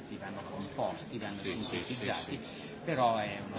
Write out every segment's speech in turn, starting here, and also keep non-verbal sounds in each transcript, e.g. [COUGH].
preparati, vanno composti, vanno sì, sintetizzati, sì, sì, sì. però è uno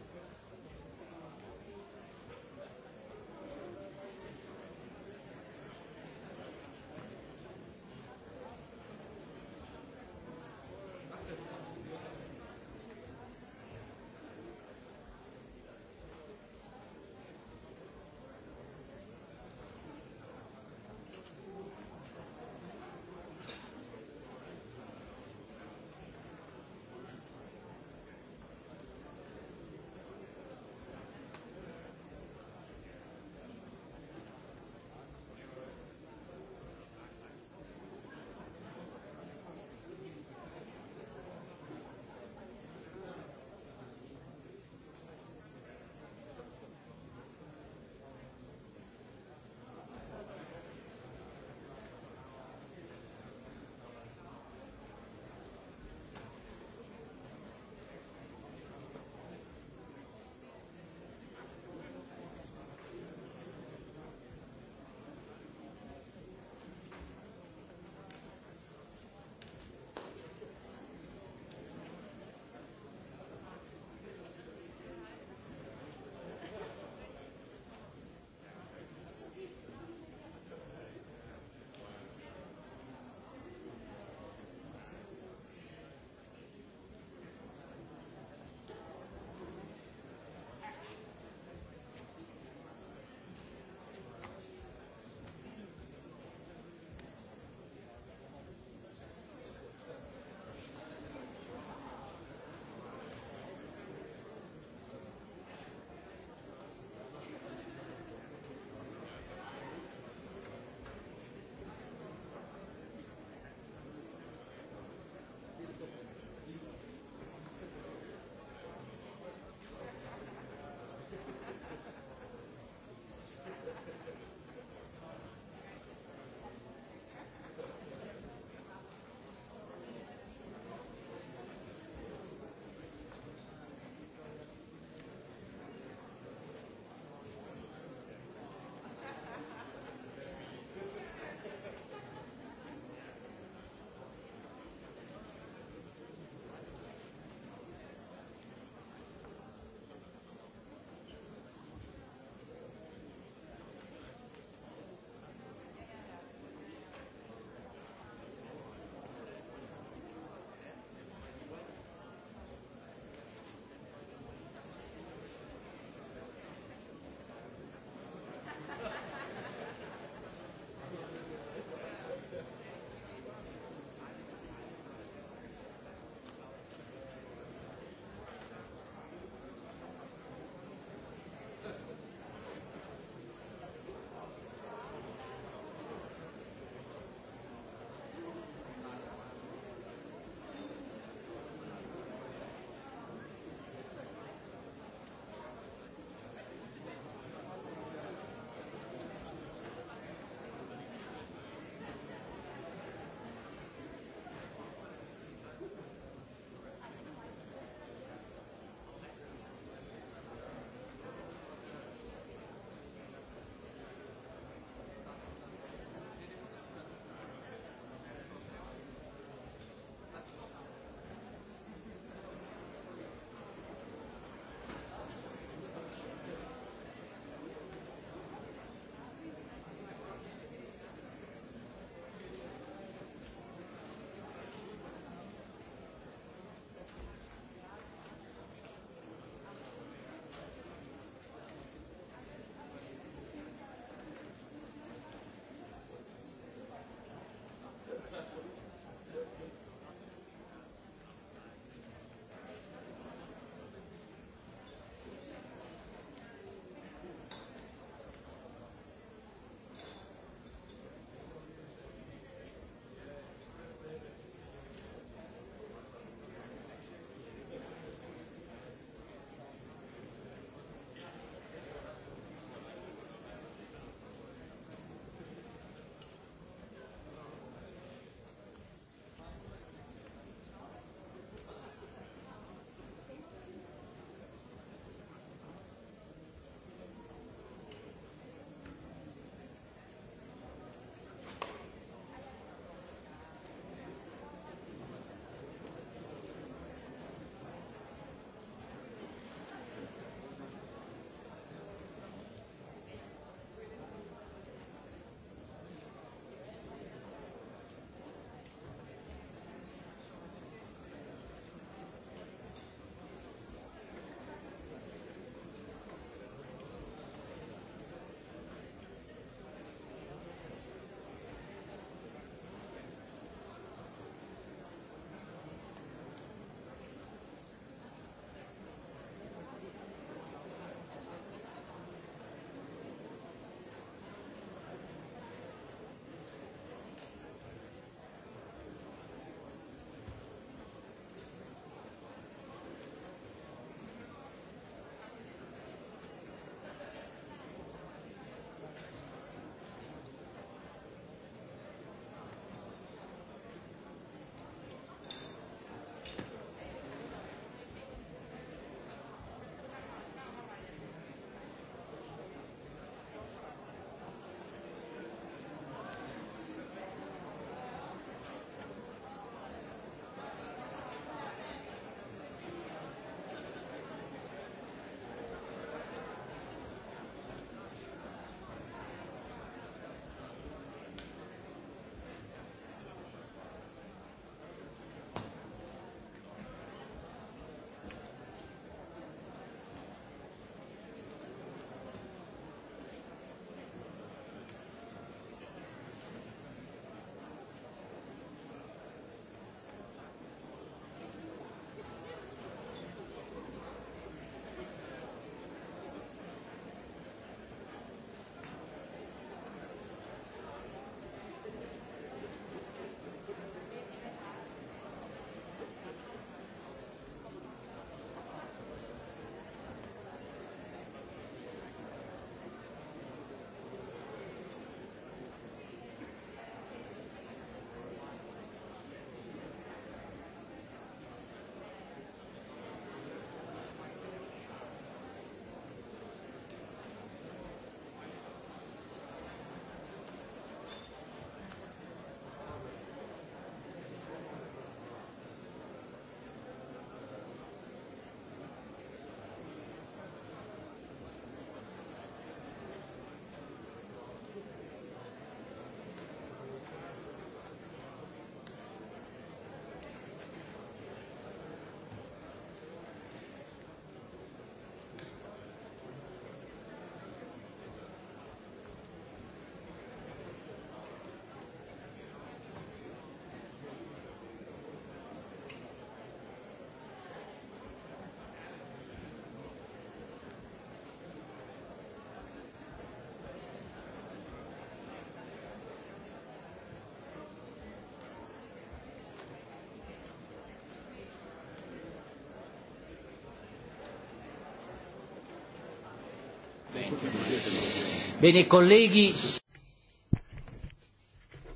Bene, kollegi.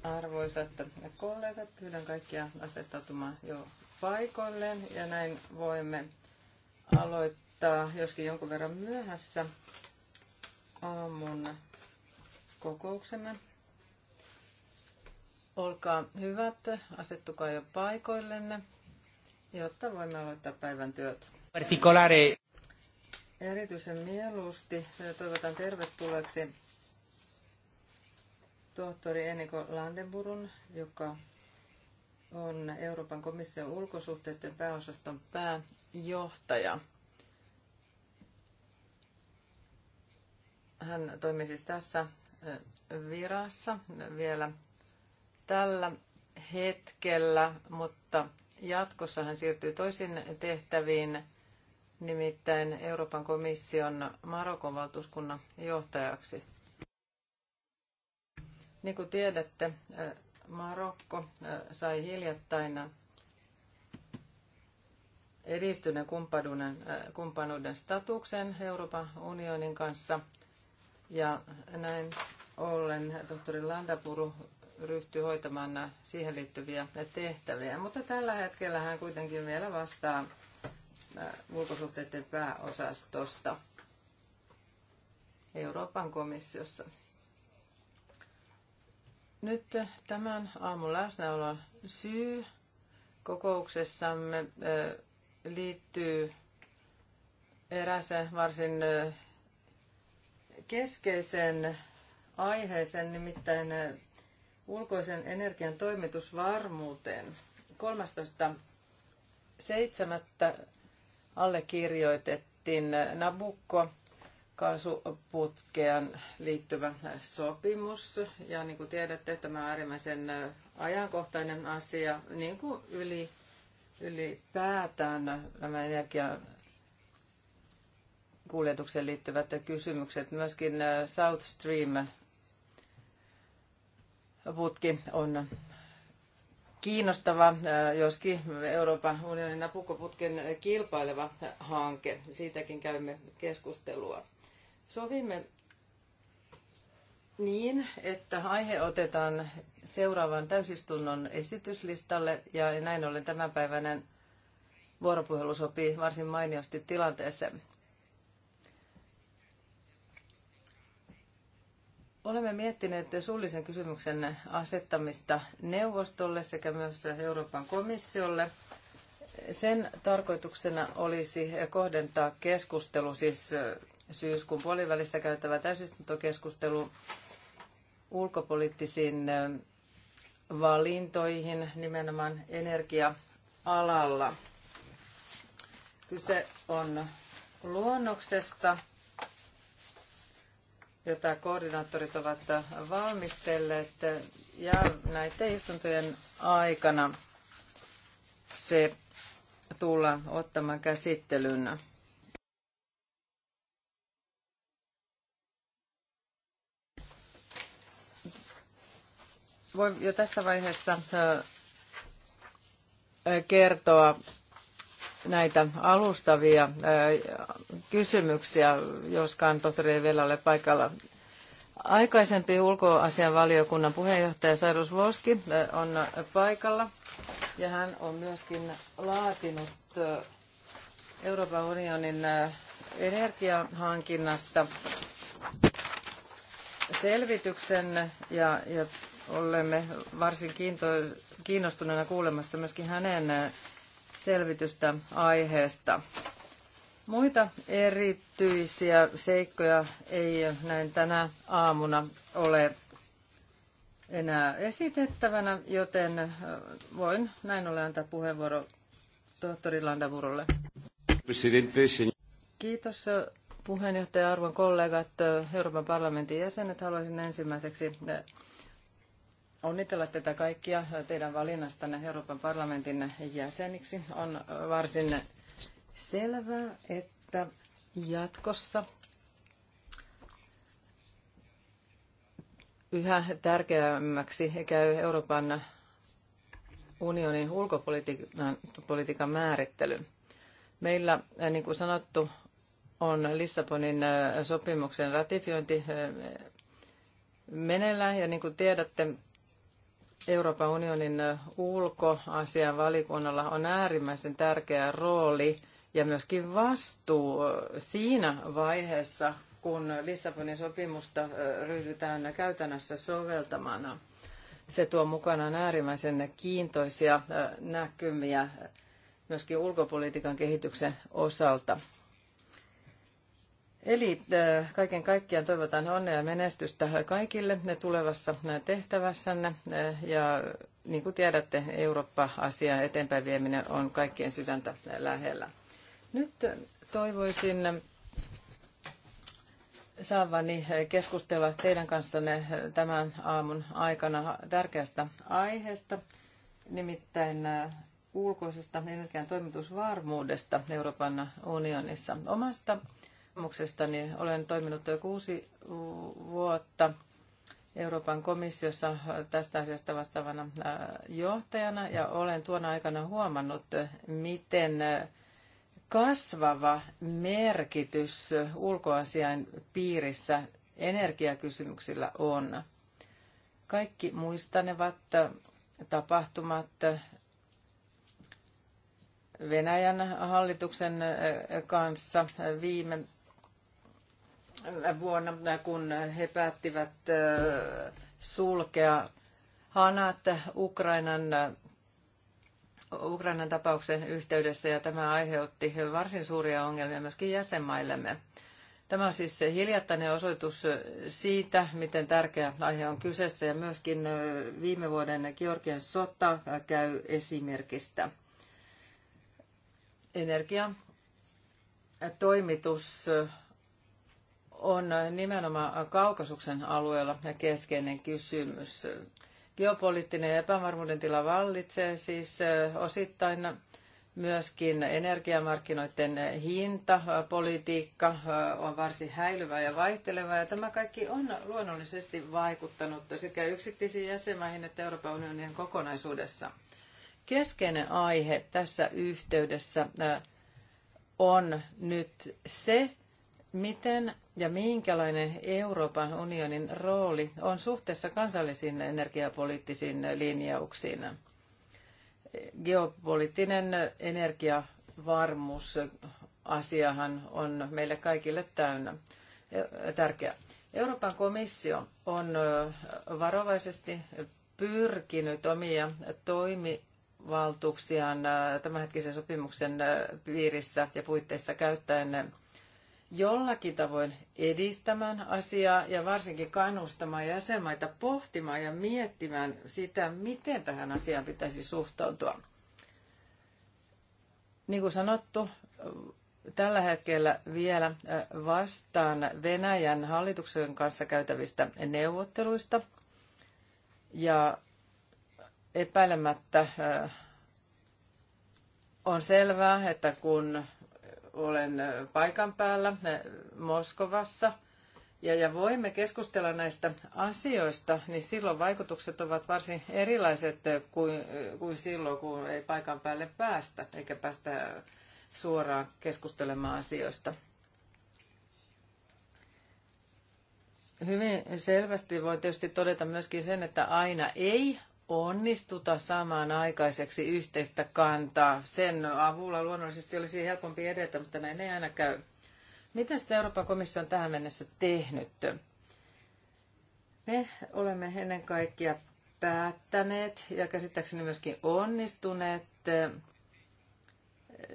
Arvoisat kollegat, pyydän kaikkia asettautumaan jo paikoilleen ja näin voimme aloittaa, joskin jonkun verran myöhässä, aamun kokouksemme. Olkaa hyvät, asettukaa jo paikoillenne, jotta voimme aloittaa päivän työt. Particolare Erityisen mieluusti toivotan tervetulleeksi tohtori Eniko Landenburun, joka on Euroopan komission ulkosuhteiden pääosaston pääjohtaja. Hän toimii siis tässä virassa vielä tällä hetkellä, mutta jatkossa hän siirtyy toisiin tehtäviin – nimittäin Euroopan komission Marokon valtuuskunnan johtajaksi. Niin kuin tiedätte, Marokko sai hiljattain edistyneen kumppanuuden, kumppanuuden statuksen Euroopan unionin kanssa. Ja näin ollen tohtori Landapuru ryhtyi hoitamaan siihen liittyviä tehtäviä. Mutta tällä hetkellä hän kuitenkin vielä vastaa Äh, ulkosuhteiden pääosastosta Euroopan komissiossa. Nyt tämän aamun läsnäolon syy kokouksessamme äh, liittyy erääseen varsin äh, keskeisen aiheeseen, nimittäin ulkoisen energian toimitusvarmuuteen. 7 allekirjoitettiin Nabukko kaasuputkeen liittyvä sopimus. Ja niin kuin tiedätte, tämä on äärimmäisen ajankohtainen asia, niin kuin yli, ylipäätään nämä energian kuljetukseen liittyvät kysymykset. Myöskin South Stream putki on kiinnostava, joskin Euroopan unionin napukoputken kilpaileva hanke. Siitäkin käymme keskustelua. Sovimme niin, että aihe otetaan seuraavan täysistunnon esityslistalle ja näin ollen tämänpäiväinen vuoropuhelu sopii varsin mainiosti tilanteeseen. Olemme miettineet suullisen kysymyksen asettamista neuvostolle sekä myös Euroopan komissiolle. Sen tarkoituksena olisi kohdentaa keskustelu, siis syyskuun puolivälissä käytävä täysistuntokeskustelu ulkopoliittisiin valintoihin nimenomaan energia-alalla. Kyse on luonnoksesta, jota koordinaattorit ovat valmistelleet. Ja näiden istuntojen aikana se tulla ottamaan käsittelyn. Voin jo tässä vaiheessa kertoa näitä alustavia kysymyksiä, joskaan tohtori ei vielä ole paikalla. Aikaisempi ulkoasianvaliokunnan puheenjohtaja Sairus Voski on paikalla ja hän on myöskin laatinut Euroopan unionin energiahankinnasta selvityksen ja, ja olemme varsin kiinto, kiinnostuneena kuulemassa myöskin hänen selvitystä aiheesta. Muita erityisiä seikkoja ei näin tänä aamuna ole enää esitettävänä, joten voin näin ollen antaa puheenvuoro tohtori Landavurolle. Kiitos puheenjohtaja, arvon kollegat, Euroopan parlamentin jäsenet. Haluaisin ensimmäiseksi onnitella tätä kaikkia teidän valinnastanne Euroopan parlamentin jäseniksi. On varsin selvää, että jatkossa yhä tärkeämmäksi käy Euroopan unionin ulkopolitiikan määrittely. Meillä, niin kuin sanottu, on Lissabonin äh, sopimuksen ratifiointi äh, meneillään ja niin kuin tiedätte, Euroopan unionin ulkoasian valikunnalla on äärimmäisen tärkeä rooli ja myöskin vastuu siinä vaiheessa, kun Lissabonin sopimusta ryhdytään käytännössä soveltamaan. Se tuo mukanaan äärimmäisen kiintoisia näkymiä myöskin ulkopolitiikan kehityksen osalta. Eli kaiken kaikkiaan toivotan onnea ja menestystä kaikille ne tulevassa tehtävässänne. Ja niin kuin tiedätte, eurooppa asia eteenpäin vieminen on kaikkien sydäntä lähellä. Nyt toivoisin saavani keskustella teidän kanssanne tämän aamun aikana tärkeästä aiheesta, nimittäin ulkoisesta energian toimitusvarmuudesta Euroopan unionissa. Omasta kokemuksestani. Niin olen toiminut jo kuusi vuotta Euroopan komissiossa tästä asiasta vastaavana äh, johtajana ja olen tuona aikana huomannut, miten äh, kasvava merkitys ulkoasian piirissä energiakysymyksillä on. Kaikki muistanevat äh, tapahtumat Venäjän hallituksen kanssa viime vuonna, kun he päättivät sulkea hanat Ukrainan, Ukrainan tapauksen yhteydessä ja tämä aiheutti varsin suuria ongelmia myöskin jäsenmaillemme. Tämä on siis se hiljattainen osoitus siitä, miten tärkeä aihe on kyseessä ja myöskin viime vuoden Georgian sota käy esimerkistä. Energia toimitus on nimenomaan Kaukasuksen alueella keskeinen kysymys. Geopoliittinen epävarmuuden tila vallitsee siis osittain myöskin energiamarkkinoiden hinta, politiikka on varsin häilyvä ja vaihtelevaa. Ja tämä kaikki on luonnollisesti vaikuttanut sekä yksittäisiin jäsenmaihin että Euroopan unionin kokonaisuudessa. Keskeinen aihe tässä yhteydessä on nyt se, Miten ja minkälainen Euroopan unionin rooli on suhteessa kansallisiin energiapoliittisiin linjauksiin? Geopoliittinen energiavarmuusasiahan on meille kaikille täynnä tärkeä. Euroopan komissio on varovaisesti pyrkinyt omia toimivaltuuksiaan tämänhetkisen sopimuksen piirissä ja puitteissa käyttäen jollakin tavoin edistämään asiaa ja varsinkin kannustamaan jäsenmaita pohtimaan ja miettimään sitä, miten tähän asiaan pitäisi suhtautua. Niin kuin sanottu, tällä hetkellä vielä äh, vastaan Venäjän hallituksen kanssa käytävistä neuvotteluista. Ja epäilemättä äh, on selvää, että kun olen paikan päällä Moskovassa ja, ja voimme keskustella näistä asioista, niin silloin vaikutukset ovat varsin erilaiset kuin, kuin silloin, kun ei paikan päälle päästä, eikä päästä suoraan keskustelemaan asioista. Hyvin selvästi voin tietysti todeta myöskin sen, että aina ei onnistuta saamaan aikaiseksi yhteistä kantaa. Sen avulla luonnollisesti olisi helpompi edetä, mutta näin ei aina käy. Mitä sitä Euroopan komissio on tähän mennessä tehnyt? Me olemme ennen kaikkea päättäneet ja käsittääkseni myöskin onnistuneet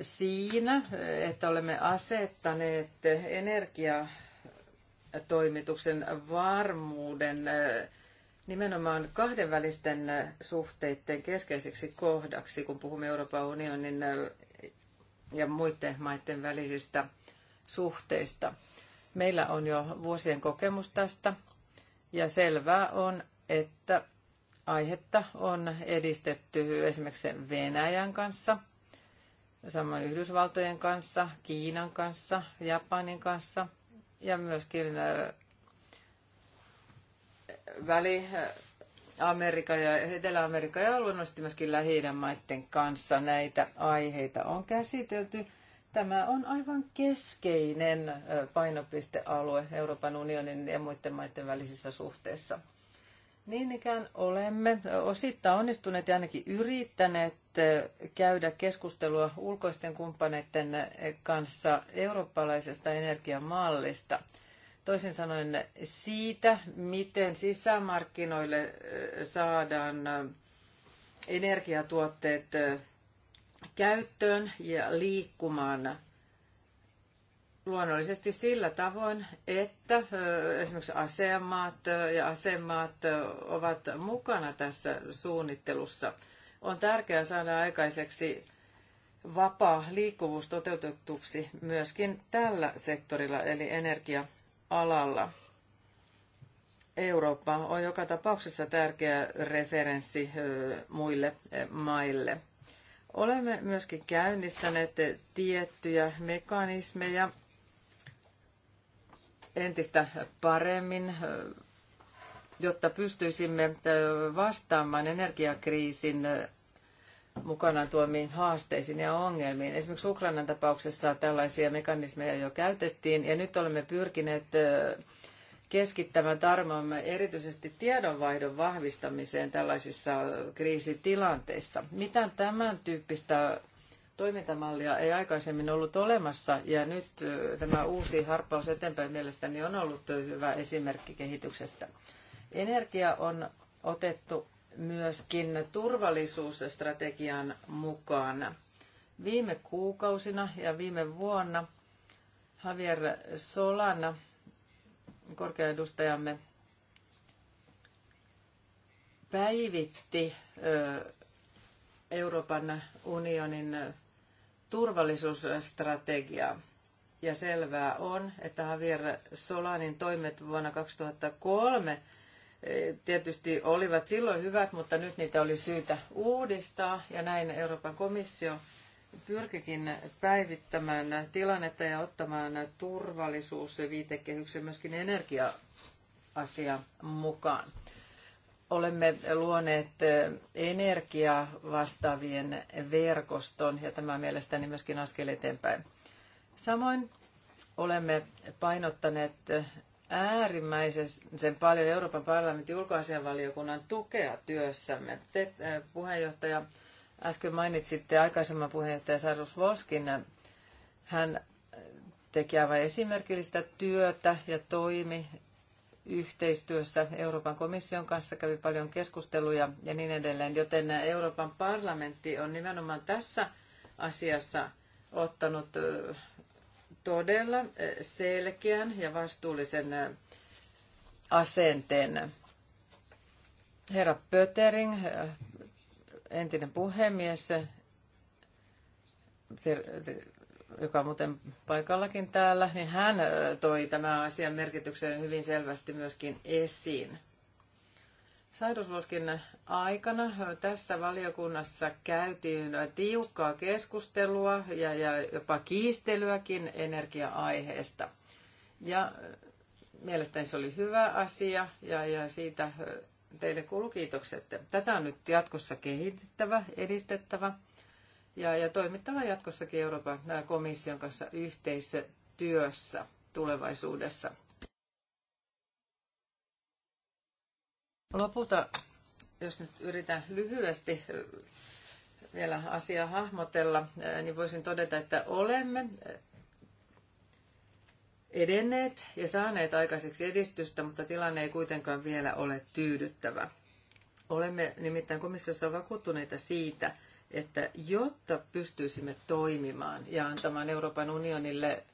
siinä, että olemme asettaneet energiatoimituksen varmuuden nimenomaan kahdenvälisten suhteiden keskeiseksi kohdaksi, kun puhumme Euroopan unionin ja muiden maiden välisistä suhteista. Meillä on jo vuosien kokemus tästä ja selvää on, että aihetta on edistetty esimerkiksi Venäjän kanssa, samoin Yhdysvaltojen kanssa, Kiinan kanssa, Japanin kanssa ja myöskin väli äh, Amerikan ja Etelä-Amerikan ja luonnollisesti myöskin lähi maiden kanssa näitä aiheita on käsitelty. Tämä on aivan keskeinen äh, painopistealue Euroopan unionin ja muiden maiden välisissä suhteissa. Niin ikään olemme äh, osittain onnistuneet ja ainakin yrittäneet käydä keskustelua ulkoisten kumppaneiden kanssa eurooppalaisesta energiamallista – Toisin sanoen siitä, miten sisämarkkinoille saadaan energiatuotteet käyttöön ja liikkumaan luonnollisesti sillä tavoin, että esimerkiksi asemaat ja asemaat ovat mukana tässä suunnittelussa. On tärkeää saada aikaiseksi vapaa liikkuvuus toteutetuksi myöskin tällä sektorilla, eli energia- alalla. Eurooppa on joka tapauksessa tärkeä referenssi muille maille. Olemme myöskin käynnistäneet tiettyjä mekanismeja entistä paremmin, jotta pystyisimme vastaamaan energiakriisin mukanaan tuomiin haasteisiin ja ongelmiin. Esimerkiksi Ukrainan tapauksessa tällaisia mekanismeja jo käytettiin ja nyt olemme pyrkineet keskittämään tarmoamme erityisesti tiedonvaihdon vahvistamiseen tällaisissa kriisitilanteissa. Mitään tämän tyyppistä toimintamallia ei aikaisemmin ollut olemassa ja nyt tämä uusi harppaus eteenpäin mielestäni on ollut hyvä esimerkki kehityksestä. Energia on otettu myöskin turvallisuusstrategian mukana. Viime kuukausina ja viime vuonna Javier Solana, korkeaedustajamme, päivitti Euroopan unionin turvallisuusstrategiaa. Ja selvää on, että Javier Solanin toimet vuonna 2003 E, tietysti olivat silloin hyvät, mutta nyt niitä oli syytä uudistaa ja näin Euroopan komissio pyrkikin päivittämään tilannetta ja ottamaan turvallisuus- ja viitekehyksen myöskin energia-asia mukaan. Olemme luoneet energiaa vastaavien verkoston ja tämä on mielestäni myöskin askel eteenpäin. Samoin olemme painottaneet äärimmäisen paljon Euroopan parlamentin ulkoasianvaliokunnan tukea työssämme. Te puheenjohtaja äsken mainitsitte aikaisemman puheenjohtaja Sarus Volskin. Hän teki aivan esimerkillistä työtä ja toimi yhteistyössä Euroopan komission kanssa, kävi paljon keskusteluja ja niin edelleen, joten Euroopan parlamentti on nimenomaan tässä asiassa ottanut todella eh, selkeän ja vastuullisen eh, asenteen. Herra Pötering, eh, entinen puhemies, joka on muuten paikallakin täällä, niin hän toi tämän asian merkityksen hyvin selvästi myöskin esiin. Sairausloskin aikana tässä valiokunnassa käytiin tiukkaa keskustelua ja, ja jopa kiistelyäkin energia-aiheesta. Ja äh, mielestäni se oli hyvä asia ja, ja siitä äh, teille kuuluu kiitokset. Tätä on nyt jatkossa kehitettävä, edistettävä ja, ja toimittava jatkossakin Euroopan äh, komission kanssa yhteistyössä tulevaisuudessa. Lopulta, jos nyt yritän lyhyesti vielä asiaa hahmotella, niin voisin todeta, että olemme edenneet ja saaneet aikaiseksi edistystä, mutta tilanne ei kuitenkaan vielä ole tyydyttävä. Olemme nimittäin komissiossa vakuuttuneita siitä, että jotta pystyisimme toimimaan ja antamaan Euroopan unionille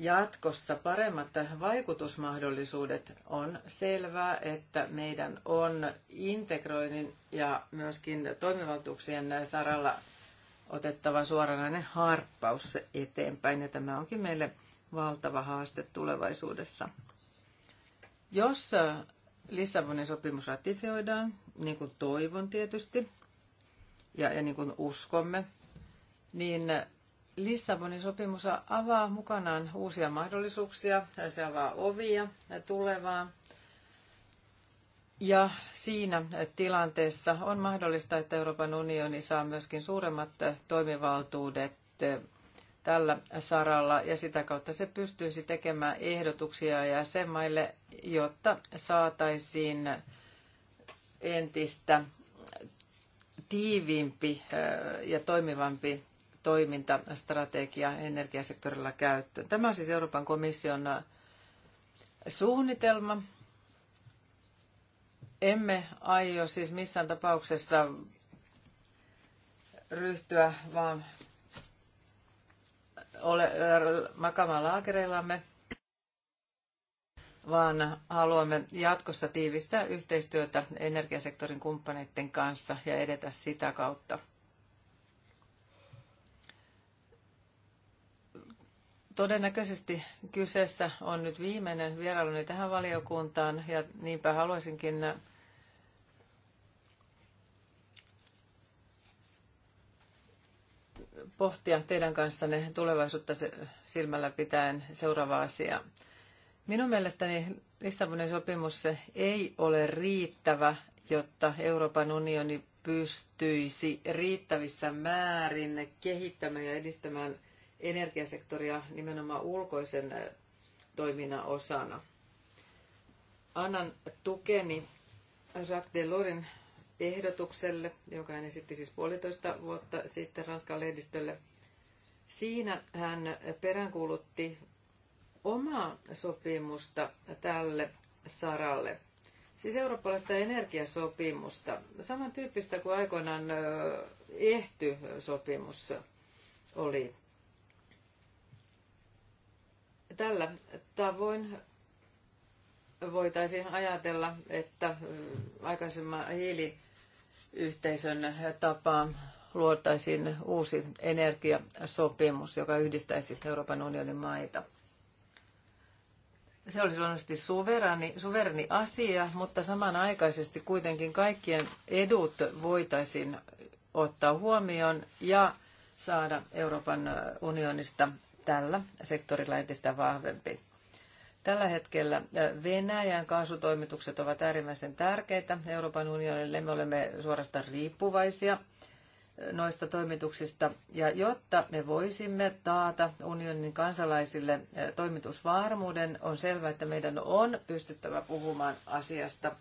jatkossa paremmat vaikutusmahdollisuudet, on selvää, että meidän on integroinnin ja myöskin toimivaltuuksien saralla otettava suoranainen harppaus eteenpäin, ja tämä onkin meille valtava haaste tulevaisuudessa. Jos Lissabonin sopimus ratifioidaan, niin kuin toivon tietysti, ja, ja niin kuin uskomme, niin Lissabonin sopimus avaa mukanaan uusia mahdollisuuksia, se avaa ovia tulevaan. Ja siinä tilanteessa on mahdollista, että Euroopan unioni saa myöskin suuremmat toimivaltuudet tällä saralla ja sitä kautta se pystyisi tekemään ehdotuksia jäsenmaille, jotta saataisiin entistä tiiviimpi ja toimivampi toimintastrategia energiasektorilla käyttöön. Tämä on siis Euroopan komission suunnitelma. Emme aio siis missään tapauksessa ryhtyä vaan ole, makamaan laakereillamme, vaan haluamme jatkossa tiivistää yhteistyötä energiasektorin kumppaneiden kanssa ja edetä sitä kautta. Todennäköisesti kyseessä on nyt viimeinen vierailuni tähän valiokuntaan ja niinpä haluaisinkin äh, pohtia teidän kanssanne tulevaisuutta silmällä pitäen seuraava asia. Minun mielestäni Lissabonin sopimus ei ole riittävä, jotta Euroopan unioni pystyisi riittävissä määrin kehittämään ja edistämään – energiasektoria nimenomaan ulkoisen toiminnan osana. Annan tukeni Jacques Delorin ehdotukselle, joka hän esitti siis puolitoista vuotta sitten Ranskan lehdistölle. Siinä hän peräänkuulutti omaa sopimusta tälle saralle. Siis eurooppalaista energiasopimusta, samantyyppistä kuin aikoinaan ehty sopimus oli. Tällä tavoin voitaisiin ajatella, että aikaisemman hiiliyhteisön tapaan luotaisiin uusi energiasopimus, joka yhdistäisi Euroopan unionin maita. Se olisi luonnollisesti suverani, suverani asia, mutta samanaikaisesti kuitenkin kaikkien edut voitaisiin ottaa huomioon ja saada Euroopan unionista tällä sektorilla entistä vahvempi. Tällä hetkellä Venäjän kaasutoimitukset ovat äärimmäisen tärkeitä Euroopan unionille. Me olemme suorastaan riippuvaisia noista toimituksista. Ja jotta me voisimme taata unionin kansalaisille toimitusvarmuuden, on selvää, että meidän on pystyttävä puhumaan asiasta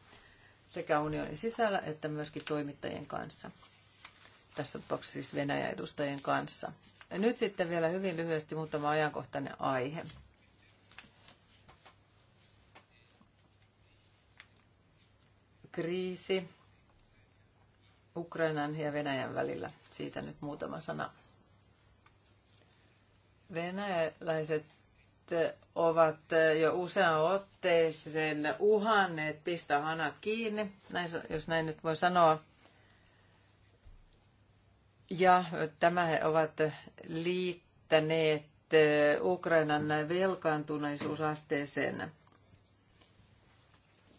sekä unionin sisällä että myöskin toimittajien kanssa. Tässä tapauksessa siis Venäjän edustajien kanssa. Nyt sitten vielä hyvin lyhyesti muutama ajankohtainen aihe. Kriisi Ukrainan ja Venäjän välillä. Siitä nyt muutama sana. Venäläiset ovat jo usean otteeseen uhanneet pistää hanat kiinni, jos näin nyt voi sanoa. Ja tämä he ovat liittäneet eh, Ukrainan velkaantuneisuusasteeseen,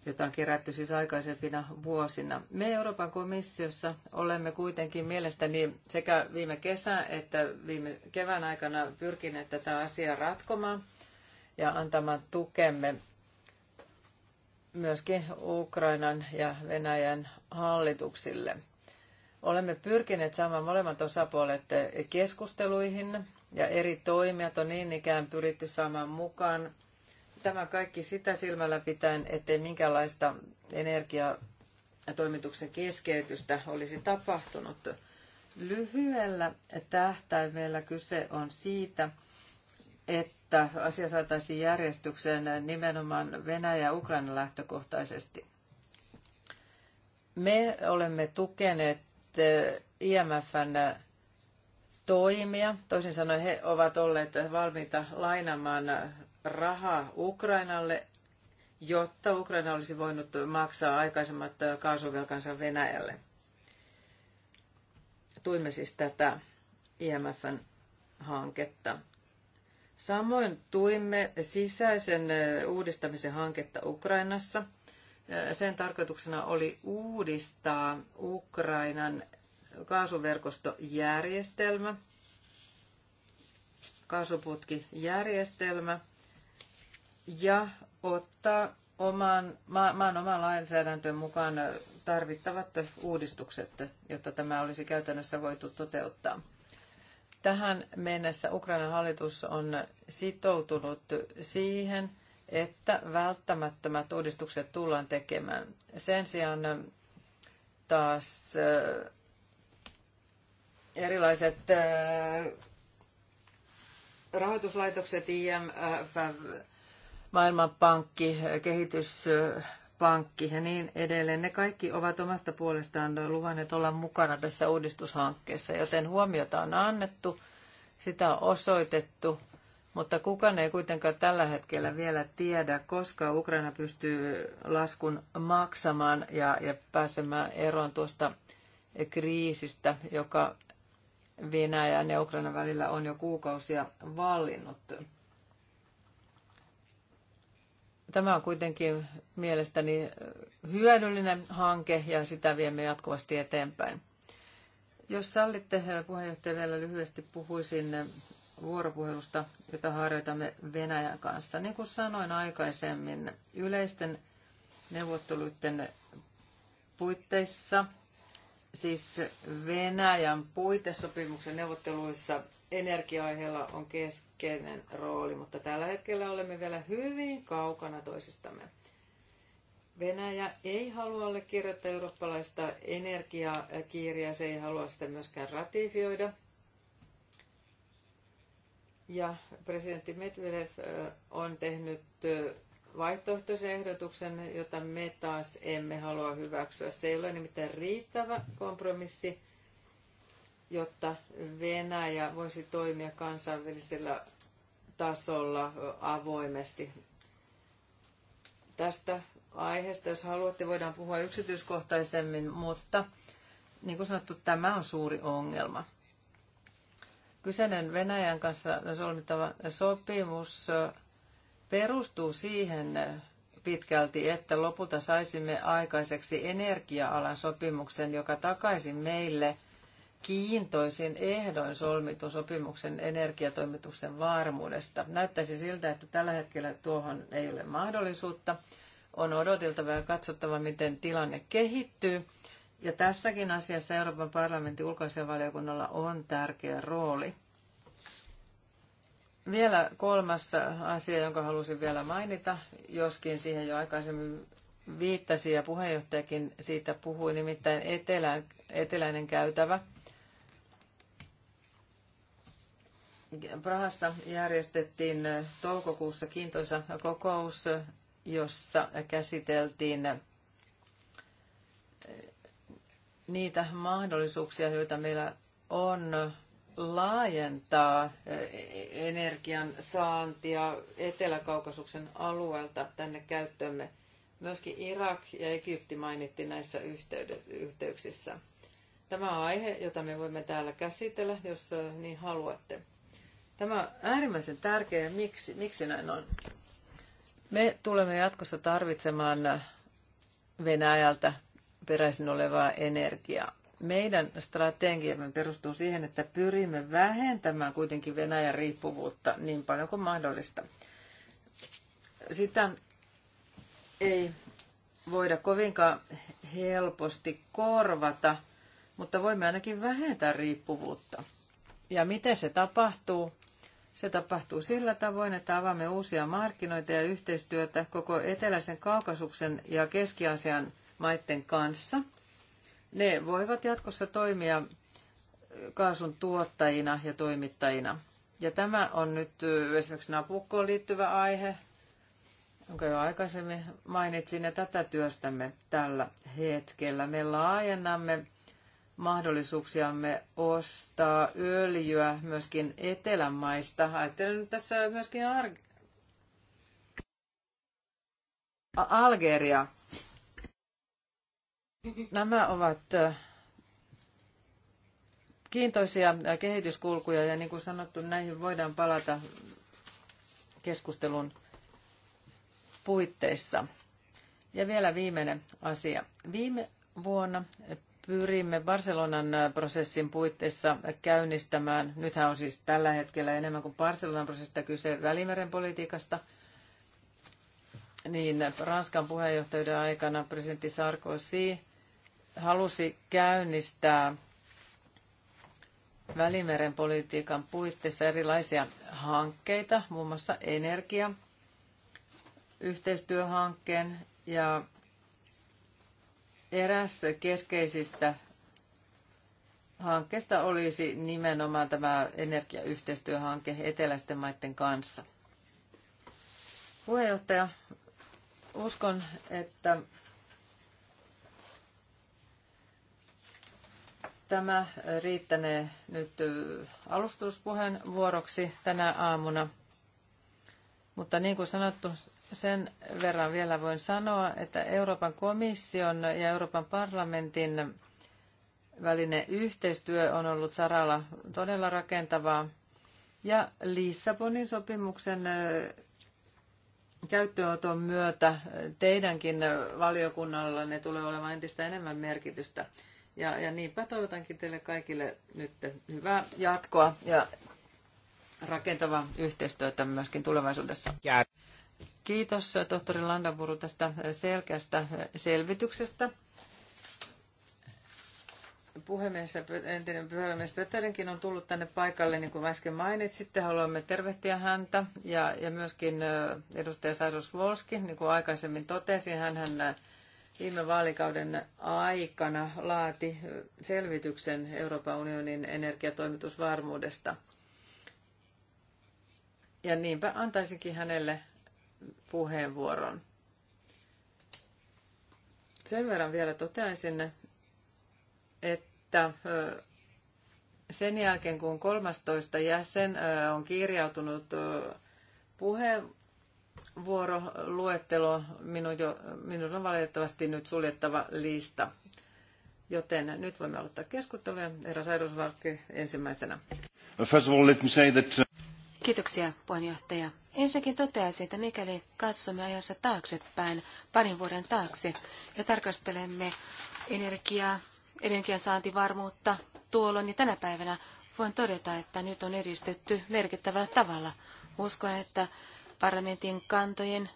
jota on kerätty siis aikaisempina vuosina. Me Euroopan komissiossa olemme kuitenkin mielestäni sekä viime kesän että viime kevään aikana pyrkineet tätä asiaa ratkomaan ja antamaan tukemme myöskin Ukrainan ja Venäjän hallituksille – Olemme pyrkineet saamaan molemmat osapuolet keskusteluihin ja eri toimijat on niin ikään pyritty saamaan mukaan. Tämä kaikki sitä silmällä pitäen, ettei minkäänlaista energiatoimituksen keskeytystä olisi tapahtunut. Lyhyellä tähtäimellä kyse on siitä, että asia saataisiin järjestykseen nimenomaan Venäjä ja Ukraina lähtökohtaisesti. Me olemme tukeneet IMFn eh, eh, toimia. Toisin sanoen he ovat olleet valmiita lainamaan eh, rahaa Ukrainalle, jotta Ukraina olisi voinut maksaa aikaisemmat kaasuvelkansa Venäjälle. Tuimme siis tätä IMFn hanketta. Samoin tuimme sisäisen uudistamisen hanketta Ukrainassa – sen tarkoituksena oli uudistaa Ukrainan kaasuverkostojärjestelmä, kaasuputkijärjestelmä ja ottaa oman, maan oman lainsäädäntöön mukaan tarvittavat uudistukset, jotta tämä olisi käytännössä voitu toteuttaa. Tähän mennessä Ukrainan hallitus on sitoutunut siihen, että välttämättömät uudistukset tullaan tekemään. Sen sijaan äh, taas äh, erilaiset äh, rahoituslaitokset, IMF, Maailmanpankki, Kehityspankki ja niin edelleen, ne kaikki ovat omasta puolestaan luvanneet olla mukana tässä uudistushankkeessa, joten huomiota on annettu, sitä on osoitettu – mutta kukaan ei kuitenkaan tällä hetkellä vielä tiedä, koska Ukraina pystyy laskun maksamaan ja, ja pääsemään eroon tuosta kriisistä, joka Venäjän ja Ukrainan välillä on jo kuukausia vallinnut. Tämä on kuitenkin mielestäni hyödyllinen hanke ja sitä viemme jatkuvasti eteenpäin. Jos sallitte, puheenjohtaja, vielä lyhyesti puhuisin vuoropuhelusta, jota harjoitamme Venäjän kanssa. Niin kuin sanoin aikaisemmin, yleisten neuvotteluiden puitteissa, siis Venäjän puitesopimuksen neuvotteluissa energiaaiheella on keskeinen rooli, mutta tällä hetkellä olemme vielä hyvin kaukana toisistamme. Venäjä ei halua allekirjoittaa eurooppalaista energiakirjaa, se ei halua sitä myöskään ratifioida – ja presidentti Medvedev on tehnyt vaihtoehtoisen ehdotuksen, jota me taas emme halua hyväksyä. Se ei ole nimittäin riittävä kompromissi, jotta Venäjä voisi toimia kansainvälisellä tasolla avoimesti. Tästä aiheesta, jos haluatte, voidaan puhua yksityiskohtaisemmin, mutta niin kuin sanottu, tämä on suuri ongelma. Kyseinen Venäjän kanssa solmittava sopimus perustuu siihen pitkälti, että lopulta saisimme aikaiseksi energia-alan sopimuksen, joka takaisi meille kiintoisin ehdoin solmitun sopimuksen energiatoimituksen varmuudesta. Näyttäisi siltä, että tällä hetkellä tuohon ei ole mahdollisuutta. On odoteltava ja katsottava, miten tilanne kehittyy. Ja tässäkin asiassa Euroopan parlamentin ulkoasianvaliokunnalla on tärkeä rooli. Vielä kolmas asia, jonka halusin vielä mainita, joskin siihen jo aikaisemmin viittasi ja puheenjohtajakin siitä puhui, nimittäin etelän, eteläinen käytävä. Prahassa järjestettiin toukokuussa kiintoisa kokous, jossa käsiteltiin niitä mahdollisuuksia, joita meillä on laajentaa e, e, energian saantia Etelä-Kaukasuksen alueelta tänne käyttöömme. Myöskin Irak ja Egypti mainittiin näissä yhteyksissä. Tämä on aihe, jota me voimme täällä käsitellä, jos e, niin haluatte. Tämä on äärimmäisen tärkeä. Miksi, miksi näin on? Me tulemme jatkossa tarvitsemaan Venäjältä peräisin olevaa energiaa. Meidän strategiamme perustuu siihen, että pyrimme vähentämään kuitenkin Venäjän riippuvuutta niin paljon kuin mahdollista. Sitä ei voida kovinkaan helposti korvata, mutta voimme ainakin vähentää riippuvuutta. Ja miten se tapahtuu? Se tapahtuu sillä tavoin, että avaamme uusia markkinoita ja yhteistyötä koko eteläisen kaukasuksen ja keski maiden kanssa. Ne voivat jatkossa toimia kaasun tuottajina ja toimittajina. Ja tämä on nyt esimerkiksi Napukkoon liittyvä aihe, jonka jo aikaisemmin mainitsin, ja tätä työstämme tällä hetkellä. Me laajennamme mahdollisuuksiamme ostaa öljyä myöskin etelämaista. Ajattelen tässä myöskin Ar- Algeria Nämä ovat kiintoisia kehityskulkuja ja niin kuin sanottu, näihin voidaan palata keskustelun puitteissa. Ja vielä viimeinen asia. Viime vuonna pyrimme Barcelonan prosessin puitteissa käynnistämään, nythän on siis tällä hetkellä enemmän kuin Barcelonan prosessista kyse Välimeren politiikasta, niin Ranskan puheenjohtajuuden aikana presidentti Sarkozy halusi käynnistää Välimeren politiikan puitteissa erilaisia hankkeita, muun muassa energia, yhteistyöhankkeen ja eräs keskeisistä hankkeista olisi nimenomaan tämä energiayhteistyöhanke eteläisten maiden kanssa. Puheenjohtaja, uskon, että Tämä riittänee nyt vuoroksi tänä aamuna. Mutta niin kuin sanottu, sen verran vielä voin sanoa, että Euroopan komission ja Euroopan parlamentin välinen yhteistyö on ollut saralla todella rakentavaa. Ja Lissabonin sopimuksen käyttöönoton myötä teidänkin valiokunnallanne tulee olemaan entistä enemmän merkitystä. Ja, ja niinpä toivotankin teille kaikille nyt hyvää jatkoa ja rakentavaa yhteistyötä myöskin tulevaisuudessa. Kiitos tohtori Landaburu tästä selkeästä selvityksestä. Puhemies ja entinen puhemies Pöterinkin on tullut tänne paikalle, niin kuin äsken mainitsitte. Haluamme tervehtiä häntä ja, ja myöskin edustaja Sairos Volski, niin kuin aikaisemmin totesin, hän, hän viime vaalikauden aikana laati selvityksen Euroopan unionin energiatoimitusvarmuudesta. Ja niinpä antaisinkin hänelle puheenvuoron. Sen verran vielä toteaisin, että sen jälkeen kun 13 jäsen on kirjautunut puheen vuoroluettelo. Minun, jo, minun on valitettavasti nyt suljettava lista. Joten nyt voimme aloittaa keskustelua. Herra Sairosvalkki ensimmäisenä. First of all, let me say that... Uh, Kiitoksia, puheenjohtaja. Ensinnäkin toteaisin, että mikäli katsomme ajassa taaksepäin, parin vuoden taakse, ja tarkastelemme energiaa, energiansaantivarmuutta tuolloin niin tänä päivänä, voin todeta, että nyt on edistetty merkittävällä tavalla. Uskon, että parlamentin kantojen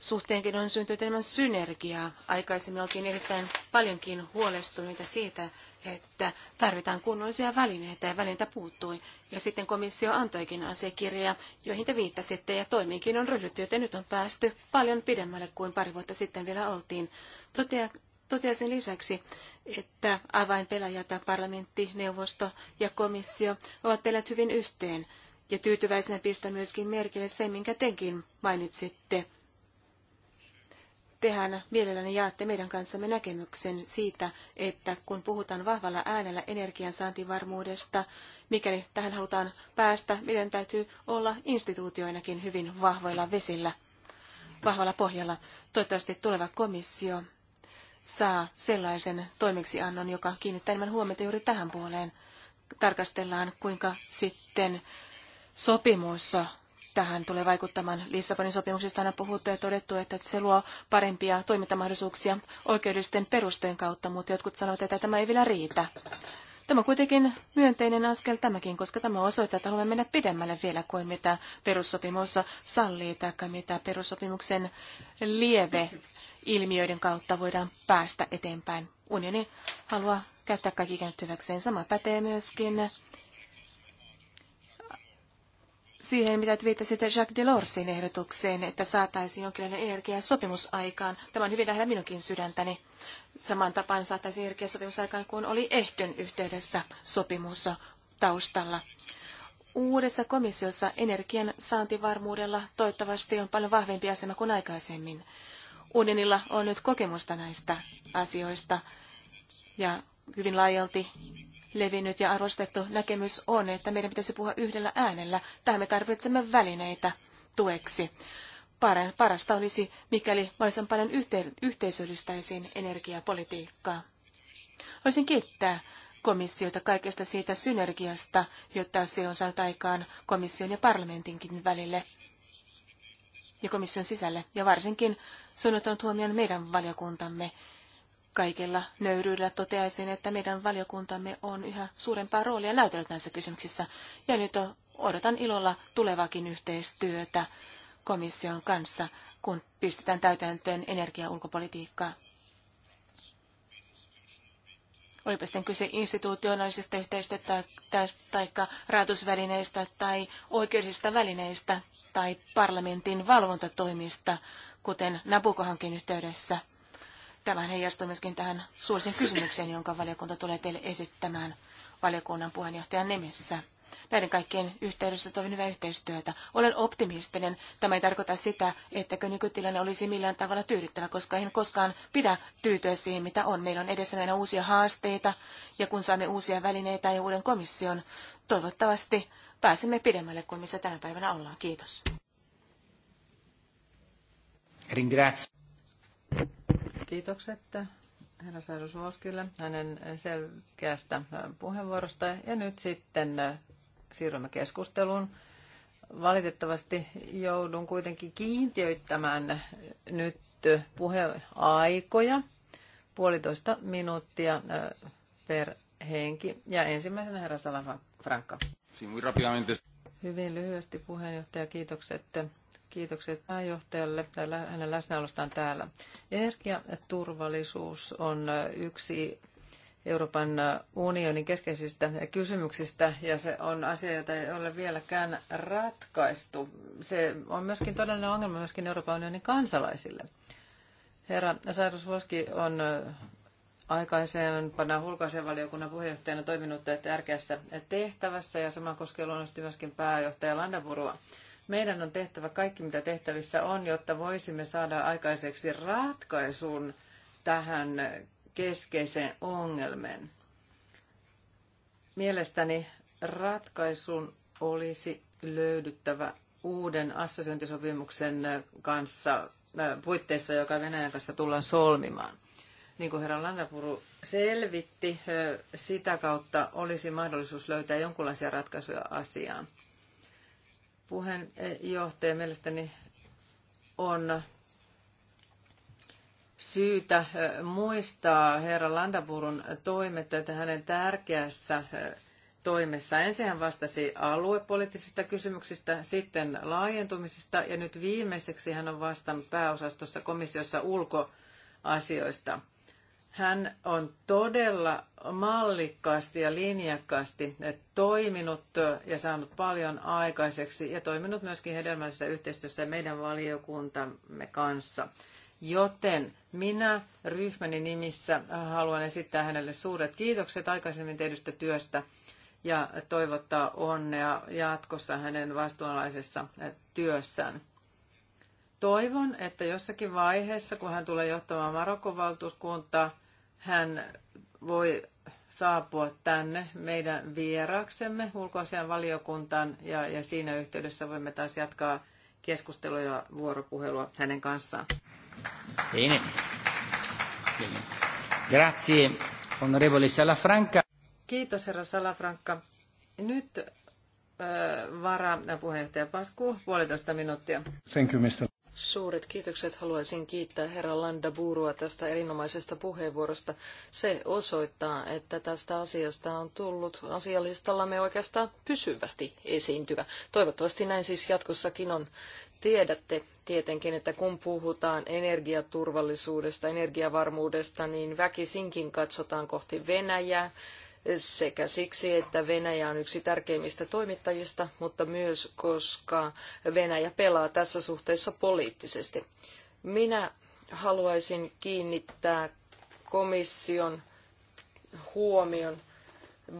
suhteenkin on syntynyt enemmän synergiaa. Aikaisemmin oltiin erittäin paljonkin huolestuneita siitä, että tarvitaan kunnollisia välineitä ja välintä puuttui. Ja sitten komissio antoikin asiakirjoja, joihin te viittasitte ja toimiinkin on ryhdytty, joten nyt on päästy paljon pidemmälle kuin pari vuotta sitten vielä oltiin. Totea, toteasin lisäksi, että avainpelaajat, parlamentti, neuvosto ja komissio ovat pelät hyvin yhteen. Ja tyytyväisenä pistän myöskin merkille se, minkä tekin mainitsitte. Tehän mielelläni jaatte meidän kanssamme näkemyksen siitä, että kun puhutaan vahvalla äänellä energiansaantivarmuudesta, mikäli tähän halutaan päästä, meidän täytyy olla instituutioinakin hyvin vahvoilla vesillä, vahvalla pohjalla. Toivottavasti tuleva komissio saa sellaisen toimeksiannon, joka kiinnittää enemmän huomiota juuri tähän puoleen. Tarkastellaan, kuinka sitten sopimus tähän tulee vaikuttamaan. Lissabonin sopimuksesta aina puhuttu ja todettu, että se luo parempia toimintamahdollisuuksia oikeudellisten perusteen kautta, mutta jotkut sanovat, että tämä ei vielä riitä. Tämä on kuitenkin myönteinen askel tämäkin, koska tämä osoittaa, että haluamme mennä pidemmälle vielä kuin mitä perussopimus sallii tai mitä perussopimuksen lieve ilmiöiden kautta voidaan päästä eteenpäin. Unioni haluaa käyttää kaikki käyttöväkseen. Sama pätee myöskin siihen, mitä viittasitte Jacques Delorsin ehdotukseen, että saataisiin jonkinlainen energiasopimus aikaan. Tämä on hyvin lähellä minunkin sydäntäni. Saman tapaan saataisiin energiasopimus aikaan, kun oli ehtön yhteydessä sopimus taustalla. Uudessa komissiossa energian saantivarmuudella toivottavasti on paljon vahvempi asema kuin aikaisemmin. Unionilla on nyt kokemusta näistä asioista ja hyvin laajalti levinnyt ja arvostettu näkemys on, että meidän pitäisi puhua yhdellä äänellä. Tähän me tarvitsemme välineitä tueksi. Parasta olisi, mikäli mahdollisimman paljon yhteisöllistäisiin energiapolitiikkaa. Olisin kiittää komissiota kaikesta siitä synergiasta, jotta se on saanut aikaan komission ja parlamentinkin välille ja komission sisälle, ja varsinkin se on ottanut huomioon meidän valiokuntamme kaikella nöyryydellä toteaisin, että meidän valiokuntamme on yhä suurempaa roolia näytellyt näissä kysymyksissä. Ja nyt odotan ilolla tulevakin yhteistyötä komission kanssa, kun pistetään täytäntöön energiaulkopolitiikkaa. Olipa sitten kyse institutionaalisesta yhteistyöstä tai rahoitusvälineistä tai oikeudellisista välineistä tai parlamentin valvontatoimista, kuten Nabukohankin yhteydessä – Tämä heijastuu myöskin tähän suosin kysymykseen, jonka valiokunta tulee teille esittämään valiokunnan puheenjohtajan nimessä. Näiden kaikkien yhteydessä toivon hyvää yhteistyötä. Olen optimistinen. Tämä ei tarkoita sitä, että nykytilanne olisi millään tavalla tyydyttävä, koska en koskaan pidä tyytyä siihen, mitä on. Meillä on edessä meidän uusia haasteita, ja kun saamme uusia välineitä ja uuden komission, toivottavasti pääsemme pidemmälle kuin missä tänä päivänä ollaan. Kiitos. Ringrazio. Kiitokset herra Sarusvoskille hänen selkeästä puheenvuorosta. Ja nyt sitten siirrymme keskusteluun. Valitettavasti joudun kuitenkin kiintiöittämään nyt puheaikoja puolitoista minuuttia äh, per henki. Ja ensimmäisenä herra Salafranca. Hyvin lyhyesti puheenjohtaja, kiitokset Kiitokset pääjohtajalle hänen läsnäolostaan täällä. Energiaturvallisuus on yksi Euroopan unionin keskeisistä kysymyksistä ja se on asia, jota ei ole vieläkään ratkaistu. Se on myöskin todellinen ongelma myöskin Euroopan unionin kansalaisille. Herra Voski on aikaisempana ulkoasianvaliokunnan puheenjohtajana toiminut tärkeässä tehtävässä ja sama koskee luonnollisesti myöskin pääjohtaja Landavurua. Meidän on tehtävä kaikki, mitä tehtävissä on, jotta voisimme saada aikaiseksi ratkaisun tähän keskeiseen ongelmeen. Mielestäni ratkaisun olisi löydyttävä uuden assosiointisopimuksen kanssa, äh, puitteissa, joka Venäjän kanssa tullaan solmimaan. Niin kuin herra Lannapuru selvitti, äh, sitä kautta olisi mahdollisuus löytää jonkinlaisia ratkaisuja asiaan. Puheenjohtaja mielestäni on syytä muistaa herra Landaburun toimet, että hänen tärkeässä toimessa. Ensin hän vastasi aluepoliittisista kysymyksistä, sitten laajentumisista ja nyt viimeiseksi hän on vastannut pääosastossa komissiossa ulkoasioista. Hän on todella mallikkaasti ja linjakkaasti toiminut ja saanut paljon aikaiseksi ja toiminut myöskin hedelmällisessä yhteistyössä meidän valiokuntamme kanssa. Joten minä ryhmäni nimissä haluan esittää hänelle suuret kiitokset aikaisemmin tehdystä työstä ja toivottaa onnea jatkossa hänen vastuunalaisessa työssään. Toivon, että jossakin vaiheessa, kun hän tulee johtamaan Marokon valtuuskuntaa, hän voi saapua tänne meidän vieraksemme ulkoasian valiokuntaan ja, ja siinä yhteydessä voimme taas jatkaa keskustelua ja vuoropuhelua hänen kanssaan. Bene. Bene. Grazie, onorevole Salafranca. Kiitos, herra Salafranca. Nyt äh, vara puheenjohtaja Pasku, puolitoista minuuttia. Thank you, Mr. Suuret kiitokset. Haluaisin kiittää herra Landa tästä erinomaisesta puheenvuorosta. Se osoittaa, että tästä asiasta on tullut asialistallamme oikeastaan pysyvästi esiintyvä. Toivottavasti näin siis jatkossakin on. Tiedätte tietenkin, että kun puhutaan energiaturvallisuudesta, energiavarmuudesta, niin väkisinkin katsotaan kohti Venäjää sekä siksi, että Venäjä on yksi tärkeimmistä toimittajista, mutta myös koska Venäjä pelaa tässä suhteessa poliittisesti. Minä haluaisin kiinnittää komission huomion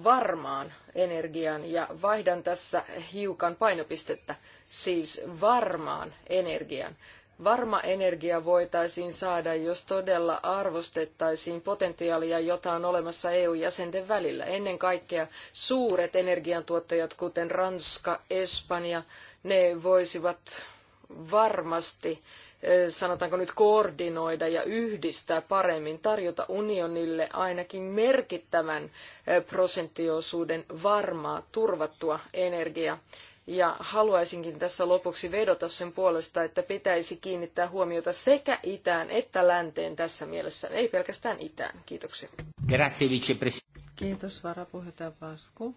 varmaan energiaan ja vaihdan tässä hiukan painopistettä, siis varmaan energiaan varma energia voitaisiin saada, jos todella arvostettaisiin potentiaalia, jota on olemassa EU-jäsenten välillä. Ennen kaikkea suuret energiantuottajat, kuten Ranska, Espanja, ne voisivat varmasti sanotaanko nyt koordinoida ja yhdistää paremmin, tarjota unionille ainakin merkittävän prosenttiosuuden varmaa, turvattua energiaa. Ja haluaisinkin tässä lopuksi vedota sen puolesta, että pitäisi kiinnittää huomiota sekä itään että länteen tässä mielessä, ei pelkästään itään. Kiitoksia. Grazie, Kiitos varapuheenjohtaja Pasku.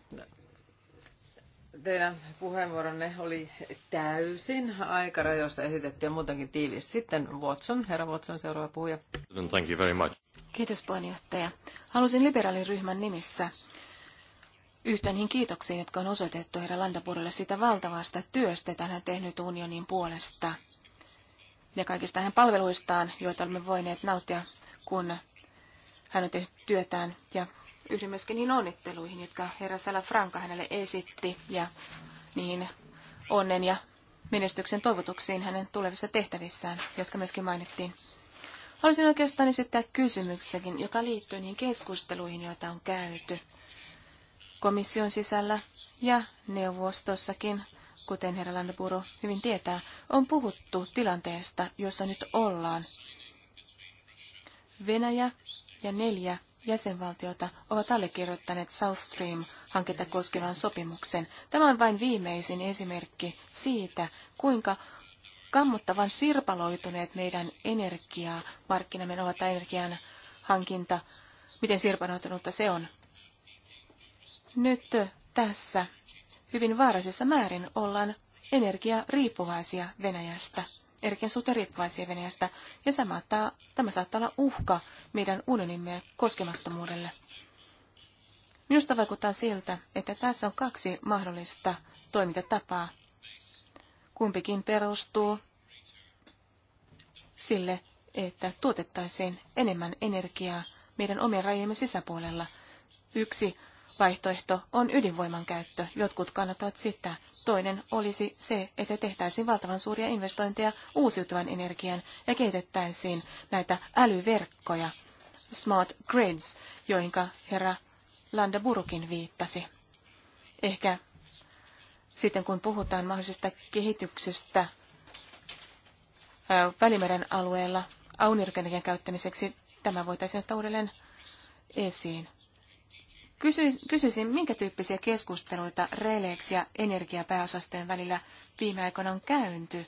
Teidän puheenvuoronne oli täysin aikarajoissa esitetty ja muutenkin tiivis. Sitten Watson, herra Watson, seuraava puhuja. Thank you very much. Kiitos puheenjohtaja. Halusin ryhmän nimissä yhtä niin kiitoksiin, jotka on osoitettu herra Landapurille sitä valtavasta työstä, jota hän on tehnyt unionin puolesta. Ja kaikista hänen palveluistaan, joita olemme voineet nauttia, kun hän on tehnyt työtään. Ja yhdyn myöskin niihin onnitteluihin, jotka herra Franka hänelle esitti, ja niihin onnen ja menestyksen toivotuksiin hänen tulevissa tehtävissään, jotka myöskin mainittiin. Haluaisin oikeastaan esittää kysymyksenkin, joka liittyy niihin keskusteluihin, joita on käyty komission sisällä ja neuvostossakin, kuten herra Landeburo hyvin tietää, on puhuttu tilanteesta, jossa nyt ollaan. Venäjä ja neljä jäsenvaltiota ovat allekirjoittaneet South Stream-hanketta koskevan sopimuksen. Tämä on vain viimeisin esimerkki siitä, kuinka kammottavan sirpaloituneet meidän energiamarkkinamme ovat energian hankinta, miten sirpanoitunutta se on. Nyt tässä hyvin vaarallisessa määrin ollaan energiariippuvaisia Venäjästä, energian suhteen riippuvaisia Venäjästä, ja sama, tämä saattaa olla uhka meidän unionimme koskemattomuudelle. Minusta vaikuttaa siltä, että tässä on kaksi mahdollista toimintatapaa. Kumpikin perustuu sille, että tuotettaisiin enemmän energiaa meidän omien rajojemme sisäpuolella. Yksi vaihtoehto on ydinvoiman käyttö. Jotkut kannattavat sitä. Toinen olisi se, että tehtäisiin valtavan suuria investointeja uusiutuvan energian ja kehitettäisiin näitä älyverkkoja, smart grids, joihin herra Landaburukin viittasi. Ehkä sitten kun puhutaan mahdollisesta kehityksestä Välimeren alueella aurinkoenergian käyttämiseksi, tämä voitaisiin ottaa uudelleen esiin. Kysyisin, minkä tyyppisiä keskusteluita Relex ja energiapääosastojen välillä viime aikoina on käynty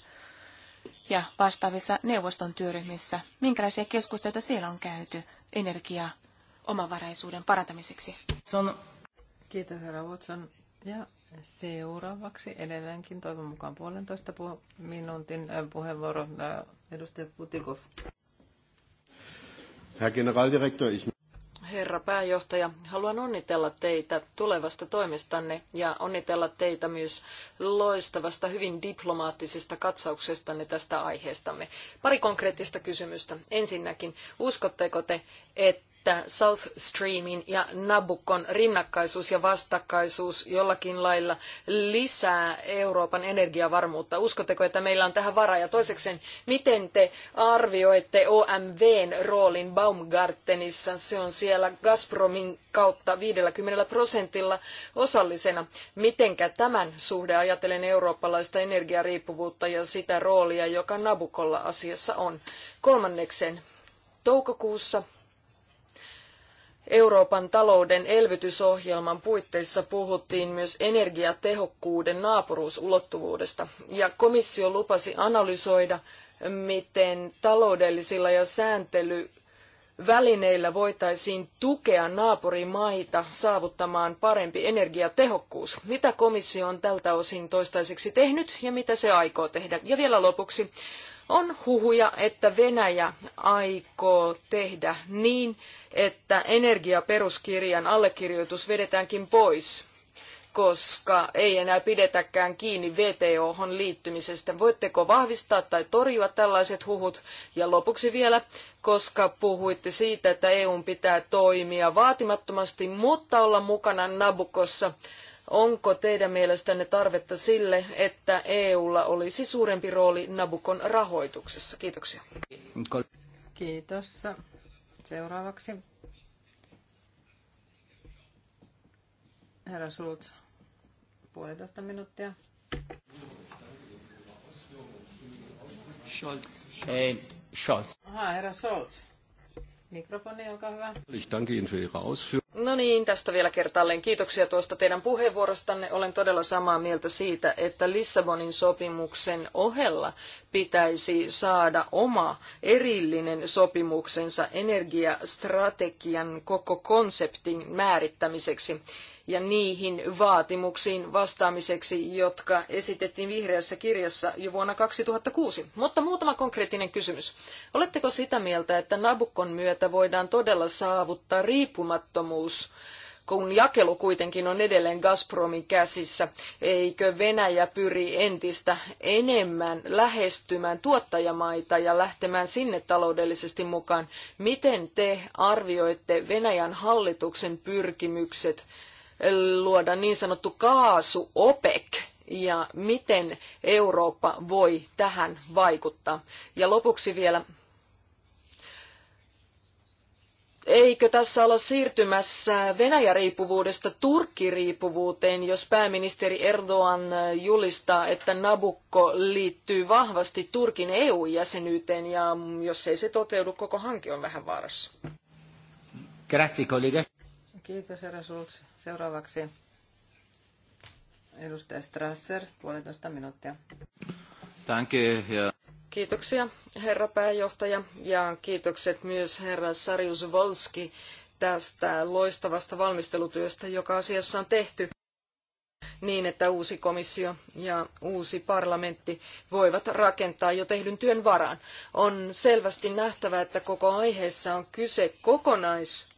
ja vastaavissa neuvoston työryhmissä. Minkälaisia keskusteluita siellä on käyty energiaa omavaraisuuden parantamiseksi? On Kiitos, herra Watson. Ja seuraavaksi edelleenkin toivon mukaan puolentoista pu- minuutin puheenvuoro edustaja Putikov. Herr Generaldirektor, ich herra pääjohtaja. Haluan onnitella teitä tulevasta toimestanne ja onnitella teitä myös loistavasta, hyvin diplomaattisesta katsauksestanne tästä aiheestamme. Pari konkreettista kysymystä. Ensinnäkin, uskotteko te, että että South Streamin ja Nabukon rinnakkaisuus ja vastakkaisuus jollakin lailla lisää Euroopan energiavarmuutta? Uskotteko, että meillä on tähän varaa? Ja toisekseen, miten te arvioitte OMVn roolin Baumgartenissa? Se on siellä Gazpromin kautta 50 prosentilla osallisena. Mitenkä tämän suhde ajatellen eurooppalaista energiariippuvuutta ja sitä roolia, joka Nabukolla asiassa on? Kolmannekseen, toukokuussa Euroopan talouden elvytysohjelman puitteissa puhuttiin myös energiatehokkuuden naapuruusulottuvuudesta, ja komissio lupasi analysoida, miten taloudellisilla ja sääntely välineillä voitaisiin tukea naapurimaita saavuttamaan parempi energiatehokkuus. Mitä komissio on tältä osin toistaiseksi tehnyt ja mitä se aikoo tehdä? Ja vielä lopuksi on huhuja, että Venäjä aikoo tehdä niin, että energiaperuskirjan allekirjoitus vedetäänkin pois, koska ei enää pidetäkään kiinni VTO-hon liittymisestä. Voitteko vahvistaa tai torjua tällaiset huhut? Ja lopuksi vielä, koska puhuitte siitä, että EUn pitää toimia vaatimattomasti, mutta olla mukana Nabukossa. Onko teidän mielestänne tarvetta sille, että EUlla olisi suurempi rooli Nabukon rahoituksessa? Kiitoksia. Kiitos. Seuraavaksi herra Schulz, puolitoista minuuttia. Scholz. Ei, eh, Scholz. Aha, herra Scholz. Mikrofoni, olkaa hyvä. No niin, tästä vielä kertaalleen. Kiitoksia tuosta teidän puheenvuorostanne. Olen todella samaa mieltä siitä, että Lissabonin sopimuksen ohella pitäisi saada oma erillinen sopimuksensa energiastrategian koko konseptin määrittämiseksi ja niihin vaatimuksiin vastaamiseksi, jotka esitettiin vihreässä kirjassa jo vuonna 2006. Mutta muutama konkreettinen kysymys. Oletteko sitä mieltä, että Nabukon myötä voidaan todella saavuttaa riippumattomuus kun jakelu kuitenkin on edelleen Gazpromin käsissä, eikö Venäjä pyri entistä enemmän lähestymään tuottajamaita ja lähtemään sinne taloudellisesti mukaan? Miten te arvioitte Venäjän hallituksen pyrkimykset luoda niin sanottu kaasu-OPEC, ja miten Eurooppa voi tähän vaikuttaa. Ja lopuksi vielä, eikö tässä olla siirtymässä Venäjä-riippuvuudesta Turkki-riippuvuuteen, jos pääministeri Erdogan julistaa, että Nabukko liittyy vahvasti Turkin EU-jäsenyyteen, ja jos ei se toteudu, koko hanke on vähän vaarassa. Grazie, collega. Kiitos, herra Schulz. Seuraavaksi edustaja Strasser, puolitoista minuuttia. Danke, ja. Kiitoksia, herra pääjohtaja, ja kiitokset myös herra Sarius Volski tästä loistavasta valmistelutyöstä, joka asiassa on tehty niin, että uusi komissio ja uusi parlamentti voivat rakentaa jo tehdyn työn varaan. On selvästi nähtävä, että koko aiheessa on kyse kokonais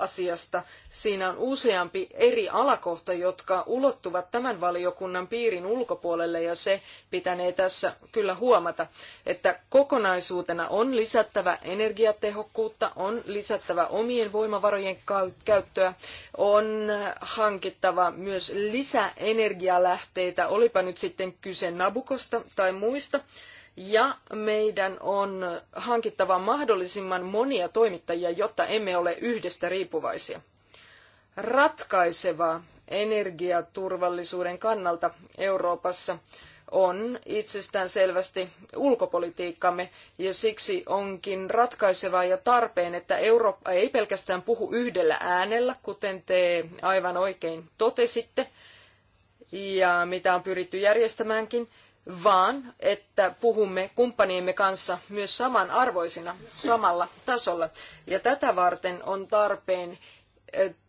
asiasta. Siinä on useampi eri alakohta, jotka ulottuvat tämän valiokunnan piirin ulkopuolelle ja se pitänee tässä kyllä huomata, että kokonaisuutena on lisättävä energiatehokkuutta, on lisättävä omien voimavarojen käyttöä, on hankittava myös lisäenergialähteitä, olipa nyt sitten kyse Nabukosta tai muista ja meidän on hankittava mahdollisimman monia toimittajia, jotta emme ole yhdestä riippuvaisia. Ratkaisevaa energiaturvallisuuden kannalta Euroopassa on itsestään selvästi ulkopolitiikkamme ja siksi onkin ratkaisevaa ja tarpeen, että Eurooppa ei pelkästään puhu yhdellä äänellä, kuten te aivan oikein totesitte ja mitä on pyritty järjestämäänkin, vaan että puhumme kumppaniemme kanssa myös samanarvoisina samalla tasolla. Ja tätä varten on tarpeen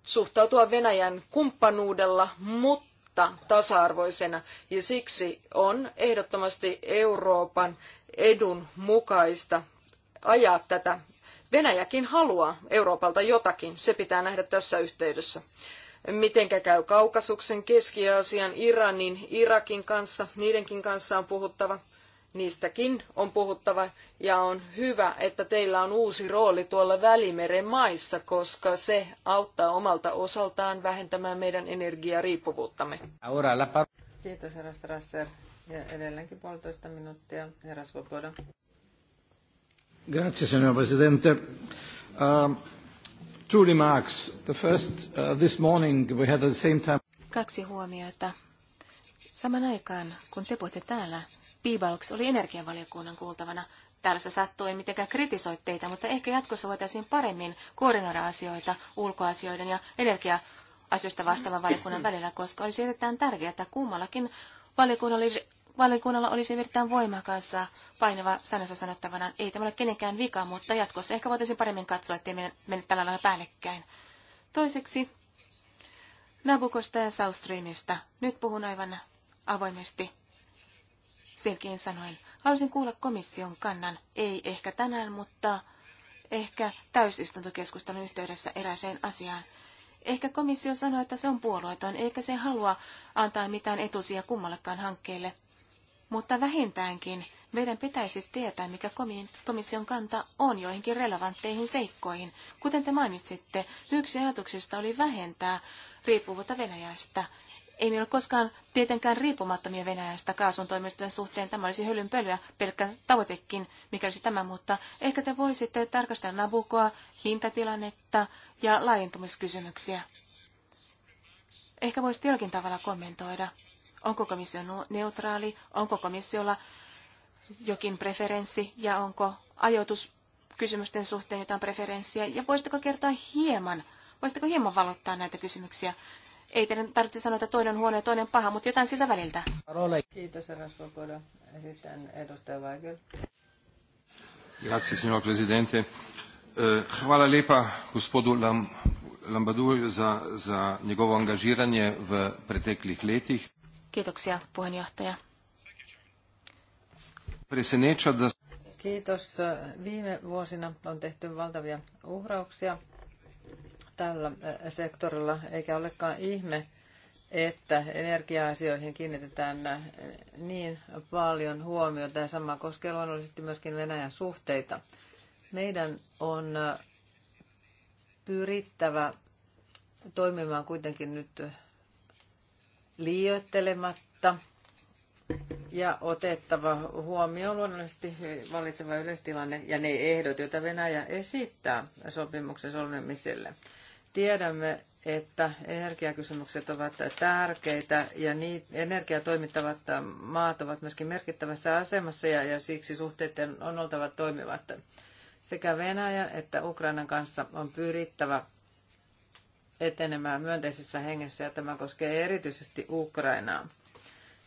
suhtautua Venäjän kumppanuudella, mutta tasa-arvoisena. Ja siksi on ehdottomasti Euroopan edun mukaista ajaa tätä. Venäjäkin haluaa Euroopalta jotakin, se pitää nähdä tässä yhteydessä mitenkä käy Kaukasuksen, Keski-Aasian, Iranin, Irakin kanssa, niidenkin kanssa on puhuttava. Niistäkin on puhuttava ja on hyvä, että teillä on uusi rooli tuolla Välimeren maissa, koska se auttaa omalta osaltaan vähentämään meidän energiariippuvuuttamme. Kiitos, herra Strasser. Ja edelleenkin puolitoista minuuttia, herra Svoboda. Grazie, signor Presidente. Uh... Two remarks. The first, uh, this morning we had at the same time... Kaksi huomiota. Saman aikaan, kun te puhutte täällä, Piibalks oli energiavaliokunnan kuultavana. Täällä se sattui, mitenkään kritisoit teitä, mutta ehkä jatkossa voitaisiin paremmin koordinoida asioita ulkoasioiden ja energiaasioista vastaavan valiokunnan välillä, koska olisi erittäin tärkeää, että kummallakin valiokunnalla valiokunnalla olisi erittäin voimakas painava sanansa sanottavana. Ei tämä ole kenenkään vika, mutta jatkossa ehkä voitaisiin paremmin katsoa, ettei mene tällä lailla päällekkäin. Toiseksi Nabukosta ja South Streamista. Nyt puhun aivan avoimesti selkein sanoen. Haluaisin kuulla komission kannan, ei ehkä tänään, mutta ehkä täysistuntokeskustelun yhteydessä eräiseen asiaan. Ehkä komissio sanoi, että se on puolueeton, eikä se halua antaa mitään etusia kummallekaan hankkeelle mutta vähintäänkin meidän pitäisi tietää, mikä komission kanta on joihinkin relevantteihin seikkoihin. Kuten te mainitsitte, yksi ajatuksista oli vähentää riippuvuutta Venäjästä. Ei meillä ole koskaan tietenkään riippumattomia Venäjästä kaasun toimistojen suhteen. Tämä olisi hölynpölyä, pelkkä tavoitekin, mikä olisi tämä, mutta ehkä te voisitte tarkastella Nabukoa, hintatilannetta ja laajentumiskysymyksiä. Ehkä voisi jollakin tavalla kommentoida Onko komissio neutraali? Onko komissiolla jokin preferenssi ja onko ajoitus kysymysten suhteen jotain preferenssiä? Ja voisitteko kertoa hieman, voisitteko hieman valottaa näitä kysymyksiä? Ei teidän tarvitse sanoa, että toinen huono ja toinen paha, mutta jotain siltä väliltä. Kiitos, Rasvopoda. Esitän edustaja Weigel. Grazie, signor Presidente. Eh, hvala lepa gospodu Lam, za, za njegovo angažiranje v preteklih letih. Kiitoksia puheenjohtaja. Kiitos. Viime vuosina on tehty valtavia uhrauksia tällä sektorilla, eikä olekaan ihme, että energia-asioihin kiinnitetään niin paljon huomiota ja sama koskee luonnollisesti myöskin Venäjän suhteita. Meidän on pyrittävä toimimaan kuitenkin nyt liioittelematta ja otettava huomioon luonnollisesti valitseva yleistilanne ja ne ehdot, joita Venäjä esittää sopimuksen solmimiselle. Tiedämme, että energiakysymykset ovat tärkeitä ja niin, energiatoimittavat maat ovat myöskin merkittävässä asemassa ja, ja siksi suhteiden on oltava toimivat. Sekä Venäjän että Ukrainan kanssa on pyrittävä etenemään myönteisessä hengessä ja tämä koskee erityisesti Ukrainaa.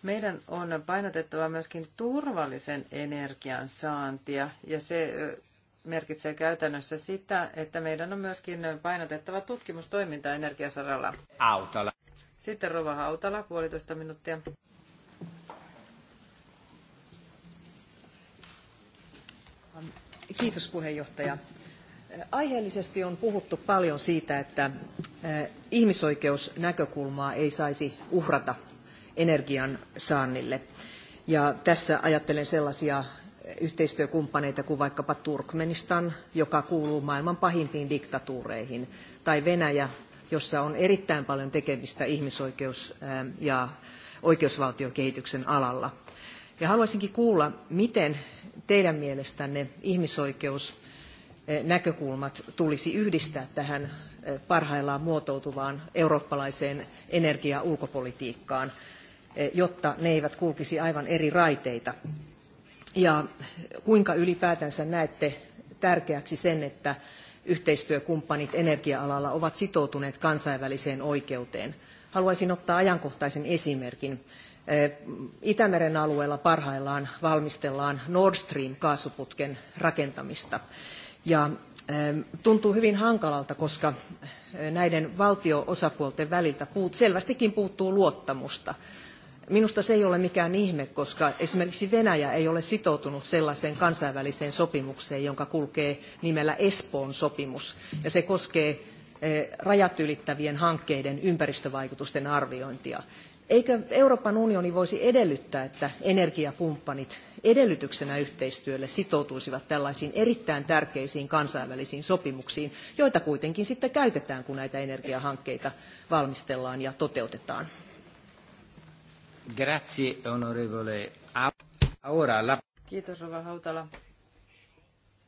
Meidän on painotettava myöskin turvallisen energian saantia ja se merkitsee käytännössä sitä, että meidän on myöskin painotettava tutkimustoiminta energiasaralla. Autala. Sitten Rova Hautala, puolitoista minuuttia. Kiitos puheenjohtaja. Aiheellisesti on puhuttu paljon siitä, että ihmisoikeusnäkökulmaa ei saisi uhrata energian saannille. Ja tässä ajattelen sellaisia yhteistyökumppaneita kuin vaikkapa Turkmenistan, joka kuuluu maailman pahimpiin diktatuureihin, tai Venäjä, jossa on erittäin paljon tekemistä ihmisoikeus- ja oikeusvaltiokehityksen alalla. Ja haluaisinkin kuulla, miten teidän mielestänne ihmisoikeus näkökulmat tulisi yhdistää tähän parhaillaan muotoutuvaan eurooppalaiseen energiaulkopolitiikkaan, jotta ne eivät kulkisi aivan eri raiteita. Ja kuinka ylipäätänsä näette tärkeäksi sen, että yhteistyökumppanit energia-alalla ovat sitoutuneet kansainväliseen oikeuteen? Haluaisin ottaa ajankohtaisen esimerkin. Itämeren alueella parhaillaan valmistellaan Nord Stream kaasuputken rakentamista. Ja ähm, tuntuu hyvin hankalalta, koska äh, näiden valtio-osapuolten väliltä puut, selvästikin puuttuu luottamusta. Minusta se ei ole mikään ihme, koska esimerkiksi Venäjä ei ole sitoutunut sellaiseen kansainväliseen sopimukseen, jonka kulkee nimellä Espoon sopimus. Ja se koskee äh, rajat ylittävien hankkeiden ympäristövaikutusten arviointia. Eikö Euroopan unioni voisi edellyttää, että energiakumppanit edellytyksenä yhteistyölle sitoutuisivat tällaisiin erittäin tärkeisiin kansainvälisiin sopimuksiin, joita kuitenkin sitten käytetään, kun näitä energiahankkeita valmistellaan ja toteutetaan. Grazie, onorevole. Ora la... Kiitos, Rova Hautala.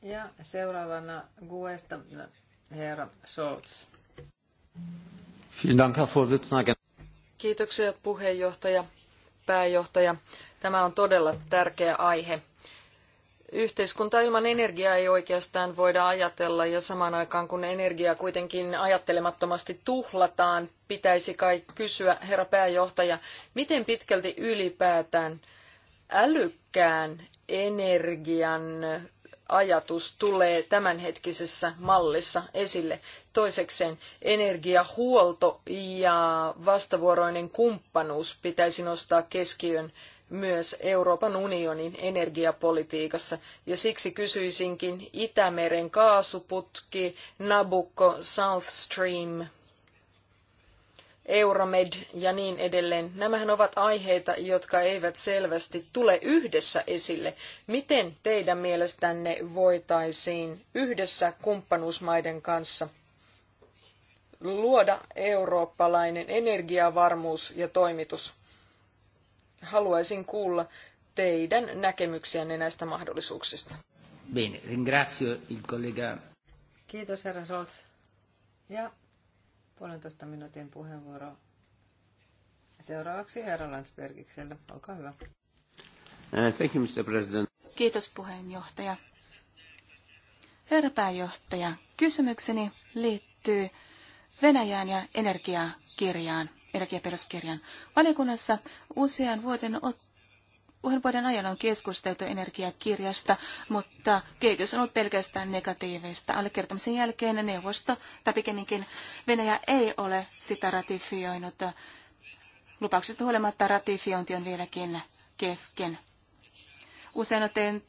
Ja seuraavana Guesta herra Scholz. Vielen Dank, Herr Kiitoksia puheenjohtaja, pääjohtaja. Tämä on todella tärkeä aihe. Yhteiskunta ilman energiaa ei oikeastaan voida ajatella ja samaan aikaan kun energiaa kuitenkin ajattelemattomasti tuhlataan, pitäisi kai kysyä, herra pääjohtaja, miten pitkälti ylipäätään älykkään energian ajatus tulee tämänhetkisessä mallissa esille. Toisekseen energiahuolto ja vastavuoroinen kumppanuus pitäisi nostaa keskiön myös Euroopan unionin energiapolitiikassa. Ja siksi kysyisinkin Itämeren kaasuputki, Nabucco, South Stream, Euromed ja niin edelleen. Nämähän ovat aiheita, jotka eivät selvästi tule yhdessä esille. Miten teidän mielestänne voitaisiin yhdessä kumppanuusmaiden kanssa luoda eurooppalainen energiavarmuus ja toimitus? haluaisin kuulla teidän näkemyksiänne näistä mahdollisuuksista. Bene, ringrazio il collega. Kiitos herra Scholz. Ja puolentoista minuutin puheenvuoro seuraavaksi herra Landsbergikselle. Olkaa hyvä. Uh, thank you, Mr. President. Kiitos puheenjohtaja. Herra pääjohtaja, kysymykseni liittyy Venäjään ja energiakirjaan energiaperuskirjan. Valiokunnassa usean vuoden ottaa Uuden vuoden ajan on keskusteltu energiakirjasta, mutta kehitys on ollut pelkästään negatiivista. Allekirjoittamisen jälkeen neuvosto, tai pikemminkin Venäjä ei ole sitä ratifioinut. Lupauksista huolimatta ratifiointi on vieläkin kesken. Usein otteen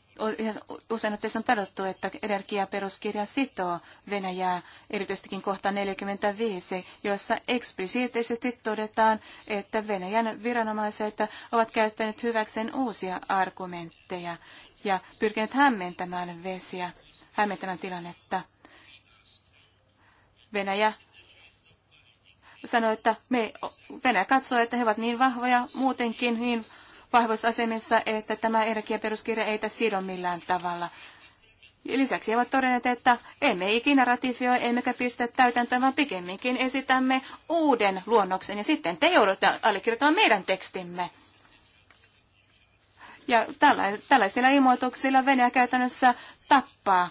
Usein otteessa on todettu, että energiaperuskirja sitoo Venäjää, erityisestikin kohta 45, jossa eksplisiittisesti todetaan, että Venäjän viranomaiset ovat käyttäneet hyväkseen uusia argumentteja ja pyrkineet hämmentämään vesiä, hämmentämään tilannetta. Venäjä sanoi, että me, Venäjä katsoo, että he ovat niin vahvoja muutenkin, niin vahvoissa asemassa, että tämä energiaperuskirja ei tässä sido millään tavalla. Lisäksi he ovat todenneet, että emme ikinä ratifioi emmekä pistä täytäntöön, vaan pikemminkin esitämme uuden luonnoksen ja sitten te joudutte allekirjoittamaan meidän tekstimme. Ja tällaisilla ilmoituksilla Venäjä käytännössä tappaa,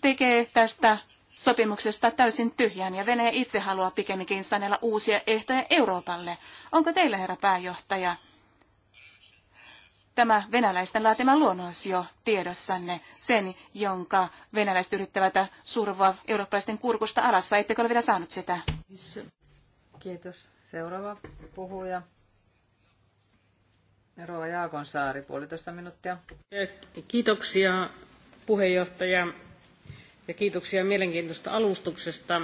tekee tästä sopimuksesta täysin tyhjän ja Venäjä itse haluaa pikemminkin sanella uusia ehtoja Euroopalle. Onko teillä, herra pääjohtaja, tämä venäläisten laatima luonnos jo tiedossanne, sen, jonka venäläiset yrittävät survoa eurooppalaisten kurkusta alas, vai ettekö ole vielä saanut sitä? Kiitos. Seuraava puhuja. Rova saari, puolitoista minuuttia. Kiitoksia puheenjohtaja ja kiitoksia mielenkiintoista alustuksesta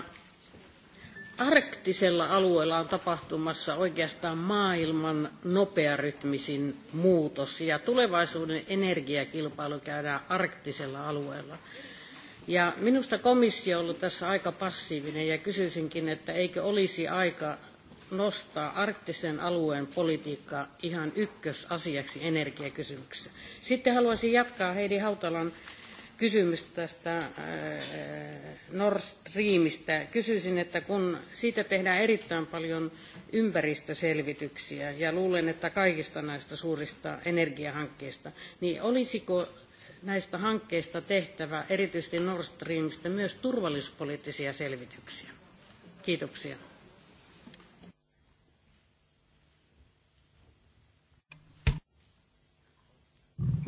arktisella alueella on tapahtumassa oikeastaan maailman nopearytmisin muutos ja tulevaisuuden energiakilpailu käydään arktisella alueella. Ja minusta komissio on ollut tässä aika passiivinen ja kysyisinkin, että eikö olisi aika nostaa arktisen alueen politiikka ihan ykkösasiaksi energiakysymyksessä. Sitten haluaisin jatkaa Heidi Hautalan kysymys tästä äh, Nord Streamista. Kysyisin, että kun siitä tehdään erittäin paljon ympäristöselvityksiä ja luulen, että kaikista näistä suurista energiahankkeista, niin olisiko näistä hankkeista tehtävä erityisesti Nord Streamista myös turvallisuuspoliittisia selvityksiä? Kiitoksia.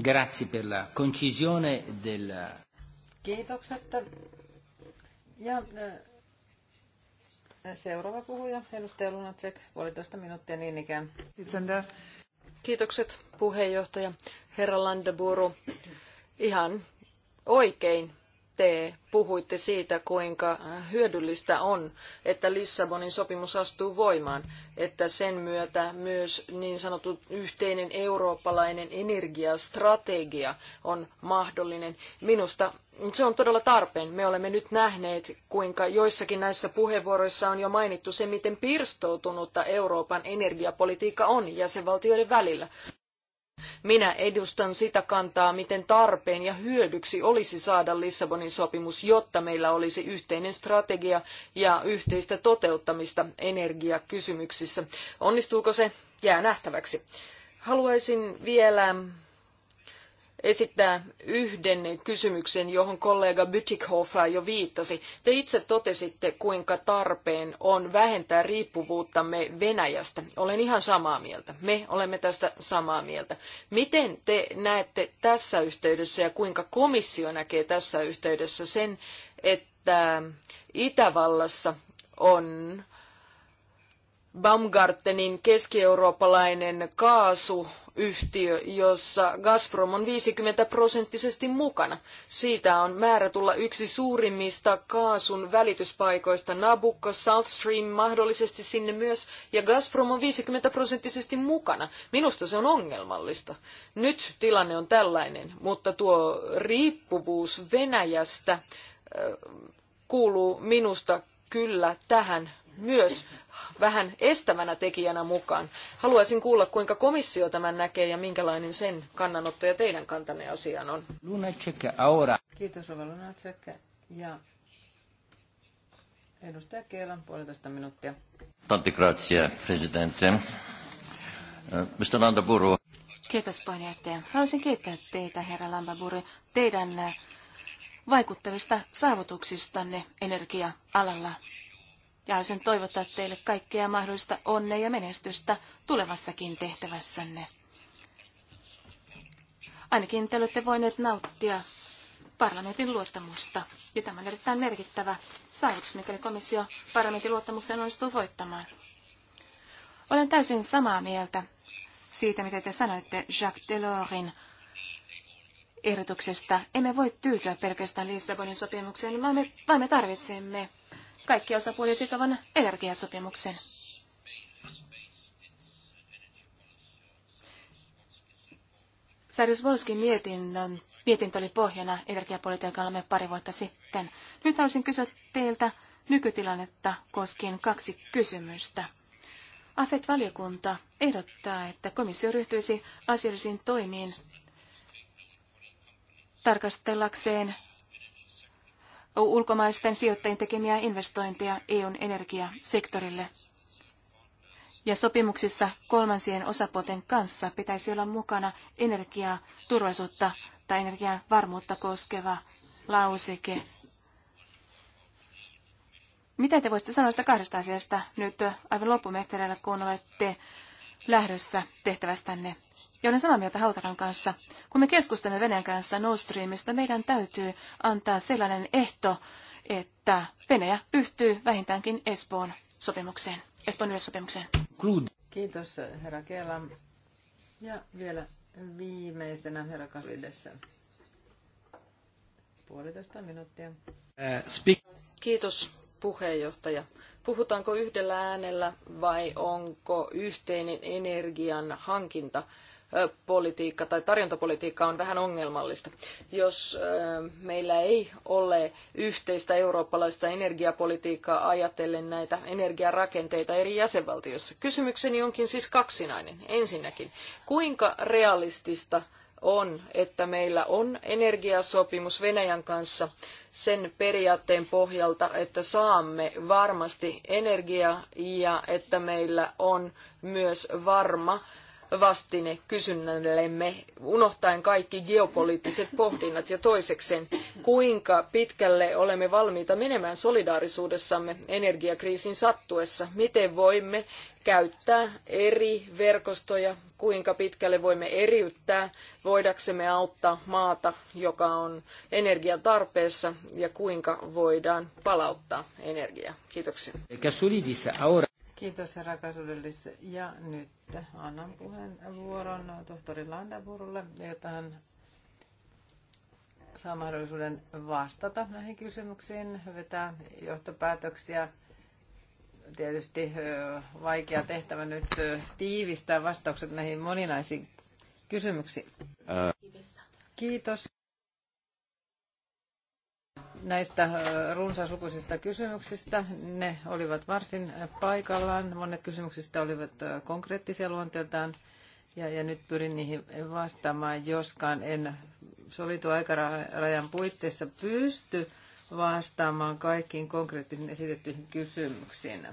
Grazie per la concisione del... Kiitokset. Ja eh, seuraava puhuja, edustaja Lunacek, puolitoista minuuttia niin ikään. Kiitokset puheenjohtaja herra Landeburu. Ihan oikein te puhuitte siitä, kuinka hyödyllistä on, että Lissabonin sopimus astuu voimaan, että sen myötä myös niin sanottu yhteinen eurooppalainen energiastrategia on mahdollinen. Minusta se on todella tarpeen. Me olemme nyt nähneet, kuinka joissakin näissä puheenvuoroissa on jo mainittu se, miten pirstoutunutta Euroopan energiapolitiikka on jäsenvaltioiden välillä. Minä edustan sitä kantaa, miten tarpeen ja hyödyksi olisi saada Lissabonin sopimus, jotta meillä olisi yhteinen strategia ja yhteistä toteuttamista energiakysymyksissä. Onnistuuko se? Jää nähtäväksi. Haluaisin vielä esittää yhden kysymyksen, johon kollega Bütikhofer jo viittasi. Te itse totesitte, kuinka tarpeen on vähentää riippuvuuttamme Venäjästä. Olen ihan samaa mieltä. Me olemme tästä samaa mieltä. Miten te näette tässä yhteydessä ja kuinka komissio näkee tässä yhteydessä sen, että Itävallassa on Baumgartenin keski-eurooppalainen kaasuyhtiö, jossa Gazprom on 50 prosenttisesti mukana. Siitä on määrä tulla yksi suurimmista kaasun välityspaikoista, Nabucco, South Stream mahdollisesti sinne myös, ja Gazprom on 50 prosenttisesti mukana. Minusta se on ongelmallista. Nyt tilanne on tällainen, mutta tuo riippuvuus Venäjästä äh, kuuluu minusta kyllä tähän myös vähän estävänä tekijänä mukaan. Haluaisin kuulla, kuinka komissio tämän näkee ja minkälainen sen kannanotto ja teidän kantanne asiaan on. Lunacek, Kiitos Ova Lunacek ja edustaja Keelan puolitoista minuuttia. Tanti grazie, presidente. Mr. Landaburu. Kiitos puheenjohtaja. Haluaisin kiittää teitä, herra Landaburu, teidän vaikuttavista saavutuksistanne energia-alalla. Ja sen toivottaa teille kaikkea mahdollista onnea ja menestystä tulevassakin tehtävässänne. Ainakin te olette voineet nauttia parlamentin luottamusta. Ja tämä on erittäin merkittävä saavutus, mikäli komissio parlamentin luottamuksen onnistuu voittamaan. Olen täysin samaa mieltä siitä, mitä te sanoitte Jacques Delorsin ehdotuksesta. Emme voi tyytyä pelkästään Lissabonin sopimukseen, vaan me, vaan me tarvitsemme kaikki osapuolia sitovan energiasopimuksen. Sarius Volskin mietinnön, mietintö oli pohjana energiapolitiikallamme pari vuotta sitten. Nyt haluaisin kysyä teiltä nykytilannetta koskien kaksi kysymystä. AFET-valiokunta ehdottaa, että komissio ryhtyisi asiallisiin toimiin tarkastellakseen ulkomaisten sijoittajien tekemiä investointeja EUn energiasektorille. Ja sopimuksissa kolmansien osapuolten kanssa pitäisi olla mukana energiaturvallisuutta tai energian varmuutta koskeva lauseke. Mitä te voisitte sanoa sitä kahdesta asiasta nyt aivan loppumetreillä, kun olette lähdössä tehtävästänne? Ja olen samaa mieltä Hautaran kanssa. Kun me keskustelemme Venäjän kanssa Nord Streamista, meidän täytyy antaa sellainen ehto, että Venäjä yhtyy vähintäänkin Espoon sopimukseen, Espoon yleissopimukseen. Kiitos herra Kela. Ja vielä viimeisenä herra Kavidessa. Puolitoista minuuttia. Äh, Kiitos puheenjohtaja. Puhutaanko yhdellä äänellä vai onko yhteinen energian hankinta politiikka tai tarjontapolitiikka on vähän ongelmallista. Jos meillä ei ole yhteistä eurooppalaista energiapolitiikkaa ajatellen näitä energiarakenteita eri jäsenvaltioissa. Kysymykseni onkin siis kaksinainen. Ensinnäkin, kuinka realistista on, että meillä on energiasopimus Venäjän kanssa sen periaatteen pohjalta, että saamme varmasti energiaa ja että meillä on myös varma vastine kysynnällemme, unohtaen kaikki geopoliittiset pohdinnat ja toisekseen, kuinka pitkälle olemme valmiita menemään solidaarisuudessamme energiakriisin sattuessa, miten voimme käyttää eri verkostoja, kuinka pitkälle voimme eriyttää, voidaksemme auttaa maata, joka on energian tarpeessa ja kuinka voidaan palauttaa energiaa. Kiitoksia. Kiitos ja Kasudellis. Ja nyt annan puheenvuoron tohtori Landaburulle, jotta hän saa mahdollisuuden vastata näihin kysymyksiin, vetää johtopäätöksiä. Tietysti vaikea tehtävä nyt tiivistää vastaukset näihin moninaisiin kysymyksiin. Kiitos näistä runsaslukuisista kysymyksistä. Ne olivat varsin paikallaan. Monet kysymyksistä olivat konkreettisia luonteeltaan. Ja, ja nyt pyrin niihin vastaamaan, joskaan en sovitu aikarajan puitteissa pysty vastaamaan kaikkiin konkreettisiin esitettyihin kysymyksiin.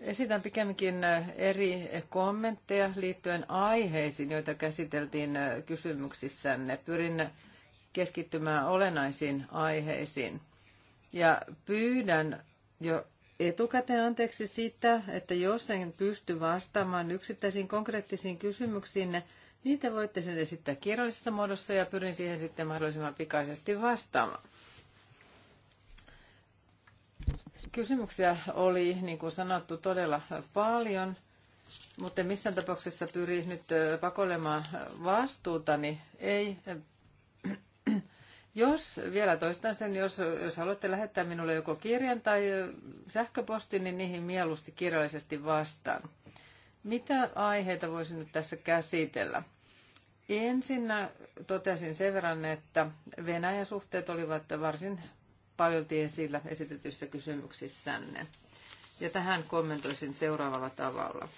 Esitän pikemminkin eri kommentteja liittyen aiheisiin, joita käsiteltiin kysymyksissänne. Pyrin keskittymään olennaisiin aiheisiin. Ja pyydän jo etukäteen anteeksi sitä, että jos en pysty vastaamaan yksittäisiin konkreettisiin kysymyksiin, niin te voitte sen esittää kirjallisessa muodossa ja pyrin siihen sitten mahdollisimman pikaisesti vastaamaan. Kysymyksiä oli, niin kuin sanottu, todella paljon, mutta missään tapauksessa pyri nyt pakolemaan vastuutani. Ei jos, vielä toistan sen, jos, jos haluatte lähettää minulle joko kirjan tai sähköpostin, niin niihin mieluusti kirjallisesti vastaan. Mitä aiheita voisin nyt tässä käsitellä? Ensinnä totesin sen verran, että Venäjän suhteet olivat varsin paljon esillä esitetyissä kysymyksissänne. Ja tähän kommentoisin seuraavalla tavalla.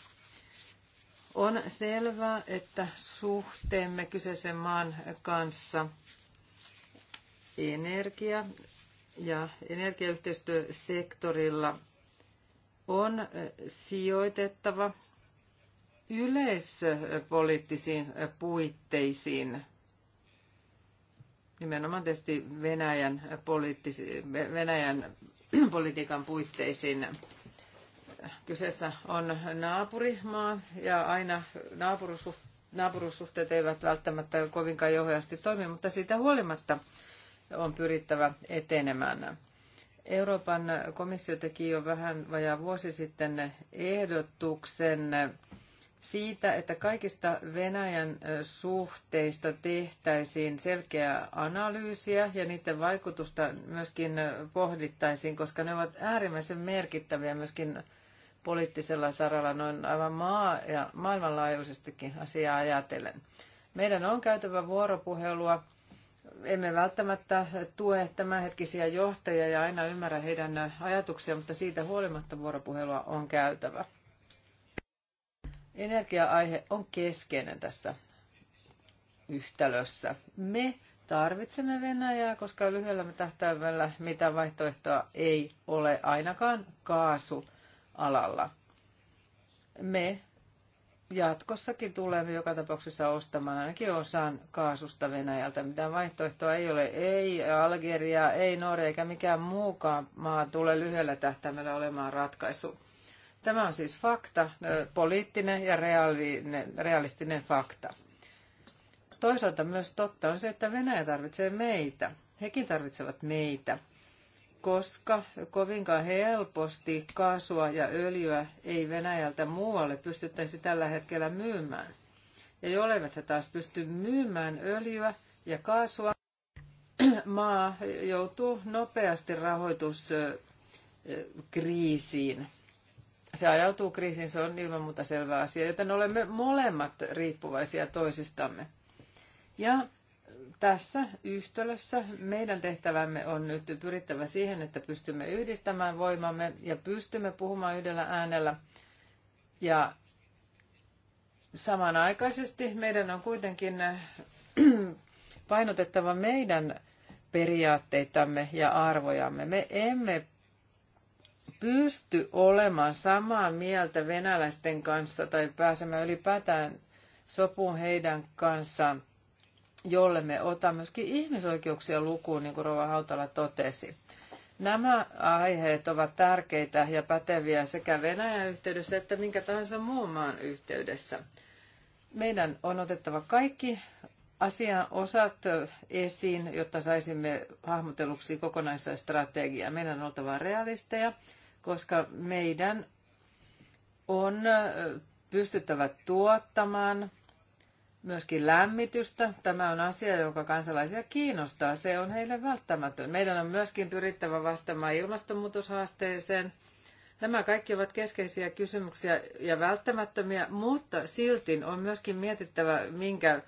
On selvää, että suhteemme kyseisen maan kanssa – energia ja energiayhteistyösektorilla on sijoitettava yleispoliittisiin puitteisiin, nimenomaan tietysti Venäjän, poliittisi, Venäjän [CLEARS THROAT] politiikan puitteisiin. Kyseessä on naapurimaa ja aina naapurussuhteet eivät välttämättä kovinkaan johdasti toimi, mutta siitä huolimatta on pyrittävä etenemään. Euroopan komissio teki jo vähän vajaa vuosi sitten ehdotuksen siitä, että kaikista Venäjän suhteista tehtäisiin selkeää analyysiä ja niiden vaikutusta myöskin pohdittaisiin, koska ne ovat äärimmäisen merkittäviä myöskin poliittisella saralla noin aivan maa- ja maailmanlaajuisestikin asiaa ajatellen. Meidän on käytävä vuoropuhelua emme välttämättä tue tämänhetkisiä johtajia ja aina ymmärrä heidän ajatuksia, mutta siitä huolimatta vuoropuhelua on käytävä. Energia-aihe on keskeinen tässä yhtälössä. Me tarvitsemme Venäjää, koska lyhyellä tähtäimellä mitä vaihtoehtoa ei ole ainakaan kaasualalla. Me jatkossakin tulemme joka tapauksessa ostamaan ainakin osan kaasusta Venäjältä. Mitään vaihtoehtoa ei ole. Ei Algeria, ei Norja eikä mikään muukaan maa tule lyhyellä tähtäimellä olemaan ratkaisu. Tämä on siis fakta, poliittinen ja realistinen fakta. Toisaalta myös totta on se, että Venäjä tarvitsee meitä. Hekin tarvitsevat meitä koska kovinkaan helposti kaasua ja öljyä ei Venäjältä muualle pystyttäisi tällä hetkellä myymään. Ja jolleivät he taas pysty myymään öljyä ja kaasua, [CLEARS THROAT] maa joutuu nopeasti rahoituskriisiin. Se ajautuu kriisiin, se on ilman muuta selvä asia, joten olemme molemmat riippuvaisia toisistamme. Ja tässä yhtälössä meidän tehtävämme on nyt pyrittävä siihen, että pystymme yhdistämään voimamme ja pystymme puhumaan yhdellä äänellä. Ja samanaikaisesti meidän on kuitenkin [CLEARS THROAT] painotettava meidän periaatteitamme ja arvojamme. Me emme pysty olemaan samaa mieltä venäläisten kanssa tai pääsemään ylipäätään sopuun heidän kanssaan – jolle me otamme myöskin ihmisoikeuksia lukuun, niin kuin Rova Hautala totesi. Nämä aiheet ovat tärkeitä ja päteviä sekä Venäjän yhteydessä että minkä tahansa muun maan yhteydessä. Meidän on otettava kaikki asian osat esiin, jotta saisimme hahmotelluksi strategiaa. Meidän on oltava realisteja, koska meidän on pystyttävä tuottamaan – myöskin lämmitystä. Tämä on asia, joka kansalaisia kiinnostaa. Se on heille välttämätön. Meidän on myöskin pyrittävä vastaamaan ilmastonmuutoshaasteeseen. Nämä kaikki ovat keskeisiä kysymyksiä ja välttämättömiä, mutta silti on myöskin mietittävä, minkä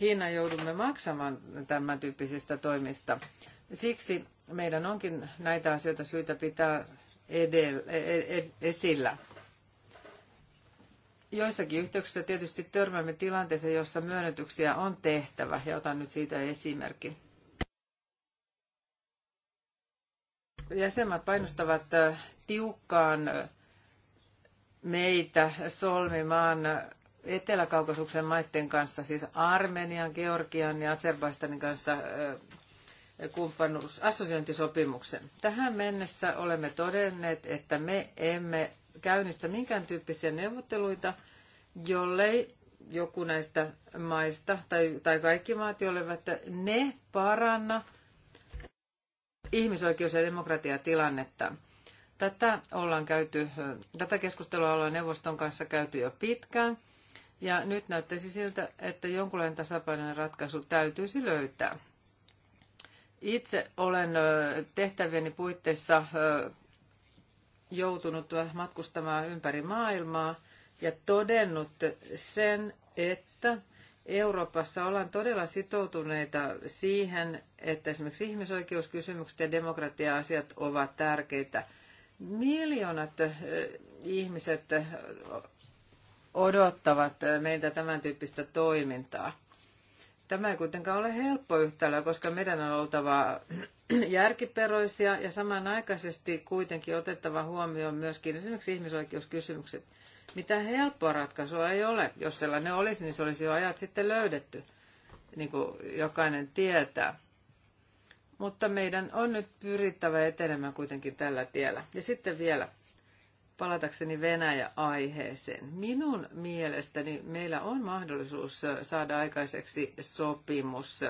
hinnan joudumme maksamaan tämän tyyppisistä toimista. Siksi meidän onkin näitä asioita syytä pitää edellä, e, e, esillä joissakin yhteyksissä tietysti törmäämme tilanteeseen, jossa myönnytyksiä on tehtävä, ja otan nyt siitä esimerkin. Jäsenmaat painostavat tiukkaan meitä solmimaan Etelä-Kaukasuksen maiden kanssa, siis Armenian, Georgian ja Azerbaistanin kanssa kumppanuusassosiointisopimuksen. Tähän mennessä olemme todenneet, että me emme käynnistä minkään tyyppisiä neuvotteluita, jollei joku näistä maista tai, tai kaikki maat, että ne paranna ihmisoikeus- ja demokratiatilannetta. Tätä, ollaan käyty, tätä keskustelua ollaan neuvoston kanssa käyty jo pitkään, ja nyt näyttäisi siltä, että jonkunlainen tasapainoinen ratkaisu täytyisi löytää. Itse olen tehtävieni puitteissa joutunut matkustamaan ympäri maailmaa ja todennut sen, että Euroopassa ollaan todella sitoutuneita siihen, että esimerkiksi ihmisoikeuskysymykset ja demokratia-asiat ovat tärkeitä. Miljoonat eh, ihmiset odottavat meiltä tämän tyyppistä toimintaa. Tämä ei kuitenkaan ole helppo yhtälö, koska meidän on oltava [CLEARS THROAT] järkiperoisia ja samanaikaisesti kuitenkin otettava huomioon myöskin esimerkiksi ihmisoikeuskysymykset. Mitä helppoa ratkaisua ei ole. Jos sellainen olisi, niin se olisi jo ajat sitten löydetty, niin kuin jokainen tietää. Mutta meidän on nyt pyrittävä etenemään kuitenkin tällä tiellä. Ja sitten vielä palatakseni Venäjä-aiheeseen. Minun mielestäni meillä on mahdollisuus saada aikaiseksi sopimus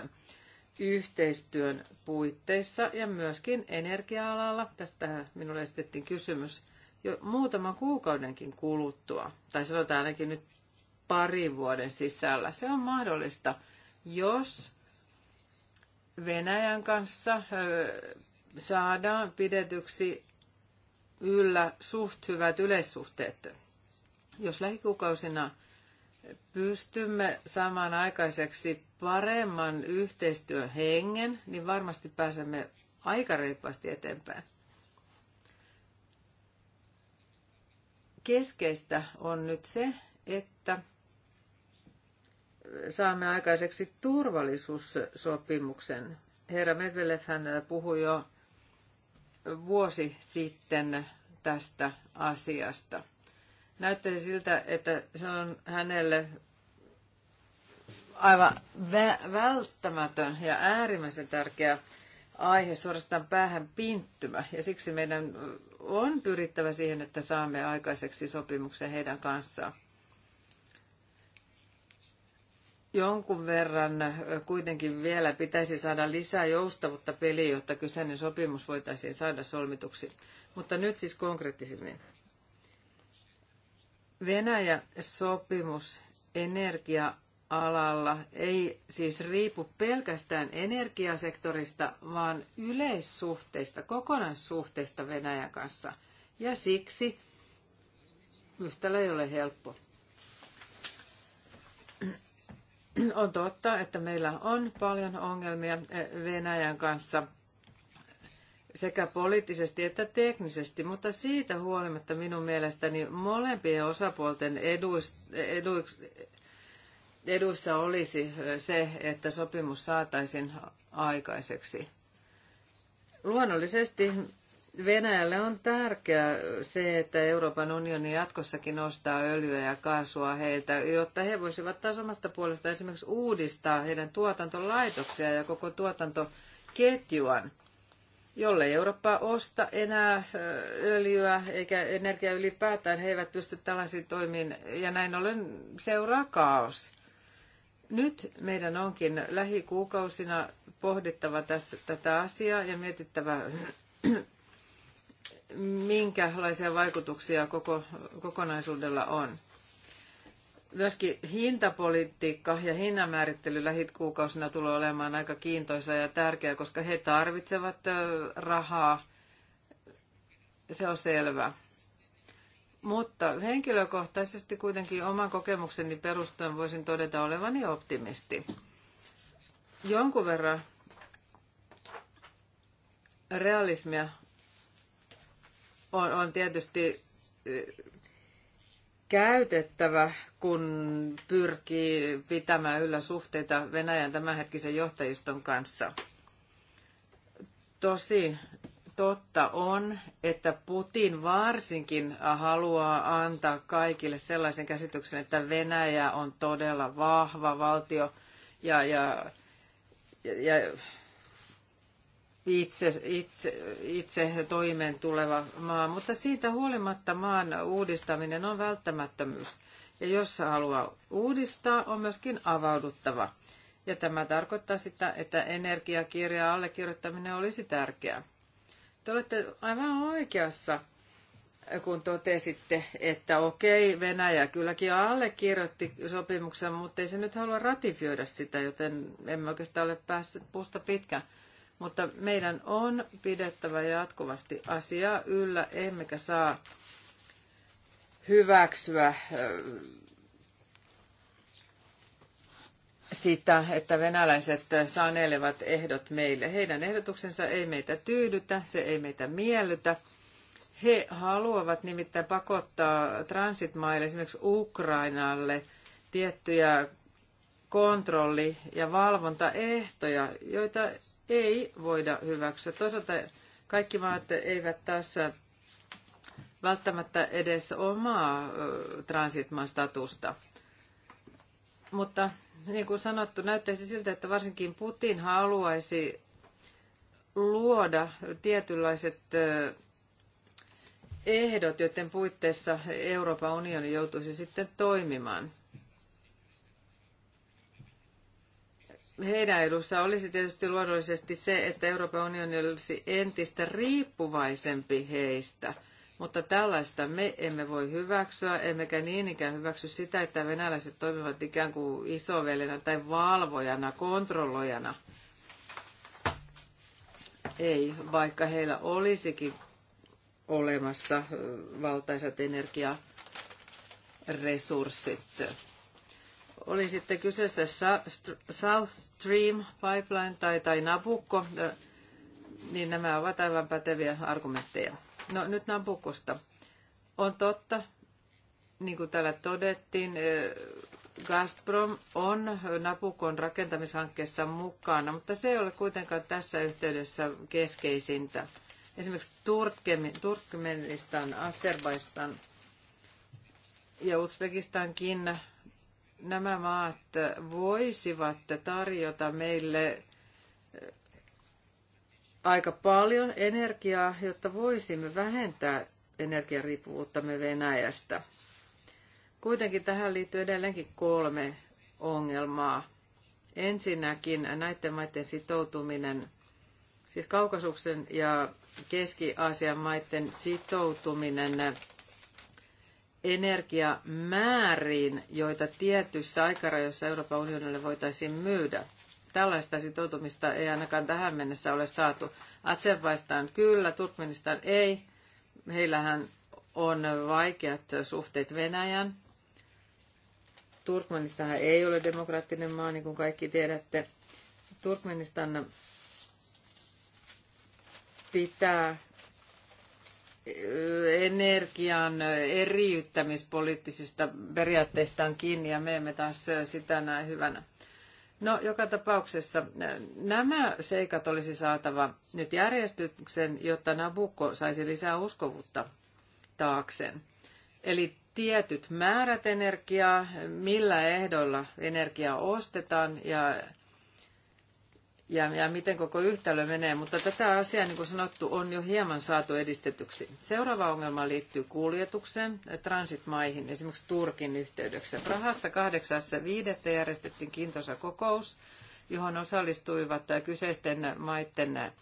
yhteistyön puitteissa ja myöskin energia-alalla. Tästä minulle esitettiin kysymys jo muutaman kuukaudenkin kuluttua, tai sanotaan ainakin nyt parin vuoden sisällä. Se on mahdollista, jos Venäjän kanssa saadaan pidetyksi yllä suht hyvät yleissuhteet. Jos lähikuukausina pystymme saamaan aikaiseksi paremman yhteistyön hengen, niin varmasti pääsemme aika reippaasti eteenpäin. Keskeistä on nyt se, että saamme aikaiseksi turvallisuussopimuksen. Herra Medvedev hän puhui jo vuosi sitten tästä asiasta näyttäisi siltä, että se on hänelle aivan vä- välttämätön ja äärimmäisen tärkeä aihe, suorastaan päähän pinttymä. Ja siksi meidän on pyrittävä siihen, että saamme aikaiseksi sopimuksen heidän kanssaan. Jonkun verran kuitenkin vielä pitäisi saada lisää joustavuutta peliin, jotta kyseinen sopimus voitaisiin saada solmituksi. Mutta nyt siis konkreettisemmin. Venäjä-sopimus energia-alalla ei siis riipu pelkästään energiasektorista, vaan yleissuhteista, kokonaissuhteista Venäjän kanssa. Ja siksi yhtälö ei ole helppo. On totta, että meillä on paljon ongelmia eh, Venäjän kanssa – sekä poliittisesti että teknisesti, mutta siitä huolimatta minun mielestäni molempien osapuolten eduissa olisi se, että sopimus saataisiin aikaiseksi. Luonnollisesti Venäjälle on tärkeää se, että Euroopan unioni jatkossakin ostaa öljyä ja kaasua heiltä, jotta he voisivat taas omasta puolestaan esimerkiksi uudistaa heidän tuotantolaitoksia ja koko tuotantoketjuan – jollei Eurooppa osta enää öljyä eikä energiaa ylipäätään, he eivät pysty tällaisiin toimiin ja näin ollen seuraa kaos. Nyt meidän onkin lähikuukausina pohdittava tässä, tätä asiaa ja mietittävä, minkälaisia vaikutuksia koko, kokonaisuudella on. Myöskin hintapolitiikka ja hinnanmäärittely lähikuukausina tulee olemaan aika kiintoisa ja tärkeä, koska he tarvitsevat rahaa. Se on selvä. Mutta henkilökohtaisesti kuitenkin oman kokemukseni perustuen voisin todeta olevani optimisti. Jonkun verran realismia on, on tietysti käytettävä kun pyrkii pitämään yllä suhteita Venäjän tämänhetkisen johtajiston kanssa. Tosi totta on, että Putin varsinkin haluaa antaa kaikille sellaisen käsityksen, että Venäjä on todella vahva valtio ja, ja, ja itse, itse, itse toimeen tuleva maa. Mutta siitä huolimatta maan uudistaminen on välttämättömyys. Ja jos haluaa uudistaa, on myöskin avauduttava. Ja tämä tarkoittaa sitä, että energiakirjaa allekirjoittaminen olisi tärkeää. Te olette aivan oikeassa, kun totesitte, että okei, Venäjä kylläkin allekirjoitti sopimuksen, mutta ei se nyt halua ratifioida sitä, joten emme oikeastaan ole päässeet puusta pitkään. Mutta meidän on pidettävä jatkuvasti asiaa yllä, emmekä saa hyväksyä sitä, että venäläiset sanelevat ehdot meille. Heidän ehdotuksensa ei meitä tyydytä, se ei meitä miellytä. He haluavat nimittäin pakottaa transitmaille, esimerkiksi Ukrainalle, tiettyjä kontrolli- ja valvontaehtoja, joita ei voida hyväksyä. Toisaalta kaikki maat eivät tässä välttämättä edes omaa transitman statusta. Mutta niin kuin sanottu, näyttäisi siltä, että varsinkin Putin haluaisi luoda tietynlaiset ehdot, joiden puitteissa Euroopan unioni joutuisi sitten toimimaan. Heidän edussa olisi tietysti luonnollisesti se, että Euroopan unioni olisi entistä riippuvaisempi heistä – mutta tällaista me emme voi hyväksyä, emmekä niin ikään hyväksy sitä, että venäläiset toimivat ikään kuin isovelinä tai valvojana, kontrollojana. Ei, vaikka heillä olisikin olemassa valtaisat energiaresurssit. Oli sitten kyseessä South Stream Pipeline tai, tai Nabucco, niin nämä ovat aivan päteviä argumentteja. No nyt Nabukusta. On totta, niin kuin täällä todettiin, eh, Gazprom on Napukon rakentamishankkeessa mukana, mutta se ei ole kuitenkaan tässä yhteydessä keskeisintä. Esimerkiksi Turkmenistan, Azerbaistan ja Uzbekistankin nämä maat voisivat tarjota meille aika paljon energiaa, jotta voisimme vähentää energiariippuvuuttamme Venäjästä. Kuitenkin tähän liittyy edelleenkin kolme ongelmaa. Ensinnäkin näiden maiden sitoutuminen, siis Kaukasuksen ja Keski-Aasian maiden sitoutuminen energiamääriin, joita tietyissä aikarajoissa Euroopan unionille voitaisiin myydä – Tällaista sitoutumista ei ainakaan tähän mennessä ole saatu. Azerbaistan kyllä, Turkmenistan ei. Heillähän on vaikeat suhteet Venäjän. Turkmenistan ei ole demokraattinen maa, niin kuin kaikki tiedätte. Turkmenistan pitää energian eriyttämispoliittisista periaatteistaan kiinni ja me emme taas sitä näe hyvänä. No, joka tapauksessa nämä seikat olisi saatava nyt järjestyksen, jotta Nabukko saisi lisää uskovuutta taakseen. Eli tietyt määrät energiaa, millä ehdoilla energiaa ostetaan ja ja, ja miten koko yhtälö menee, mutta tätä asiaa, niin kuin sanottu, on jo hieman saatu edistetyksi. Seuraava ongelma liittyy kuljetukseen, transitmaihin, esimerkiksi Turkin yhteydessä. Prahassa 8.5. järjestettiin kiintosa kokous, johon osallistuivat kyseisten maiden eh,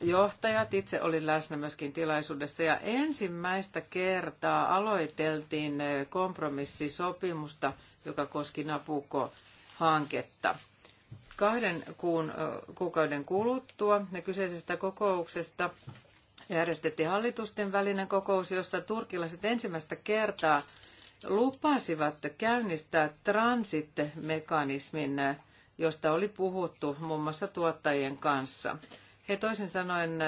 johtajat. Itse olin läsnä myöskin tilaisuudessa ja ensimmäistä kertaa aloiteltiin eh, kompromissisopimusta, joka koski Napuko-hanketta. Kahden kuun, kuukauden kuluttua kyseisestä kokouksesta järjestettiin hallitusten välinen kokous, jossa turkilaiset ensimmäistä kertaa lupasivat käynnistää transit-mekanismin, josta oli puhuttu muun mm. muassa tuottajien kanssa. He toisin sanoen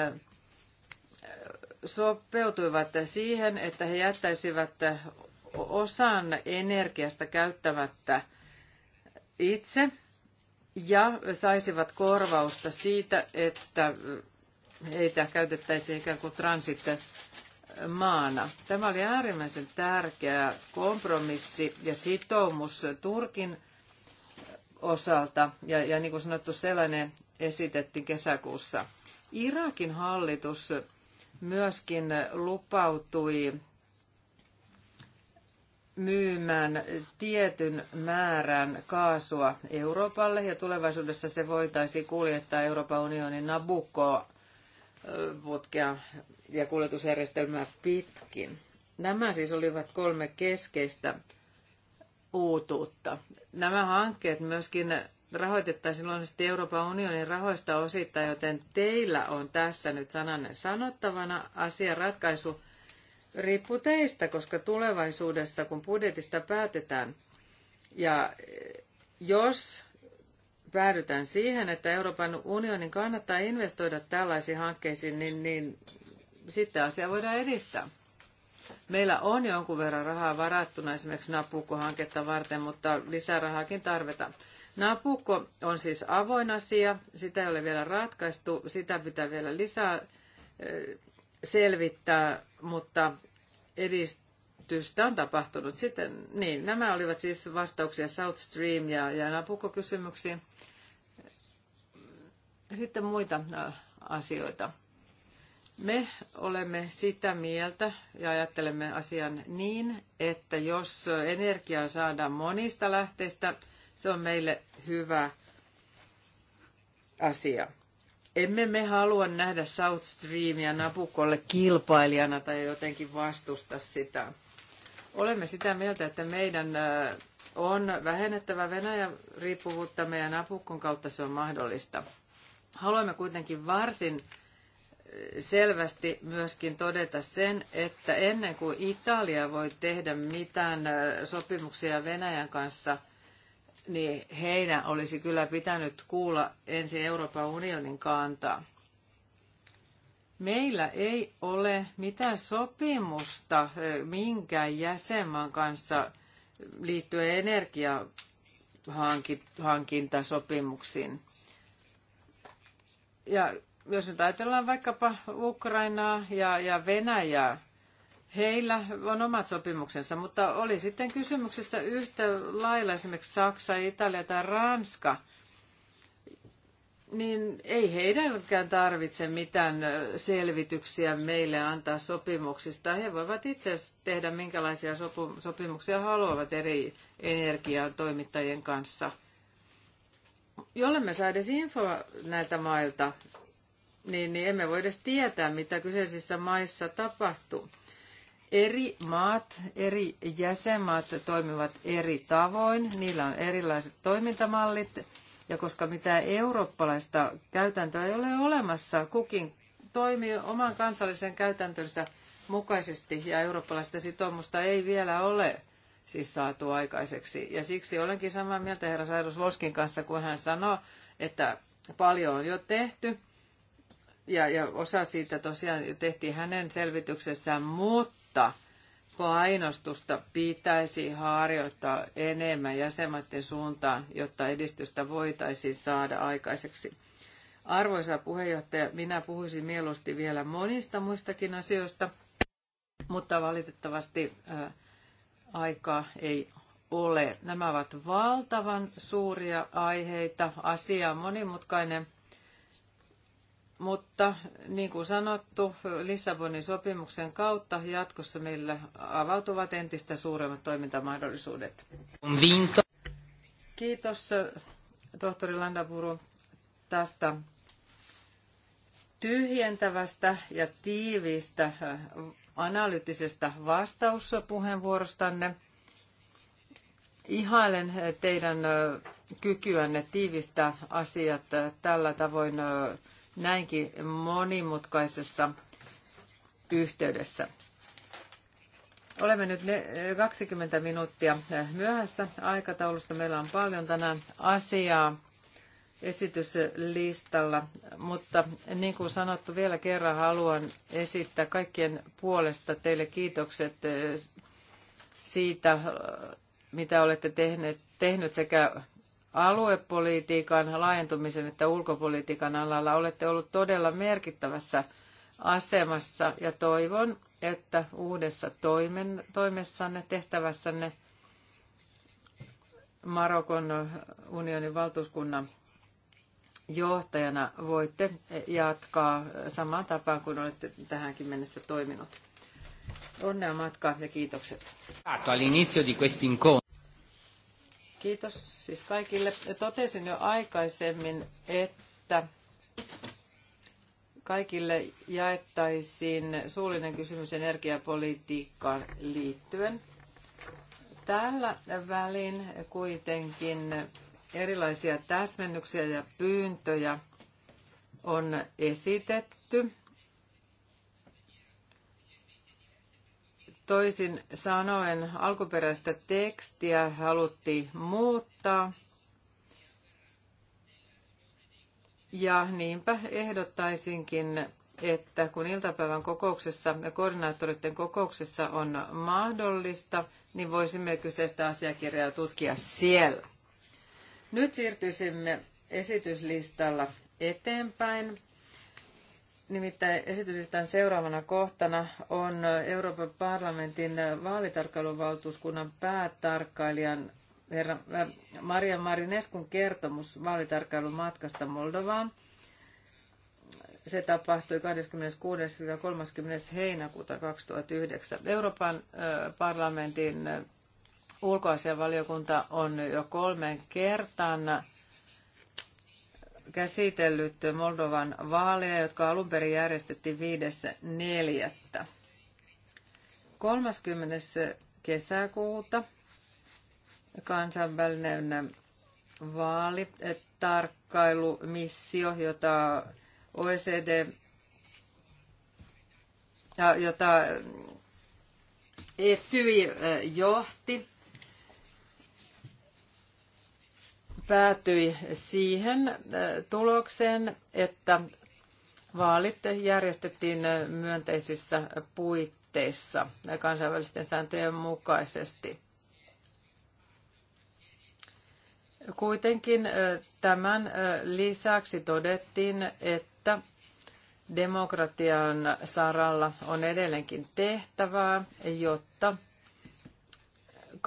sopeutuivat siihen, että he jättäisivät osan energiasta käyttämättä itse – ja saisivat korvausta siitä, että heitä käytettäisiin ikään kuin transit maana. Tämä oli äärimmäisen tärkeä kompromissi ja sitoumus Turkin osalta. Ja, ja niin kuin sanottu, sellainen esitettiin kesäkuussa. Irakin hallitus myöskin lupautui myymään tietyn määrän kaasua Euroopalle ja tulevaisuudessa se voitaisiin kuljettaa Euroopan unionin Nabucco putkea ja kuljetusjärjestelmää pitkin. Nämä siis olivat kolme keskeistä uutuutta. Nämä hankkeet myöskin rahoitettaisiin luonnollisesti Euroopan unionin rahoista osittain, joten teillä on tässä nyt sananne sanottavana asia ratkaisu riippuu teistä, koska tulevaisuudessa, kun budjetista päätetään, ja eh, jos päädytään siihen, että Euroopan unionin kannattaa investoida tällaisiin hankkeisiin, niin, niin sitten asia voidaan edistää. Meillä on jonkun verran rahaa varattuna esimerkiksi Napukko-hanketta varten, mutta lisärahaakin tarvitaan. Napukko on siis avoin asia, sitä ei ole vielä ratkaistu, sitä pitää vielä lisää eh, selvittää, mutta edistystä on tapahtunut. Sitten, niin, nämä olivat siis vastauksia South Stream ja, ja Napukko-kysymyksiin. Sitten muita asioita. Me olemme sitä mieltä ja ajattelemme asian niin, että jos energiaa saadaan monista lähteistä, se on meille hyvä asia. Emme me halua nähdä South Streamia Napukolle kilpailijana tai jotenkin vastusta sitä. Olemme sitä mieltä, että meidän on vähennettävä Venäjän riippuvuutta meidän Napukon kautta se on mahdollista. Haluamme kuitenkin varsin selvästi myöskin todeta sen, että ennen kuin Italia voi tehdä mitään sopimuksia Venäjän kanssa, niin heidän olisi kyllä pitänyt kuulla ensin Euroopan unionin kantaa. Meillä ei ole mitään sopimusta minkään jäsenmaan kanssa liittyen energiahankintasopimuksiin. Ja jos nyt ajatellaan vaikkapa Ukrainaa ja, ja Venäjää, Heillä on omat sopimuksensa, mutta oli sitten kysymyksessä yhtä lailla esimerkiksi Saksa, Italia tai Ranska, niin ei heidänkään tarvitse mitään selvityksiä meille antaa sopimuksista. He voivat itse tehdä minkälaisia sopimuksia haluavat eri energiatoimittajien kanssa. Jolle me saa edes infoa näiltä mailta, niin, niin emme voi edes tietää, mitä kyseisissä maissa tapahtuu. Eri maat, eri jäsenmaat toimivat eri tavoin, niillä on erilaiset toimintamallit, ja koska mitään eurooppalaista käytäntöä ei ole olemassa, kukin toimii oman kansallisen käytäntönsä mukaisesti ja eurooppalaista sitoumusta ei vielä ole siis saatu aikaiseksi. Ja siksi olenkin samaa mieltä herra Sairus Voskin kanssa, kun hän sanoo, että paljon on jo tehty ja, ja osa siitä tosiaan tehtiin hänen selvityksessään, mutta mutta painostusta pitäisi harjoittaa enemmän jäsenmaiden suuntaan, jotta edistystä voitaisiin saada aikaiseksi. Arvoisa puheenjohtaja, minä puhuisin mieluusti vielä monista muistakin asioista, mutta valitettavasti äh, aikaa ei ole. Nämä ovat valtavan suuria aiheita. Asia on monimutkainen mutta niin kuin sanottu, Lissabonin sopimuksen kautta jatkossa meillä avautuvat entistä suuremmat toimintamahdollisuudet. Kiitos tohtori Landapuru tästä tyhjentävästä ja tiiviistä äh, analyyttisestä vastauspuheenvuorostanne. Ihailen äh, teidän äh, kykyänne tiivistää asiat tällä tavoin näinkin monimutkaisessa yhteydessä. Olemme nyt 20 minuuttia myöhässä aikataulusta. Meillä on paljon tänään asiaa esityslistalla, mutta niin kuin sanottu, vielä kerran haluan esittää kaikkien puolesta teille kiitokset eh, siitä, mitä olette tehneet, tehnyt sekä aluepolitiikan laajentumisen että ulkopolitiikan alalla olette ollut todella merkittävässä asemassa ja toivon, että uudessa toimen, toimessanne, tehtävässänne Marokon unionin valtuuskunnan johtajana voitte jatkaa samaan tapaan kuin olette tähänkin mennessä toiminut. Onnea matkaan ja kiitokset. All'inizio di Kiitos siis kaikille. Totesin jo aikaisemmin, että kaikille jaettaisiin suullinen kysymys energiapolitiikkaan liittyen. Tällä välin kuitenkin erilaisia täsmennyksiä ja pyyntöjä on esitetty. Toisin sanoen alkuperäistä tekstiä haluttiin muuttaa. Ja niinpä ehdottaisinkin, että kun iltapäivän kokouksessa ja koordinaattoreiden kokouksessa on mahdollista, niin voisimme kyseistä asiakirjaa tutkia siellä. Nyt siirtyisimme esityslistalla eteenpäin. Nimittäin esitysistään seuraavana kohtana on Euroopan parlamentin vaalitarkkailuvaltuuskunnan päätarkkailijan herra äh, Maria Marineskun kertomus vaalitarkkailun matkasta Moldovaan. Se tapahtui 26-30. heinäkuuta 2009. Euroopan äh, parlamentin äh, ulkoasianvaliokunta on jo kolmen kertaan käsitellyt Moldovan vaaleja, jotka alun perin järjestettiin 5.4. 30. kesäkuuta kansainvälinen vaalitarkkailumissio, eh, jota OECD, jota eh, Etyi eh, johti, päätyi siihen äh, tulokseen, että vaalit järjestettiin äh, myönteisissä puitteissa äh, kansainvälisten sääntöjen mukaisesti. Kuitenkin tämän lisäksi todettiin, että demokratian saralla on edelleenkin tehtävää, jotta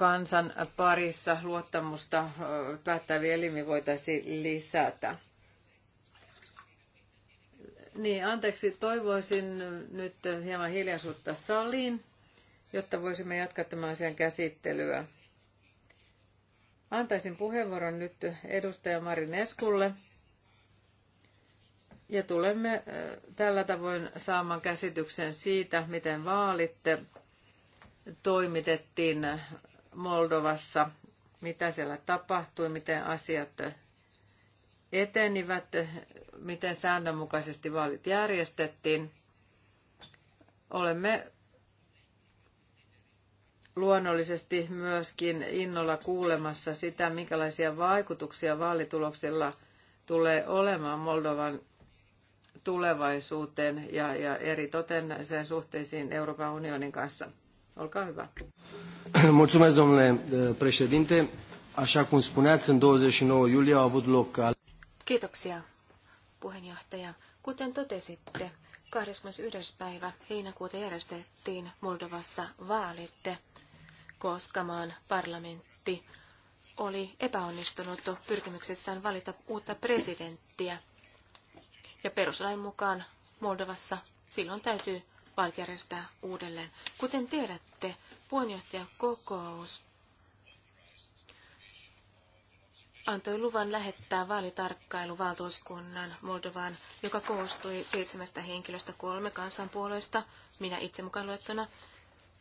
kansan parissa luottamusta päättäviin elimiin voitaisiin lisätä. Niin, anteeksi, toivoisin nyt hieman hiljaisuutta saliin, jotta voisimme jatkaa tämän asian käsittelyä. Antaisin puheenvuoron nyt edustaja Marin Eskulle. Ja tulemme tällä tavoin saamaan käsityksen siitä, miten vaalitte toimitettiin Moldovassa, mitä siellä tapahtui, miten asiat etenivät, miten säännönmukaisesti vaalit järjestettiin. Olemme luonnollisesti myöskin innolla kuulemassa sitä, minkälaisia vaikutuksia vaalituloksilla tulee olemaan Moldovan tulevaisuuteen ja, ja eri toten sen suhteisiin Euroopan unionin kanssa. Olkaa hyvä. [CLEARS THROAT] Mulțumesc, domnule eh, președinte. Așa cum spuneați, în 29 iulie au avut loc... Kiitoksia, puheenjohtaja. Kuten totesitte, 21. päivä heinäkuuta järjestettiin Moldovassa vaalit, koska maan parlamentti oli epäonnistunut pyrkimyksessään valita uutta presidenttiä. Ja peruslain mukaan Moldovassa silloin täytyy Valk uudelleen. Kuten tiedätte, puheenjohtajakokous antoi luvan lähettää valtuuskunnan Moldovaan, joka koostui seitsemästä henkilöstä kolme kansanpuolueesta, minä itse mukaan luettuna.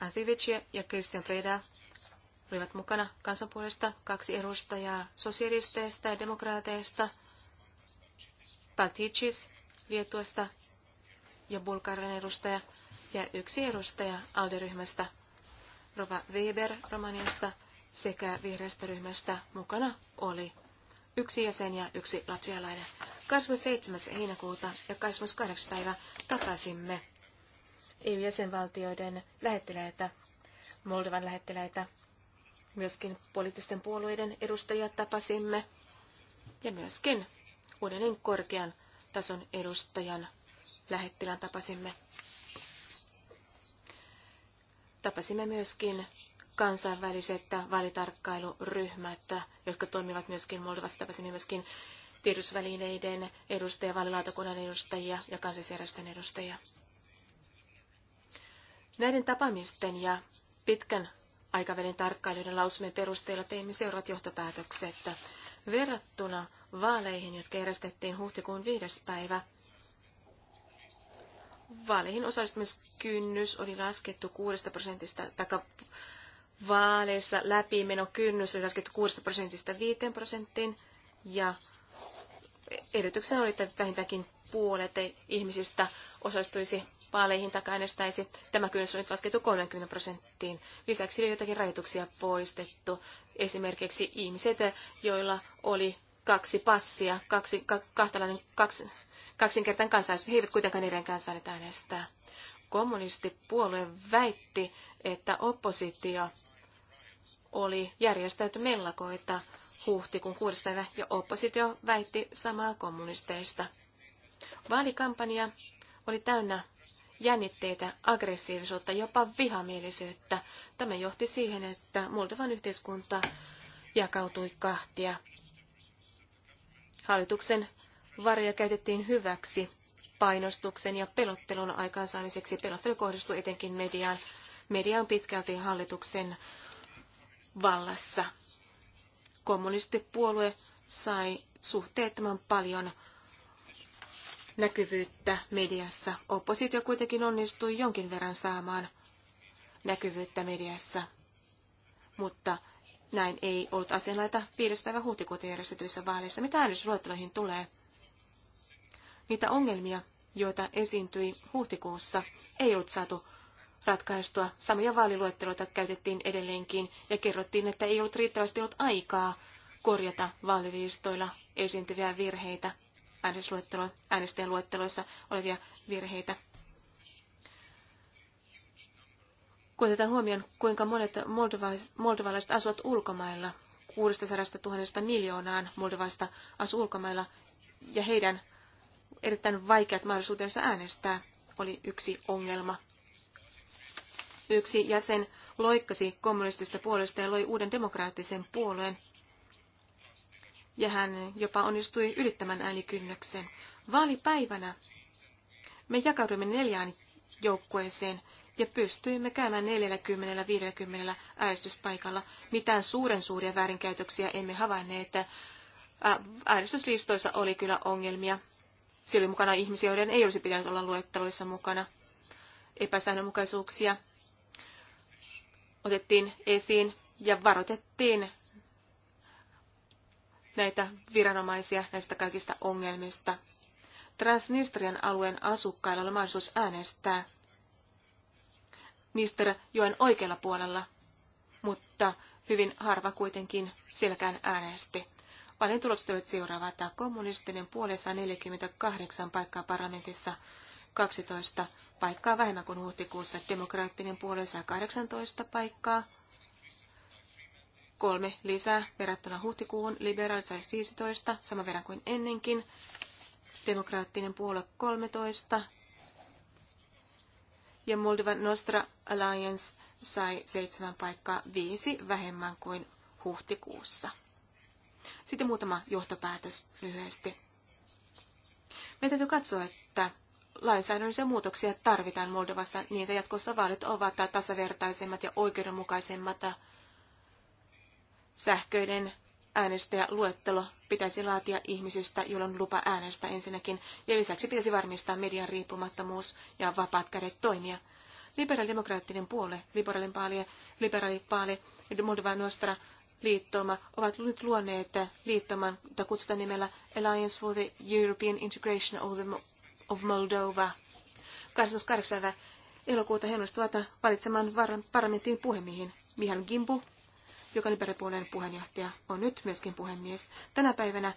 Antivici ja Christian Preda olivat mukana kansanpuolesta kaksi edustajaa sosialisteista ja demokraateista, Patichis Lietuasta ja Bulgarian edustaja ja yksi edustaja ALDE-ryhmästä, Rova Weber Romaniasta sekä vihreästä ryhmästä mukana oli yksi jäsen ja yksi latvialainen. 27. heinäkuuta ja 28. päivä tapasimme EU-jäsenvaltioiden lähettiläitä, Moldovan lähettiläitä, myöskin poliittisten puolueiden edustajia tapasimme ja myöskin uuden korkean tason edustajan lähettilän tapasimme. Tapasimme myöskin kansainväliset valitarkkailuryhmät, jotka toimivat myöskin Moldovassa. Tapasimme myöskin tiedusvälineiden edustajia, vaalilautakunnan edustajia ja kansallisjärjestön edustajia. Näiden tapaamisten ja pitkän aikavälin tarkkailijoiden lausumien perusteella teimme seuraavat johtopäätökset. Verrattuna vaaleihin, jotka järjestettiin huhtikuun viides päivä, vaaleihin osallistumiskynnys oli laskettu 6 prosentista, taka vaaleissa läpimenokynnys oli laskettu 6 prosentista 5 prosenttiin, ja edellytyksenä oli, että vähintäänkin puolet ihmisistä osallistuisi vaaleihin tai äänestäisi. Tämä kynnys on nyt laskettu 30 prosenttiin. Lisäksi oli jotakin rajoituksia poistettu. Esimerkiksi ihmiset, joilla oli kaksi passia, kaksi, ka, kahtalainen, kaksi, kaksinkertainen kansanäänestys. He eivät kuitenkaan niiden kansanet äänestää. Kommunistipuolue väitti, että oppositio oli järjestäyty mellakoita huhtikuun 6. päivä ja oppositio väitti samaa kommunisteista. Vaalikampanja oli täynnä jännitteitä, aggressiivisuutta, jopa vihamielisyyttä. Tämä johti siihen, että Moldovan yhteiskunta jakautui kahtia. Hallituksen varoja käytettiin hyväksi painostuksen ja pelottelun aikaansaamiseksi. Pelottelu kohdistuu etenkin mediaan. Media on pitkälti hallituksen vallassa. Kommunistipuolue sai suhteettoman paljon näkyvyyttä mediassa. Oppositio kuitenkin onnistui jonkin verran saamaan näkyvyyttä mediassa, mutta näin ei ollut asianlaita 5. päivä huhtikuuta järjestetyissä vaaleissa. Mitä äänestysluetteloihin tulee? Niitä ongelmia, joita esiintyi huhtikuussa, ei ollut saatu ratkaistua. Samoja vaaliluetteloita käytettiin edelleenkin ja kerrottiin, että ei ollut riittävästi ollut aikaa korjata vaaliviistoilla esiintyviä virheitä äänestysluettelo, äänestäjän luetteloissa olevia virheitä. Kun otetaan huomioon, kuinka monet moldovalaiset asuvat ulkomailla, 600 000 miljoonaan moldovaista asuu ulkomailla, ja heidän erittäin vaikeat mahdollisuutensa äänestää oli yksi ongelma. Yksi jäsen loikkasi kommunistista puolesta ja loi uuden demokraattisen puolueen, ja hän jopa onnistui ylittämään äänikynnyksen. Vaalipäivänä me jakaudumme neljään joukkueeseen, ja pystyimme käymään 40-50 äänestyspaikalla. Mitään suuren suuria väärinkäytöksiä emme havainneet. Äänestyslistoissa oli kyllä ongelmia. Siellä oli mukana ihmisiä, joiden ei olisi pitänyt olla luetteloissa mukana. Epäsäännönmukaisuuksia otettiin esiin ja varoitettiin näitä viranomaisia näistä kaikista ongelmista. Transnistrian alueen asukkailla oli mahdollisuus äänestää joen oikealla puolella, mutta hyvin harva kuitenkin selkään äänesti. Valin tulokset olivat seuraavat. Kommunistinen puolessa 48 paikkaa parlamentissa, 12 paikkaa vähemmän kuin huhtikuussa. Demokraattinen puolessa 18 paikkaa, kolme lisää verrattuna huhtikuuhun. Liberaalit saisi 15, saman verran kuin ennenkin. Demokraattinen puolue 13, ja Moldovan Nostra Alliance sai seitsemän paikkaa viisi vähemmän kuin huhtikuussa. Sitten muutama johtopäätös lyhyesti. Meidän täytyy katsoa, että lainsäädännöllisiä muutoksia tarvitaan Moldovassa niin, että jatkossa vaalit ovat tasavertaisemmat ja oikeudenmukaisemmat. sähköiden äänestäjäluettelo pitäisi laatia ihmisistä, joilla on lupa äänestää ensinnäkin, ja lisäksi pitäisi varmistaa median riippumattomuus ja vapaat kädet toimia. Liberaalidemokraattinen puole, liberaalipaalie, liberaalipaali ja Moldova Nostra liittoma ovat nyt luoneet liittoman, jota kutsutaan nimellä Alliance for the European Integration of, the, of Moldova. 28. elokuuta he valitsemaan parlamentin puhemiehen Mihail Gimbu joka Liberipuolen puheenjohtaja, on nyt myöskin puhemies. Tänä päivänä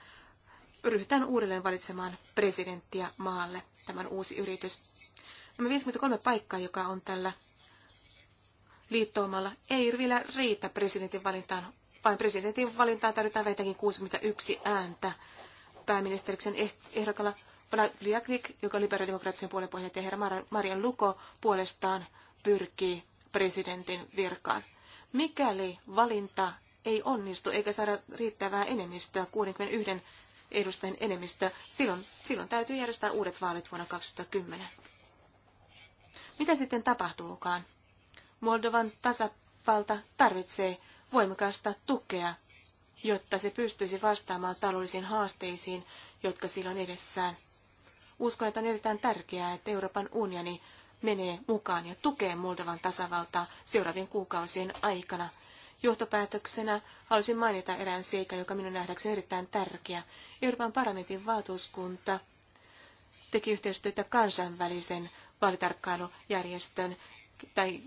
ryhdytään uudelleen valitsemaan presidenttiä maalle, tämän uusi yritys. Nämä 53 paikkaa, joka on tällä liittoumalla, ei vielä riitä presidentin valintaan, vaan presidentin valintaan tarvitaan vähintäänkin 61 ääntä. Pääministeriksen eh- ehdokalla Vladik, joka on liberaalidemokraattisen puolen puheenjohtaja, herra Marian Luko puolestaan pyrkii presidentin virkaan. Mikäli valinta ei onnistu eikä saada riittävää enemmistöä, 61 edustajan enemmistö, silloin, silloin täytyy järjestää uudet vaalit vuonna 2010. Mitä sitten tapahtuukaan? Moldovan tasavalta tarvitsee voimakasta tukea, jotta se pystyisi vastaamaan taloudellisiin haasteisiin, jotka sillä on edessään. Uskon, että on erittäin tärkeää, että Euroopan unioni menee mukaan ja tukee Moldovan tasavaltaa seuraavien kuukausien aikana. Johtopäätöksenä haluaisin mainita erään seikan, joka minun nähdäkseni erittäin tärkeä. Euroopan parlamentin valtuuskunta teki yhteistyötä kansainvälisen vaalitarkkailujärjestön tai,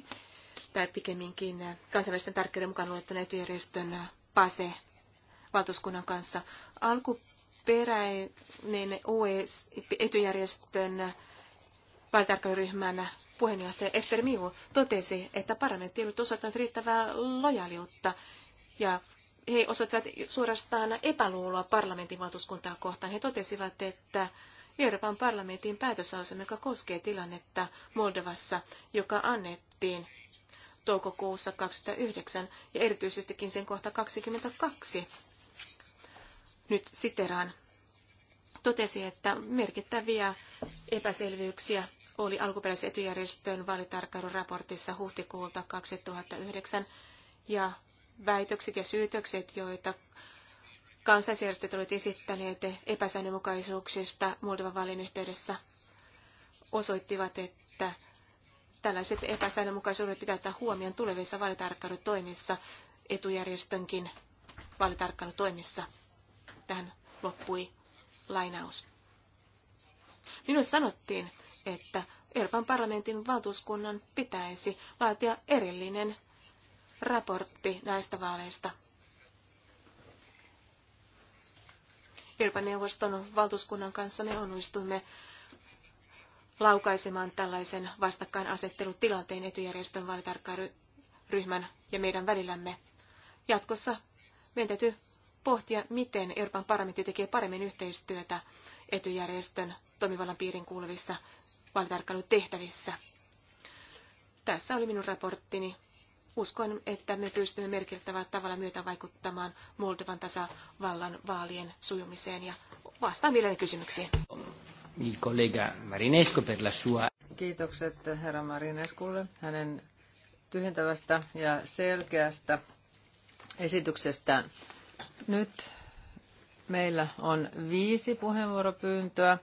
tai pikemminkin kansainvälisten tärkeiden mukaan luettuna etujärjestön PASE valtuuskunnan kanssa. Alkuperäinen OES, etujärjestön vaalitarkkailuryhmän puheenjohtaja Ester Miu totesi, että parlamentti ei ollut osoittanut riittävää lojaaliutta ja he osoittivat suorastaan epäluuloa parlamentin valtuuskuntaa kohtaan. He totesivat, että Euroopan parlamentin päätösasema, joka koskee tilannetta Moldovassa, joka annettiin toukokuussa 2009 ja erityisestikin sen kohta 22. Nyt siteraan. Totesi, että merkittäviä epäselvyyksiä oli alkuperäisetujärjestön vaalitarkkailun raportissa huhtikuulta 2009 ja väitökset ja syytökset, joita kansallisjärjestöt olivat esittäneet epäsäännönmukaisuuksista Moldovan vaalin yhteydessä, osoittivat, että tällaiset epäsäännönmukaisuudet pitää ottaa huomioon tulevissa vaalitarkkailutoimissa, etujärjestönkin vaalitarkkailutoimissa. Tähän loppui lainaus. Minulle sanottiin, että Euroopan parlamentin valtuuskunnan pitäisi laatia erillinen raportti näistä vaaleista. Euroopan neuvoston valtuuskunnan kanssa me onnistuimme laukaisemaan tällaisen vastakkainasettelutilanteen etujärjestön vaalitarkkailuryhmän ja meidän välillämme. Jatkossa meidän täytyy pohtia, miten Euroopan parlamentti tekee paremmin yhteistyötä etujärjestön toimivallan piirin kuuluvissa vaalitarkkailutehtävissä. Tässä oli minun raporttini. Uskon, että me pystymme merkittävällä tavalla myötä vaikuttamaan Moldovan tasavallan vaalien sujumiseen ja vastaan mielelläni kysymyksiin. Marinesco per la sua... Kiitokset herra Marineskulle hänen tyhjentävästä ja selkeästä esityksestä. Nyt meillä on viisi puheenvuoropyyntöä.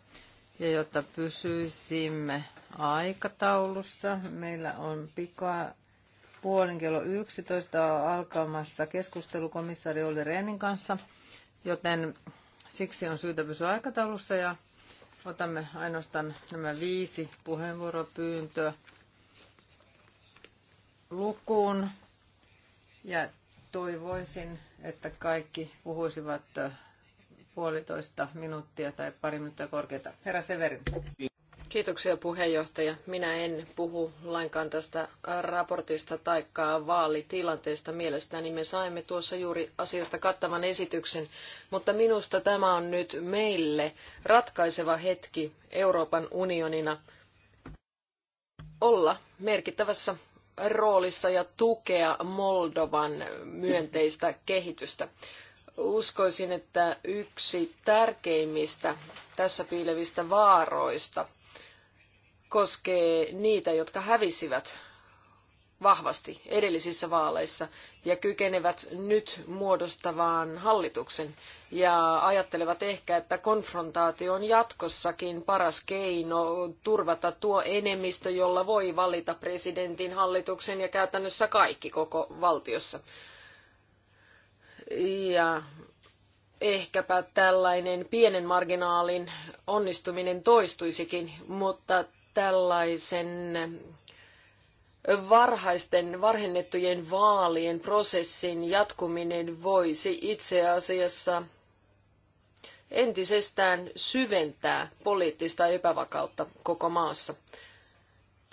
Ja jotta pysyisimme aikataulussa, meillä on pikaa puolen kello 11 alkamassa keskustelu komissaari Olli Rehnin kanssa, joten siksi on syytä pysyä aikataulussa ja otamme ainoastaan nämä viisi puheenvuoropyyntöä lukuun ja toivoisin, että kaikki puhuisivat puolitoista minuuttia tai pari minuuttia korkeita. Herra Severin. Kiitoksia puheenjohtaja. Minä en puhu lainkaan tästä raportista tai vaalitilanteesta. Mielestäni me saimme tuossa juuri asiasta kattavan esityksen, mutta minusta tämä on nyt meille ratkaiseva hetki Euroopan unionina olla merkittävässä roolissa ja tukea Moldovan myönteistä kehitystä uskoisin, että yksi tärkeimmistä tässä piilevistä vaaroista koskee niitä, jotka hävisivät vahvasti edellisissä vaaleissa ja kykenevät nyt muodostavaan hallituksen ja ajattelevat ehkä, että konfrontaatio on jatkossakin paras keino turvata tuo enemmistö, jolla voi valita presidentin, hallituksen ja käytännössä kaikki koko valtiossa. Ja ehkäpä tällainen pienen marginaalin onnistuminen toistuisikin, mutta tällaisen varhaisten varhennettujen vaalien prosessin jatkuminen voisi itse asiassa entisestään syventää poliittista epävakautta koko maassa.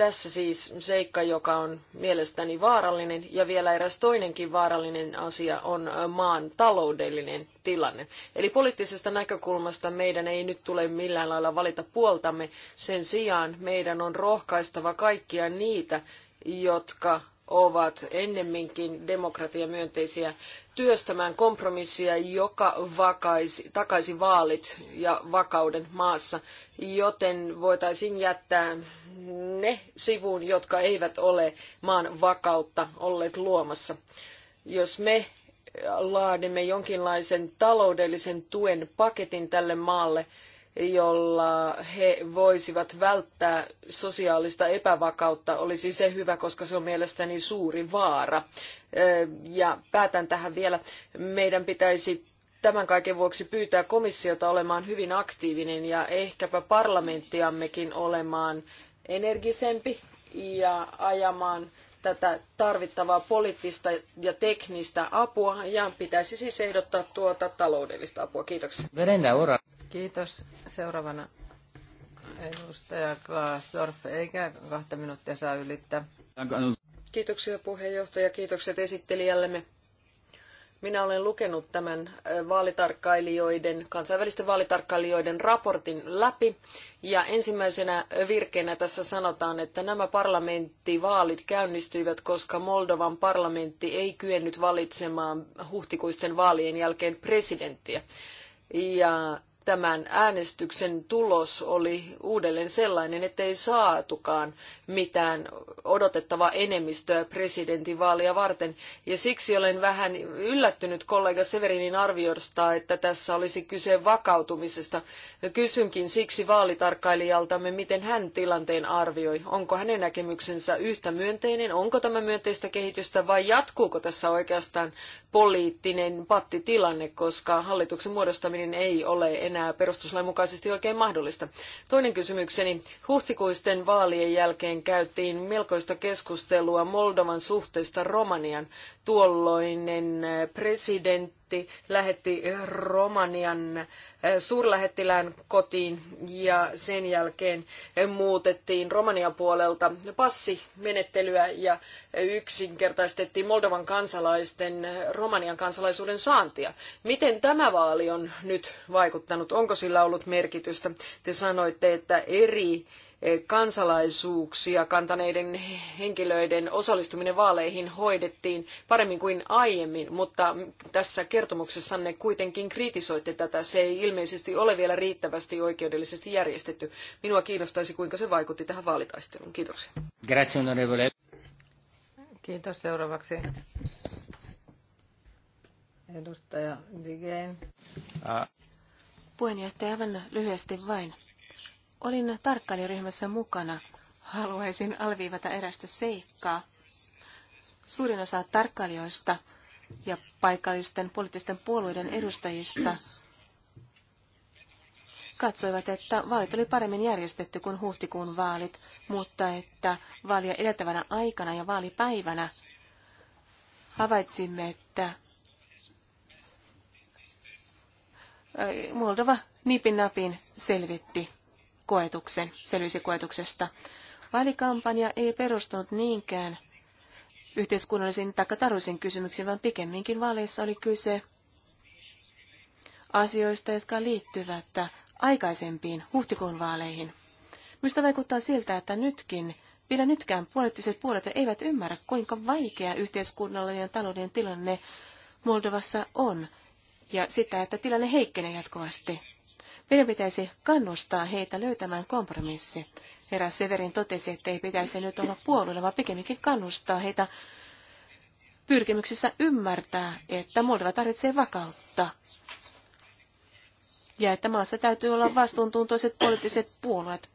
Tässä siis seikka, joka on mielestäni vaarallinen ja vielä eräs toinenkin vaarallinen asia on maan taloudellinen tilanne. Eli poliittisesta näkökulmasta meidän ei nyt tule millään lailla valita puoltamme. Sen sijaan meidän on rohkaistava kaikkia niitä, jotka ovat ennemminkin demokratiamyönteisiä työstämään kompromissia, joka vakaisi, takaisi vaalit ja vakauden maassa, joten voitaisiin jättää ne sivuun, jotka eivät ole maan vakautta olleet luomassa. Jos me laadimme jonkinlaisen taloudellisen tuen paketin tälle maalle, jolla he voisivat välttää sosiaalista epävakautta, olisi se hyvä, koska se on mielestäni suuri vaara. Ja päätän tähän vielä. Meidän pitäisi tämän kaiken vuoksi pyytää komissiota olemaan hyvin aktiivinen ja ehkäpä parlamenttiammekin olemaan energisempi ja ajamaan tätä tarvittavaa poliittista ja teknistä apua ja pitäisi siis ehdottaa tuota taloudellista apua. Kiitoksia. Kiitos. Seuraavana edustaja Klaas eikä kahta minuuttia saa ylittää. Kiitoksia puheenjohtaja, kiitokset esittelijällemme. Minä olen lukenut tämän vaalitarkkailijoiden, kansainvälisten vaalitarkkailijoiden raportin läpi. Ja ensimmäisenä virkeenä tässä sanotaan, että nämä parlamenttivaalit käynnistyivät, koska Moldovan parlamentti ei kyennyt valitsemaan huhtikuisten vaalien jälkeen presidenttiä. Ja tämän äänestyksen tulos oli uudelleen sellainen, ettei saatukaan mitään odotettavaa enemmistöä presidentinvaalia varten. Ja siksi olen vähän yllättynyt kollega Severinin arviosta, että tässä olisi kyse vakautumisesta. Kysynkin siksi vaalitarkkailijaltamme, miten hän tilanteen arvioi. Onko hänen näkemyksensä yhtä myönteinen? Onko tämä myönteistä kehitystä vai jatkuuko tässä oikeastaan poliittinen pattitilanne, koska hallituksen muodostaminen ei ole enää perustuslain mukaisesti oikein mahdollista. Toinen kysymykseni. Huhtikuisten vaalien jälkeen käytiin melkoista keskustelua Moldovan suhteesta Romanian. Tuolloinen eh, presidentti lähetti, lähetti Romanian eh, suurlähettilään kotiin ja sen jälkeen eh, muutettiin Romanian puolelta passimenettelyä ja eh, yksinkertaistettiin Moldovan kansalaisten Romanian kansalaisuuden saantia. Miten tämä vaali on nyt vaikuttanut? Onko sillä ollut merkitystä? Te sanoitte, että eri kansalaisuuksia kantaneiden henkilöiden osallistuminen vaaleihin hoidettiin paremmin kuin aiemmin, mutta tässä kertomuksessanne kuitenkin kritisoitte tätä. Se ei ilmeisesti ole vielä riittävästi oikeudellisesti järjestetty. Minua kiinnostaisi, kuinka se vaikutti tähän vaalitaisteluun. Kiitoksia. Kiitos. Seuraavaksi edustaja Digein. Puheenjohtaja, aivan lyhyesti vain. Olin tarkkailijaryhmässä mukana. Haluaisin alviivata erästä seikkaa. Suurin osa tarkkailijoista ja paikallisten poliittisten puolueiden edustajista katsoivat, että vaalit oli paremmin järjestetty kuin huhtikuun vaalit, mutta että vaalia edeltävänä aikana ja vaalipäivänä havaitsimme, että Moldova nipin napin selvitti koetuksen, selvisi koetuksesta. Vaalikampanja ei perustunut niinkään yhteiskunnallisiin tai taruisiin kysymyksiin, vaan pikemminkin vaaleissa oli kyse asioista, jotka liittyvät aikaisempiin huhtikuun vaaleihin. Minusta vaikuttaa siltä, että nytkin, vielä nytkään poliittiset puolet eivät ymmärrä, kuinka vaikea yhteiskunnallinen ja talouden tilanne Moldovassa on, ja sitä, että tilanne heikkenee jatkuvasti. Meidän pitäisi kannustaa heitä löytämään kompromissi. Herra Severin totesi, että ei pitäisi nyt olla puolueella, vaan pikemminkin kannustaa heitä pyrkimyksessä ymmärtää, että Moldova tarvitsee vakautta. Ja että maassa täytyy olla vastuuntuntoiset poliittiset puolueet,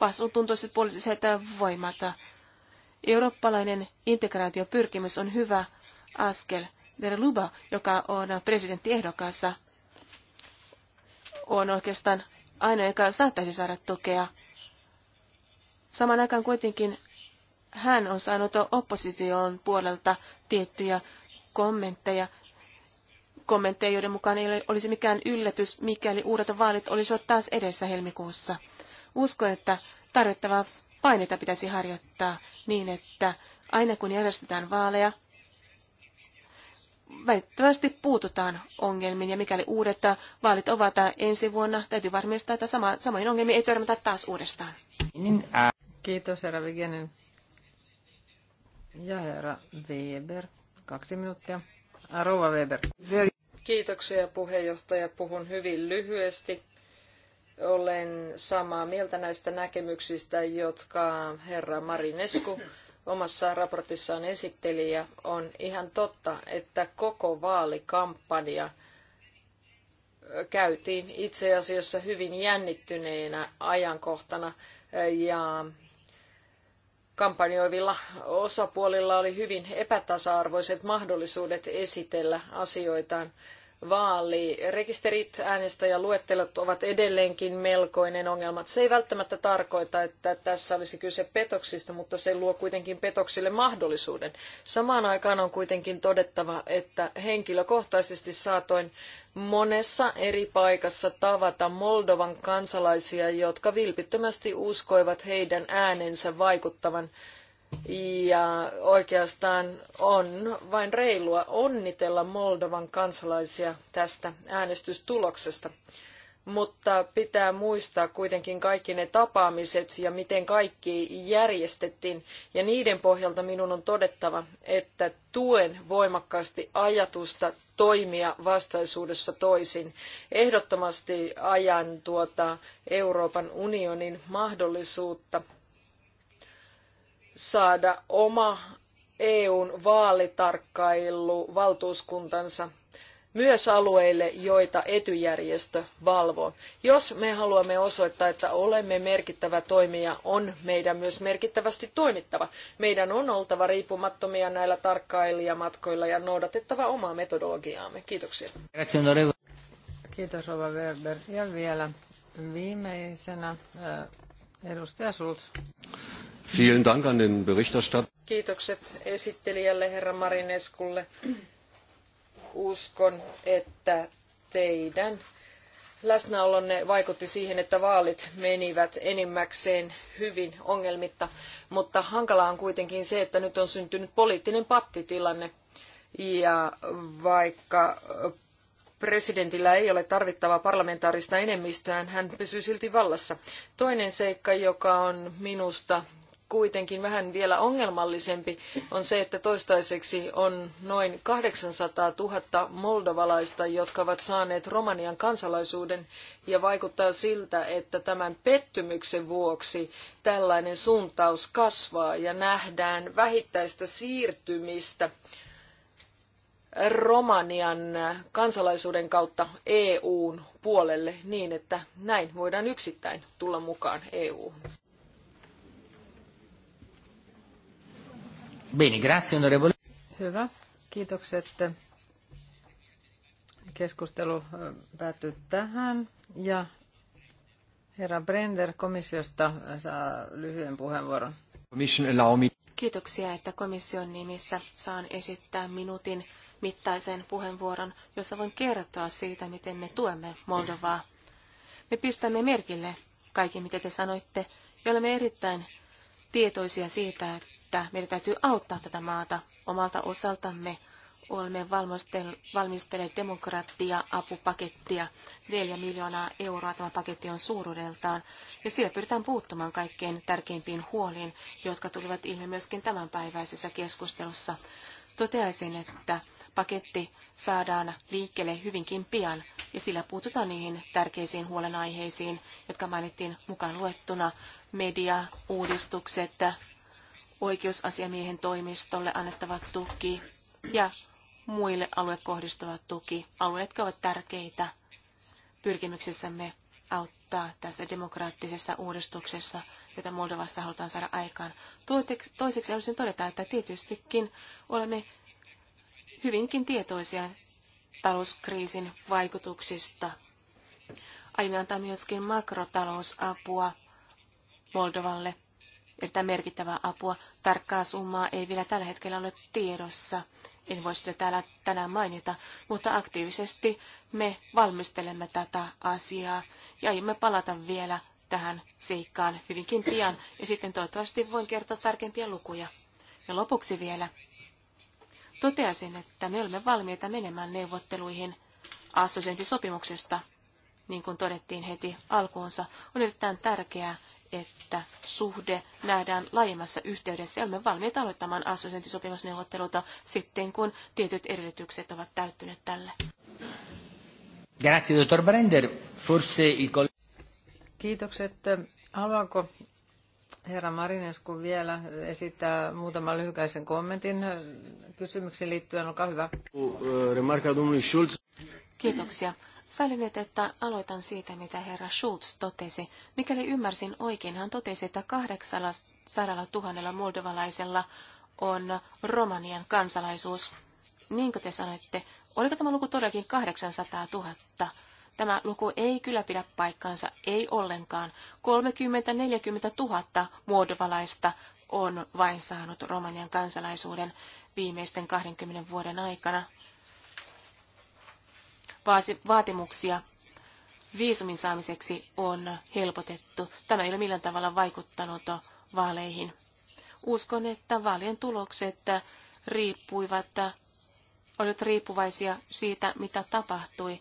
vastuuntuntoiset poliittiset voimat. Eurooppalainen integraatiopyrkimys on hyvä askel. Dereluba, joka on presidenttiehdokassa, on oikeastaan aina joka saattaisi saada tukea. Saman aikaan kuitenkin hän on saanut opposition puolelta tiettyjä kommentteja, kommentteja, joiden mukaan ei olisi mikään yllätys, mikäli uudet vaalit olisivat taas edessä helmikuussa. Uskon, että tarvittavaa painetta pitäisi harjoittaa niin, että aina kun järjestetään vaaleja, välittömästi puututaan ongelmiin ja mikäli uudet vaalit ovat ensi vuonna, täytyy varmistaa, että sama, samoin ongelmiin ei törmätä taas uudestaan. Niin, Kiitos herra Vigenen. Ja herra Weber, kaksi minuuttia. Arova ah, Weber. Kiitoksia puheenjohtaja. Puhun hyvin lyhyesti. Olen samaa mieltä näistä näkemyksistä, jotka herra Marinesku omassa raportissaan esitteli, ja on ihan totta, että koko vaalikampanja käytiin itse asiassa hyvin jännittyneenä ajankohtana, ja kampanjoivilla osapuolilla oli hyvin epätasa-arvoiset mahdollisuudet esitellä asioitaan vaalirekisterit, äänestäjäluettelot ovat edelleenkin melkoinen ongelma. Se ei välttämättä tarkoita, että tässä olisi kyse petoksista, mutta se luo kuitenkin petoksille mahdollisuuden. Samaan aikaan on kuitenkin todettava, että henkilökohtaisesti saatoin monessa eri paikassa tavata Moldovan kansalaisia, jotka vilpittömästi uskoivat heidän äänensä vaikuttavan ja oikeastaan on vain reilua onnitella Moldovan kansalaisia tästä äänestystuloksesta. Mutta pitää muistaa kuitenkin kaikki ne tapaamiset ja miten kaikki järjestettiin. Ja niiden pohjalta minun on todettava, että tuen voimakkaasti ajatusta toimia vastaisuudessa toisin. Ehdottomasti ajan tuota Euroopan unionin mahdollisuutta saada oma EUn vaalitarkkailu valtuuskuntansa myös alueille, joita etujärjestö valvoo. Jos me haluamme osoittaa, että olemme merkittävä toimija, on meidän myös merkittävästi toimittava. Meidän on oltava riippumattomia näillä tarkkailijamatkoilla ja noudatettava omaa metodologiaamme. Kiitoksia. Kiitos Rova Weber. Ja vielä viimeisenä Edustaja Schulz. Vielen Dank an den Berichterstatter. Kiitokset esittelijälle herra Marineskulle. Uskon, että teidän läsnäolonne vaikutti siihen, että vaalit menivät enimmäkseen hyvin ongelmitta, mutta hankalaa on kuitenkin se, että nyt on syntynyt poliittinen pattitilanne. Ja vaikka presidentillä ei ole tarvittavaa parlamentaarista enemmistöä, hän pysyy silti vallassa. Toinen seikka, joka on minusta kuitenkin vähän vielä ongelmallisempi on se, että toistaiseksi on noin 800 000 moldovalaista, jotka ovat saaneet Romanian kansalaisuuden ja vaikuttaa siltä, että tämän pettymyksen vuoksi tällainen suuntaus kasvaa ja nähdään vähittäistä siirtymistä Romanian kansalaisuuden kautta EUn puolelle niin, että näin voidaan yksittäin tulla mukaan EUhun. Bene, grazie onorevole. Hyvä, kiitokset. Keskustelu päättyy tähän ja herra Brender komissiosta saa lyhyen puheenvuoron. Kiitoksia, että komission nimissä saan esittää minuutin mittaisen puheenvuoron, jossa voin kertoa siitä, miten me tuemme Moldovaa. Me pistämme merkille kaikki, mitä te sanoitte, ja olemme erittäin tietoisia siitä, että meidän täytyy auttaa tätä maata omalta osaltamme. Olemme valmistelleet demokratia-apupakettia, 4 miljoonaa euroa tämä paketti on suuruudeltaan, ja sillä pyritään puuttumaan kaikkein tärkeimpiin huoliin, jotka tulivat ilmi myöskin tämänpäiväisessä keskustelussa. Toteaisin, että paketti saadaan liikkeelle hyvinkin pian, ja sillä puututaan niihin tärkeisiin huolenaiheisiin, jotka mainittiin mukaan luettuna media, uudistukset, oikeusasiamiehen toimistolle annettava tuki ja muille alue kohdistuva tuki, alueet, jotka ovat tärkeitä pyrkimyksessämme auttaa tässä demokraattisessa uudistuksessa, jota Moldovassa halutaan saada aikaan. Toiseksi haluaisin todeta, että tietystikin olemme hyvinkin tietoisia talouskriisin vaikutuksista. Aiomme antaa myöskin makrotalousapua Moldovalle, erittäin merkittävää apua. Tarkkaa summaa ei vielä tällä hetkellä ole tiedossa. En voi sitä täällä tänään mainita, mutta aktiivisesti me valmistelemme tätä asiaa ja aiomme palata vielä tähän seikkaan hyvinkin pian ja sitten toivottavasti voin kertoa tarkempia lukuja. Ja lopuksi vielä Toteasin, että me olemme valmiita menemään neuvotteluihin assosiointisopimuksesta, niin kuin todettiin heti alkuunsa. On erittäin tärkeää, että suhde nähdään laajemmassa yhteydessä ja olemme valmiita aloittamaan assosiointisopimusneuvotteluta sitten, kun tietyt edellytykset ovat täyttyneet tälle. Grazie, dottor Brender. Forse il... Kiitokset. Haluanko Herra Marinesku vielä esittää muutaman lyhykäisen kommentin kysymyksiin liittyen. Olkaa hyvä. Kiitoksia. Sallinet, että aloitan siitä, mitä herra Schulz totesi. Mikäli ymmärsin oikein, hän totesi, että 800 000 moldovalaisella on Romanian kansalaisuus. Niinkö te sanoitte? Oliko tämä luku todellakin 800 000? Tämä luku ei kyllä pidä paikkaansa, ei ollenkaan. 30-40 000 muodovalaista on vain saanut Romanian kansalaisuuden viimeisten 20 vuoden aikana. Vaatimuksia viisumin saamiseksi on helpotettu. Tämä ei ole millään tavalla vaikuttanut vaaleihin. Uskon, että vaalien tulokset riippuivat, olivat riippuvaisia siitä, mitä tapahtui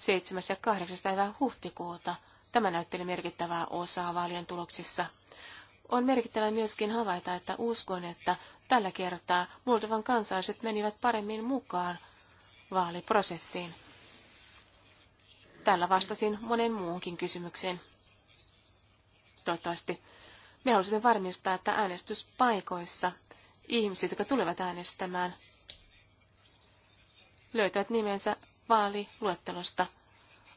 7. ja 8. päivää huhtikuuta. Tämä näytteli merkittävää osaa vaalien tuloksissa. On merkittävää myöskin havaita, että uskon, että tällä kertaa Moldovan kansalaiset menivät paremmin mukaan vaaliprosessiin. Tällä vastasin monen muunkin kysymykseen. Toivottavasti me halusimme varmistaa, että äänestyspaikoissa ihmiset, jotka tulevat äänestämään, löytävät nimensä vaaliluettelosta.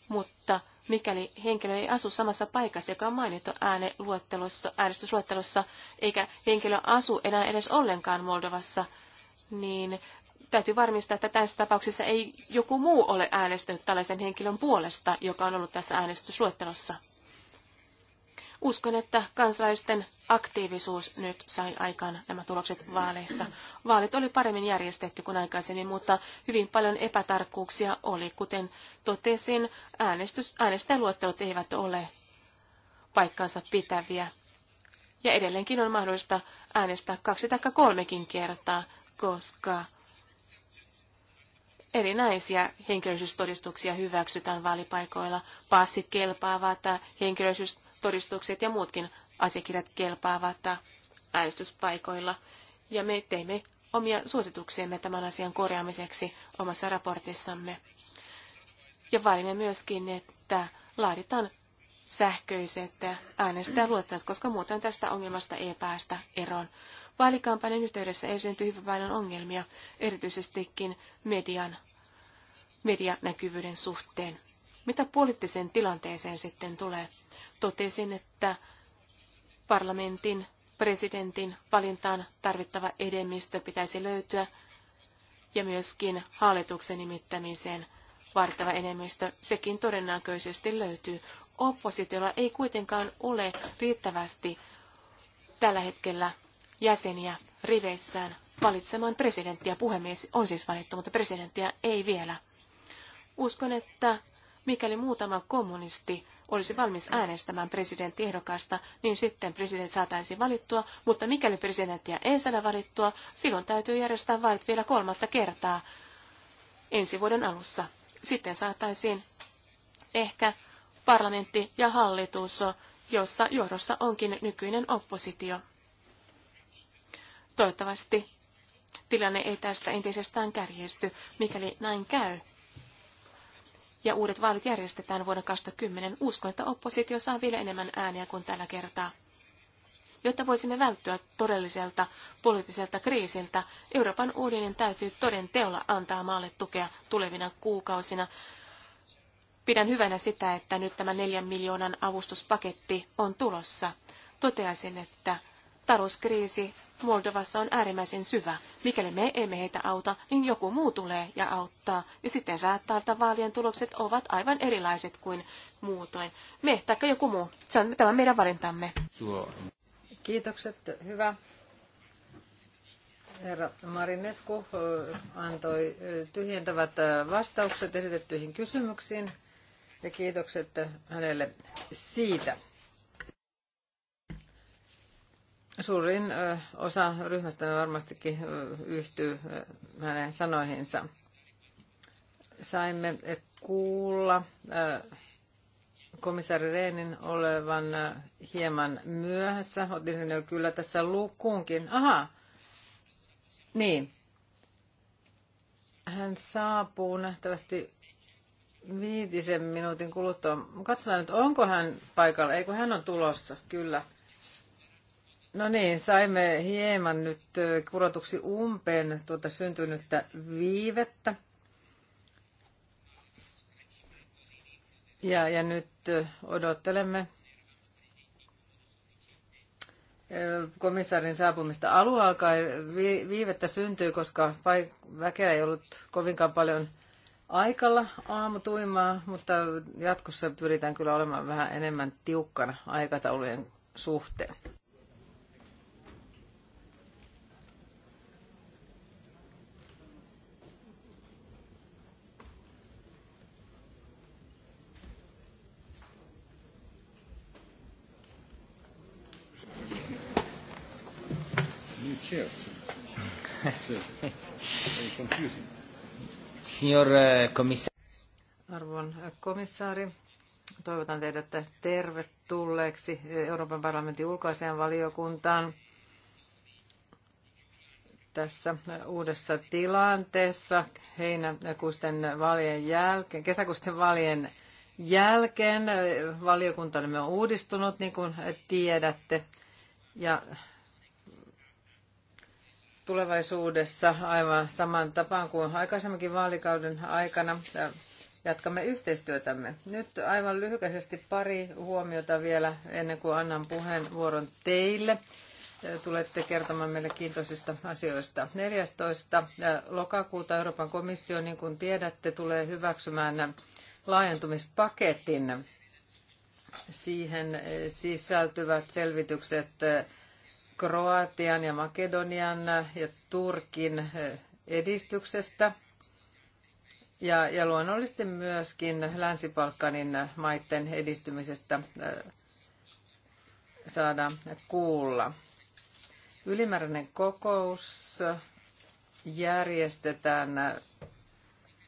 Mutta mikäli henkilö ei asu samassa paikassa, joka on mainittu äänestysluettelossa, eikä henkilö asu enää edes ollenkaan Moldovassa, niin täytyy varmistaa, että tässä tapauksessa ei joku muu ole äänestänyt tällaisen henkilön puolesta, joka on ollut tässä äänestysluettelossa. Uskon, että kansalaisten aktiivisuus nyt sai aikaan nämä tulokset vaaleissa. Vaalit oli paremmin järjestetty kuin aikaisemmin, mutta hyvin paljon epätarkkuuksia oli. Kuten totesin, äänestys, äänestäjäluettelot eivät ole paikkansa pitäviä. Ja edelleenkin on mahdollista äänestää kaksi tai kolmekin kertaa, koska erinäisiä henkilöllisyystodistuksia hyväksytään vaalipaikoilla. Passit kelpaavat, henkilöllisyys todistukset ja muutkin asiakirjat kelpaavat äänestyspaikoilla. Ja me teimme omia suosituksiamme tämän asian korjaamiseksi omassa raportissamme. Ja vaadimme myöskin, että laaditaan sähköiset luottajat, koska muuten tästä ongelmasta ei päästä eroon. Vaalikampanjan yhteydessä esiintyi hyvin paljon ongelmia, erityisestikin median, medianäkyvyyden suhteen. Mitä poliittiseen tilanteeseen sitten tulee? Totesin, että parlamentin, presidentin valintaan tarvittava edemmistö pitäisi löytyä ja myöskin hallituksen nimittämiseen vaadittava enemmistö, sekin todennäköisesti löytyy. Oppositiolla ei kuitenkaan ole riittävästi tällä hetkellä jäseniä riveissään valitsemaan presidenttiä. Puhemies on siis valittu, mutta presidenttiä ei vielä. Uskon, että Mikäli muutama kommunisti olisi valmis äänestämään presidenttiehdokasta, niin sitten presidentti saataisiin valittua, mutta mikäli presidenttiä ei saada valittua, silloin täytyy järjestää vaalit vielä kolmatta kertaa ensi vuoden alussa. Sitten saataisiin ehkä parlamentti ja hallitus, jossa johdossa onkin nykyinen oppositio. Toivottavasti tilanne ei tästä entisestään kärjesty, mikäli näin käy ja uudet vaalit järjestetään vuonna 2010, uskon, että oppositio saa vielä enemmän ääniä kuin tällä kertaa. Jotta voisimme välttyä todelliselta poliittiselta kriisiltä, Euroopan unionin täytyy toden teolla antaa maalle tukea tulevina kuukausina. Pidän hyvänä sitä, että nyt tämä neljän miljoonan avustuspaketti on tulossa. Toteaisin, että Talouskriisi Moldovassa on äärimmäisen syvä. Mikäli me emme heitä auta, niin joku muu tulee ja auttaa. Ja sitten saattaa, että vaalien tulokset ovat aivan erilaiset kuin muutoin. Me tai joku muu. Se on tämä meidän valintamme. Kiitokset. Hyvä. Herra Marinesku antoi tyhjentävät vastaukset esitettyihin kysymyksiin ja kiitokset hänelle siitä. Suurin osa ryhmästä varmastikin yhtyy hänen sanoihinsa. Saimme kuulla komissaari Reenin olevan hieman myöhässä. Otin sen jo kyllä tässä lukuunkin. Aha, niin. Hän saapuu nähtävästi viitisen minuutin kuluttua. Katsotaan nyt, onko hän paikalla. Eikö hän on tulossa, kyllä. No niin, saimme hieman nyt kurotuksi umpeen tuota syntynyttä viivettä. Ja, ja nyt odottelemme komissaarin saapumista. alu alkaa viivettä syntyy, koska väkeä ei ollut kovinkaan paljon aikalla aamutuimaa, mutta jatkossa pyritään kyllä olemaan vähän enemmän tiukkana aikataulujen suhteen. chair. Signor eh, Arvon eh, komissaari, toivotan teidät tervetulleeksi eh, Euroopan parlamentin ulkoiseen valiokuntaan tässä uudessa tilanteessa heinäkuisten valien jälkeen, kesäkuisten valien jälkeen. Valiokuntamme on uudistunut, niin kuin tiedätte, ja tulevaisuudessa aivan saman tapaan kuin aikaisemminkin vaalikauden aikana. Äh, jatkamme yhteistyötämme. Nyt aivan lyhykäisesti pari huomiota vielä ennen kuin annan puheenvuoron teille. Äh, tulette kertomaan meille kiintoisista asioista. 14. Äh, lokakuuta Euroopan komissio, niin kuin tiedätte, tulee hyväksymään laajentumispaketin. Siihen sisältyvät selvitykset Kroatian ja Makedonian ja Turkin eh, edistyksestä ja, ja luonnollisesti myöskin Länsi-Balkanin maiden edistymisestä eh, saada kuulla. Ylimääräinen kokous järjestetään eh,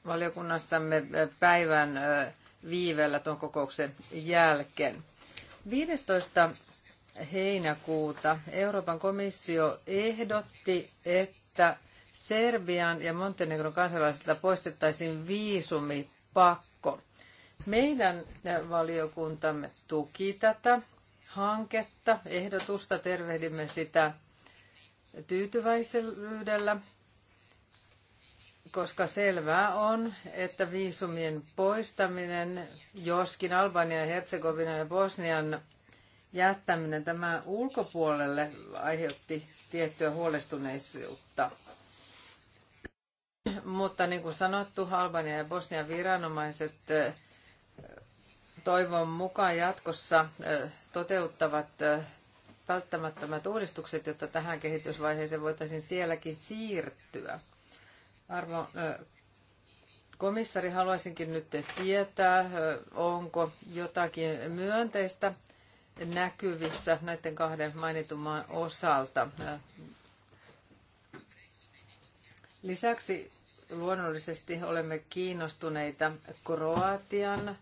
valiokunnassamme päivän viivellä tuon kokouksen jälkeen. 15 heinäkuuta Euroopan komissio ehdotti, että Serbian ja Montenegron kansalaisilta poistettaisiin viisumipakko. Meidän valiokuntamme tuki tätä hanketta, ehdotusta, tervehdimme sitä tyytyväisyydellä, koska selvää on, että viisumien poistaminen, joskin Albania, Herzegovina ja Bosnian jättäminen tämä ulkopuolelle aiheutti tiettyä huolestuneisuutta. Mutta niin kuin sanottu, Albania ja Bosnian viranomaiset toivon mukaan jatkossa toteuttavat välttämättömät uudistukset, jotta tähän kehitysvaiheeseen voitaisiin sielläkin siirtyä. Arvo komissari, haluaisinkin nyt tietää, onko jotakin myönteistä näkyvissä näiden kahden mainitun maan osalta. Lisäksi luonnollisesti olemme kiinnostuneita Kroatian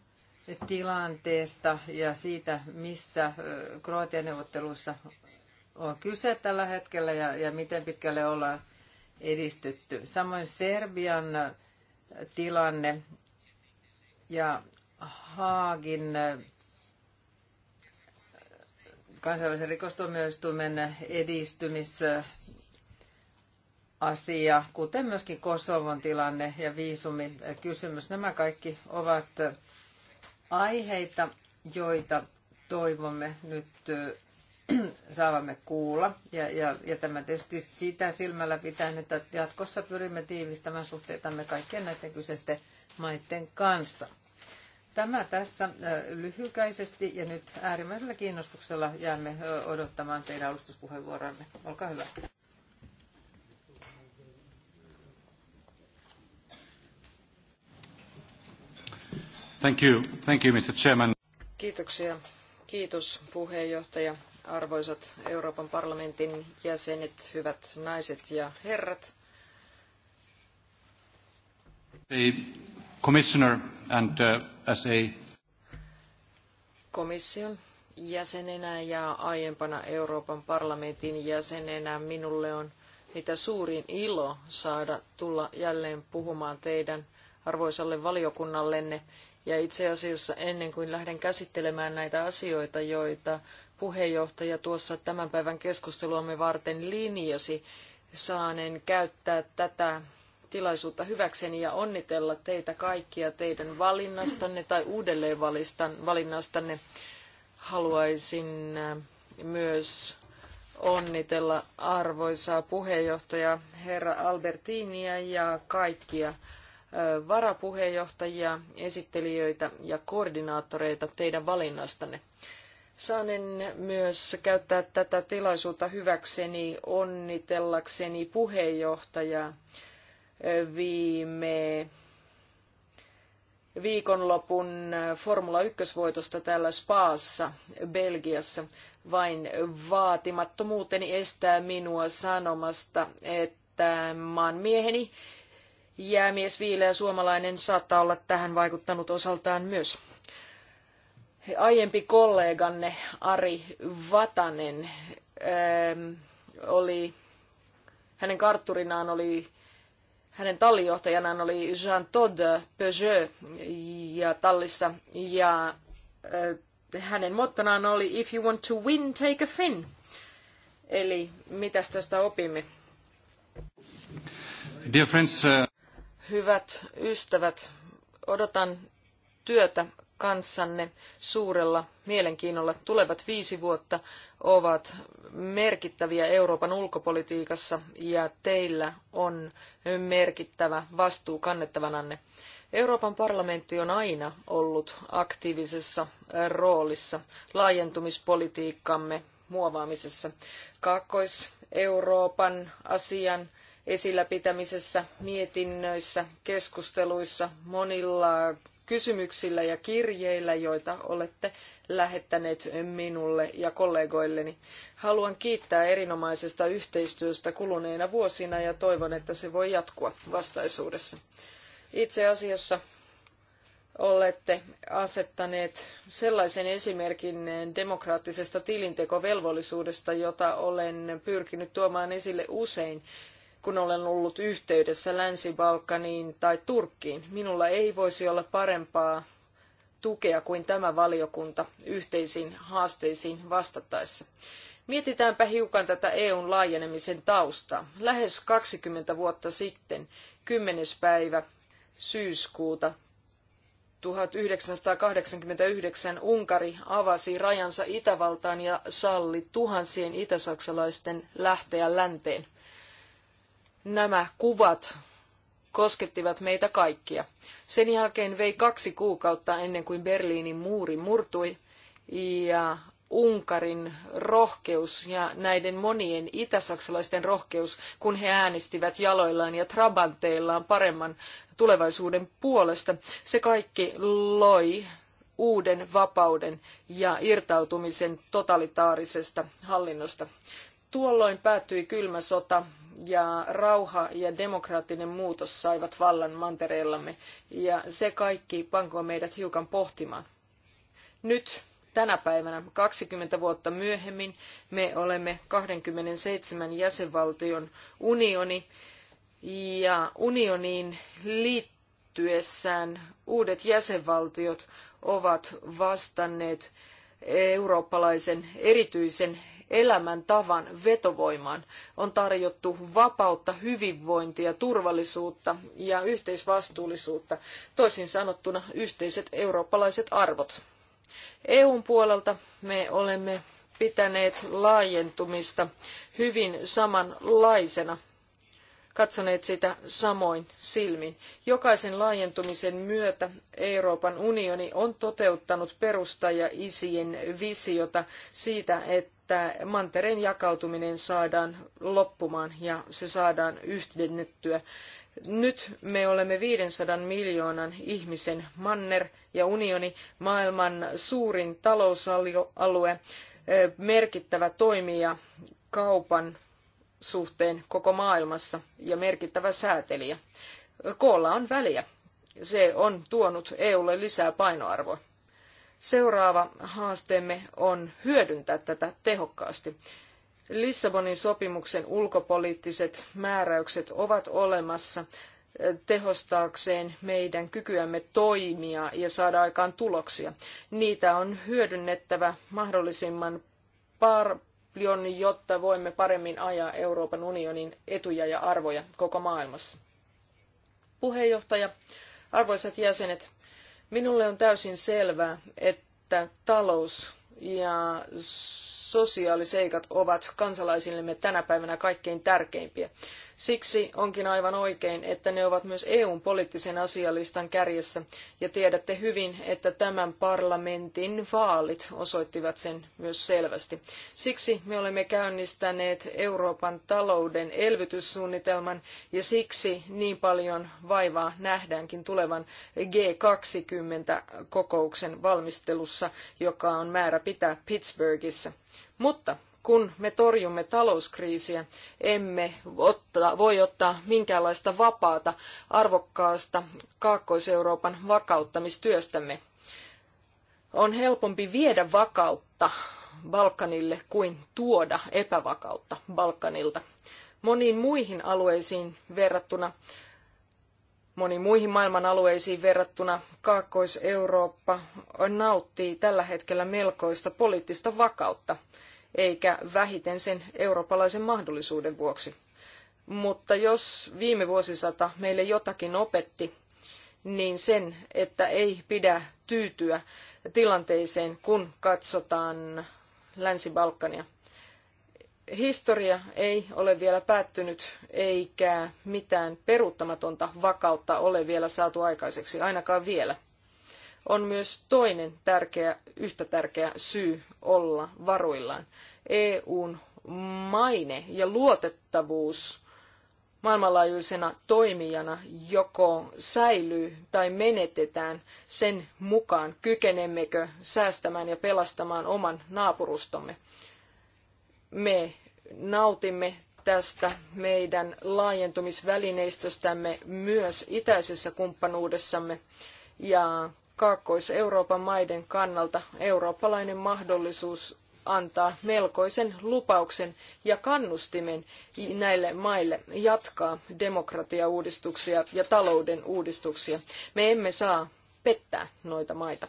tilanteesta ja siitä, missä Kroatian neuvotteluissa on kyse tällä hetkellä ja, ja miten pitkälle ollaan edistytty. Samoin Serbian tilanne ja Haagin kansainvälisen rikostuomioistuimen edistymisasia, kuten myöskin Kosovon tilanne ja viisumikysymys. Nämä kaikki ovat aiheita, joita toivomme nyt äh, saavamme kuulla. Ja, ja, ja tämä tietysti sitä silmällä pitäen, että jatkossa pyrimme tiivistämään suhteitamme kaikkien näiden kyseisten maiden kanssa. Tämä tässä lyhykäisesti ja nyt äärimmäisellä kiinnostuksella jäämme odottamaan teidän alustuspuheenvuoroanne. Olkaa hyvä. Thank you. Thank you, Mr. Chairman. Kiitoksia. Kiitos puheenjohtaja, arvoisat Euroopan parlamentin jäsenet, hyvät naiset ja herrat. The commissioner and uh, Komission jäsenenä ja aiempana Euroopan parlamentin jäsenenä minulle on mitä suurin ilo saada tulla jälleen puhumaan teidän arvoisalle valiokunnallenne. Ja itse asiassa ennen kuin lähden käsittelemään näitä asioita, joita puheenjohtaja tuossa tämän päivän keskusteluamme varten linjasi, saanen käyttää tätä tilaisuutta hyväkseni ja onnitella teitä kaikkia teidän valinnastanne tai uudelleenvalinnastanne. valinnastanne. Haluaisin äh, myös onnitella arvoisaa puheenjohtajaa herra Albertinia ja kaikkia äh, varapuheenjohtajia, esittelijöitä ja koordinaattoreita teidän valinnastanne. Saanen myös käyttää tätä tilaisuutta hyväkseni onnitellakseni puheenjohtajaa viime viikonlopun Formula 1-voitosta täällä Spaassa, Belgiassa. Vain vaatimattomuuteni estää minua sanomasta, että maan mieheni maanmieheni jäämiesviileä suomalainen saattaa olla tähän vaikuttanut osaltaan myös. Aiempi kolleganne Ari Vatanen ähm, oli, hänen kartturinaan oli hänen tallijohtajanaan oli Jean Todd Peugeot ja tallissa. Ja hänen mottonaan oli If you want to win, take a fin. Eli mitä tästä opimme? Dear friends, uh... Hyvät ystävät, odotan työtä kanssanne suurella mielenkiinnolla. Tulevat viisi vuotta ovat merkittäviä Euroopan ulkopolitiikassa ja teillä on merkittävä vastuu kannettavananne. Euroopan parlamentti on aina ollut aktiivisessa roolissa laajentumispolitiikkamme muovaamisessa, Kaakkois-Euroopan asian esillä pitämisessä, mietinnöissä, keskusteluissa, monilla kysymyksillä ja kirjeillä, joita olette lähettäneet minulle ja kollegoilleni. Haluan kiittää erinomaisesta yhteistyöstä kuluneina vuosina ja toivon, että se voi jatkua vastaisuudessa. Itse asiassa olette asettaneet sellaisen esimerkin demokraattisesta tilintekovelvollisuudesta, jota olen pyrkinyt tuomaan esille usein kun olen ollut yhteydessä Länsi-Balkaniin tai Turkkiin. Minulla ei voisi olla parempaa tukea kuin tämä valiokunta yhteisiin haasteisiin vastattaessa. Mietitäänpä hiukan tätä EUn laajenemisen taustaa. Lähes 20 vuotta sitten, 10. päivä syyskuuta 1989 Unkari avasi rajansa Itävaltaan ja salli tuhansien itäsaksalaisten lähteä länteen. Nämä kuvat koskettivat meitä kaikkia. Sen jälkeen vei kaksi kuukautta ennen kuin Berliinin muuri murtui ja Unkarin rohkeus ja näiden monien itäsaksalaisten rohkeus, kun he äänestivät jaloillaan ja trabanteillaan paremman tulevaisuuden puolesta. Se kaikki loi uuden vapauden ja irtautumisen totalitaarisesta hallinnosta. Tuolloin päättyi kylmä sota ja rauha ja demokraattinen muutos saivat vallan mantereellamme ja se kaikki pankoo meidät hiukan pohtimaan. Nyt tänä päivänä 20 vuotta myöhemmin me olemme 27 jäsenvaltion unioni ja unioniin liittyessään uudet jäsenvaltiot ovat vastanneet eurooppalaisen erityisen elämäntavan vetovoimaan. On tarjottu vapautta, hyvinvointia, turvallisuutta ja yhteisvastuullisuutta, toisin sanottuna yhteiset eurooppalaiset arvot. EUn puolelta me olemme pitäneet laajentumista hyvin samanlaisena katsoneet sitä samoin silmin. Jokaisen laajentumisen myötä Euroopan unioni on toteuttanut perustaja isien visiota siitä, että mantereen jakautuminen saadaan loppumaan ja se saadaan yhdennettyä. Nyt me olemme 500 miljoonan ihmisen manner ja unioni, maailman suurin talousalue, merkittävä toimija kaupan suhteen koko maailmassa ja merkittävä säätelijä. Koolla on väliä. Se on tuonut EUlle lisää painoarvoa. Seuraava haasteemme on hyödyntää tätä tehokkaasti. Lissabonin sopimuksen ulkopoliittiset määräykset ovat olemassa eh, tehostaakseen meidän kykyämme toimia ja saada aikaan tuloksia. Niitä on hyödynnettävä mahdollisimman par- paljon, jotta voimme paremmin ajaa Euroopan unionin etuja ja arvoja koko maailmassa. Puheenjohtaja, arvoisat jäsenet, minulle on täysin selvää, että talous ja sosiaaliseikat ovat kansalaisillemme tänä päivänä kaikkein tärkeimpiä. Siksi onkin aivan oikein, että ne ovat myös EUn poliittisen asialistan kärjessä, ja tiedätte hyvin, että tämän parlamentin vaalit osoittivat sen myös selvästi. Siksi me olemme käynnistäneet Euroopan talouden elvytyssuunnitelman, ja siksi niin paljon vaivaa nähdäänkin tulevan G20-kokouksen valmistelussa, joka on määrä pitää Pittsburghissa. Mutta kun me torjumme talouskriisiä, emme otta, voi ottaa minkäänlaista vapaata, arvokkaasta Kaakkois-Euroopan vakauttamistyöstämme. On helpompi viedä vakautta Balkanille kuin tuoda epävakautta Balkanilta. Moniin muihin alueisiin verrattuna Moniin muihin maailman alueisiin verrattuna Kaakkois-Eurooppa nauttii tällä hetkellä melkoista poliittista vakautta eikä vähiten sen eurooppalaisen mahdollisuuden vuoksi. Mutta jos viime vuosisata meille jotakin opetti, niin sen, että ei pidä tyytyä tilanteeseen, kun katsotaan Länsi-Balkania. Historia ei ole vielä päättynyt, eikä mitään peruuttamatonta vakautta ole vielä saatu aikaiseksi, ainakaan vielä on myös toinen tärkeä, yhtä tärkeä syy olla varuillaan. EUn maine ja luotettavuus maailmanlaajuisena toimijana joko säilyy tai menetetään sen mukaan, kykenemmekö säästämään ja pelastamaan oman naapurustomme. Me nautimme tästä meidän laajentumisvälineistöstämme myös itäisessä kumppanuudessamme ja Kaakkois-Euroopan maiden kannalta eurooppalainen mahdollisuus antaa melkoisen lupauksen ja kannustimen näille maille jatkaa demokratiauudistuksia ja talouden uudistuksia. Me emme saa pettää noita maita.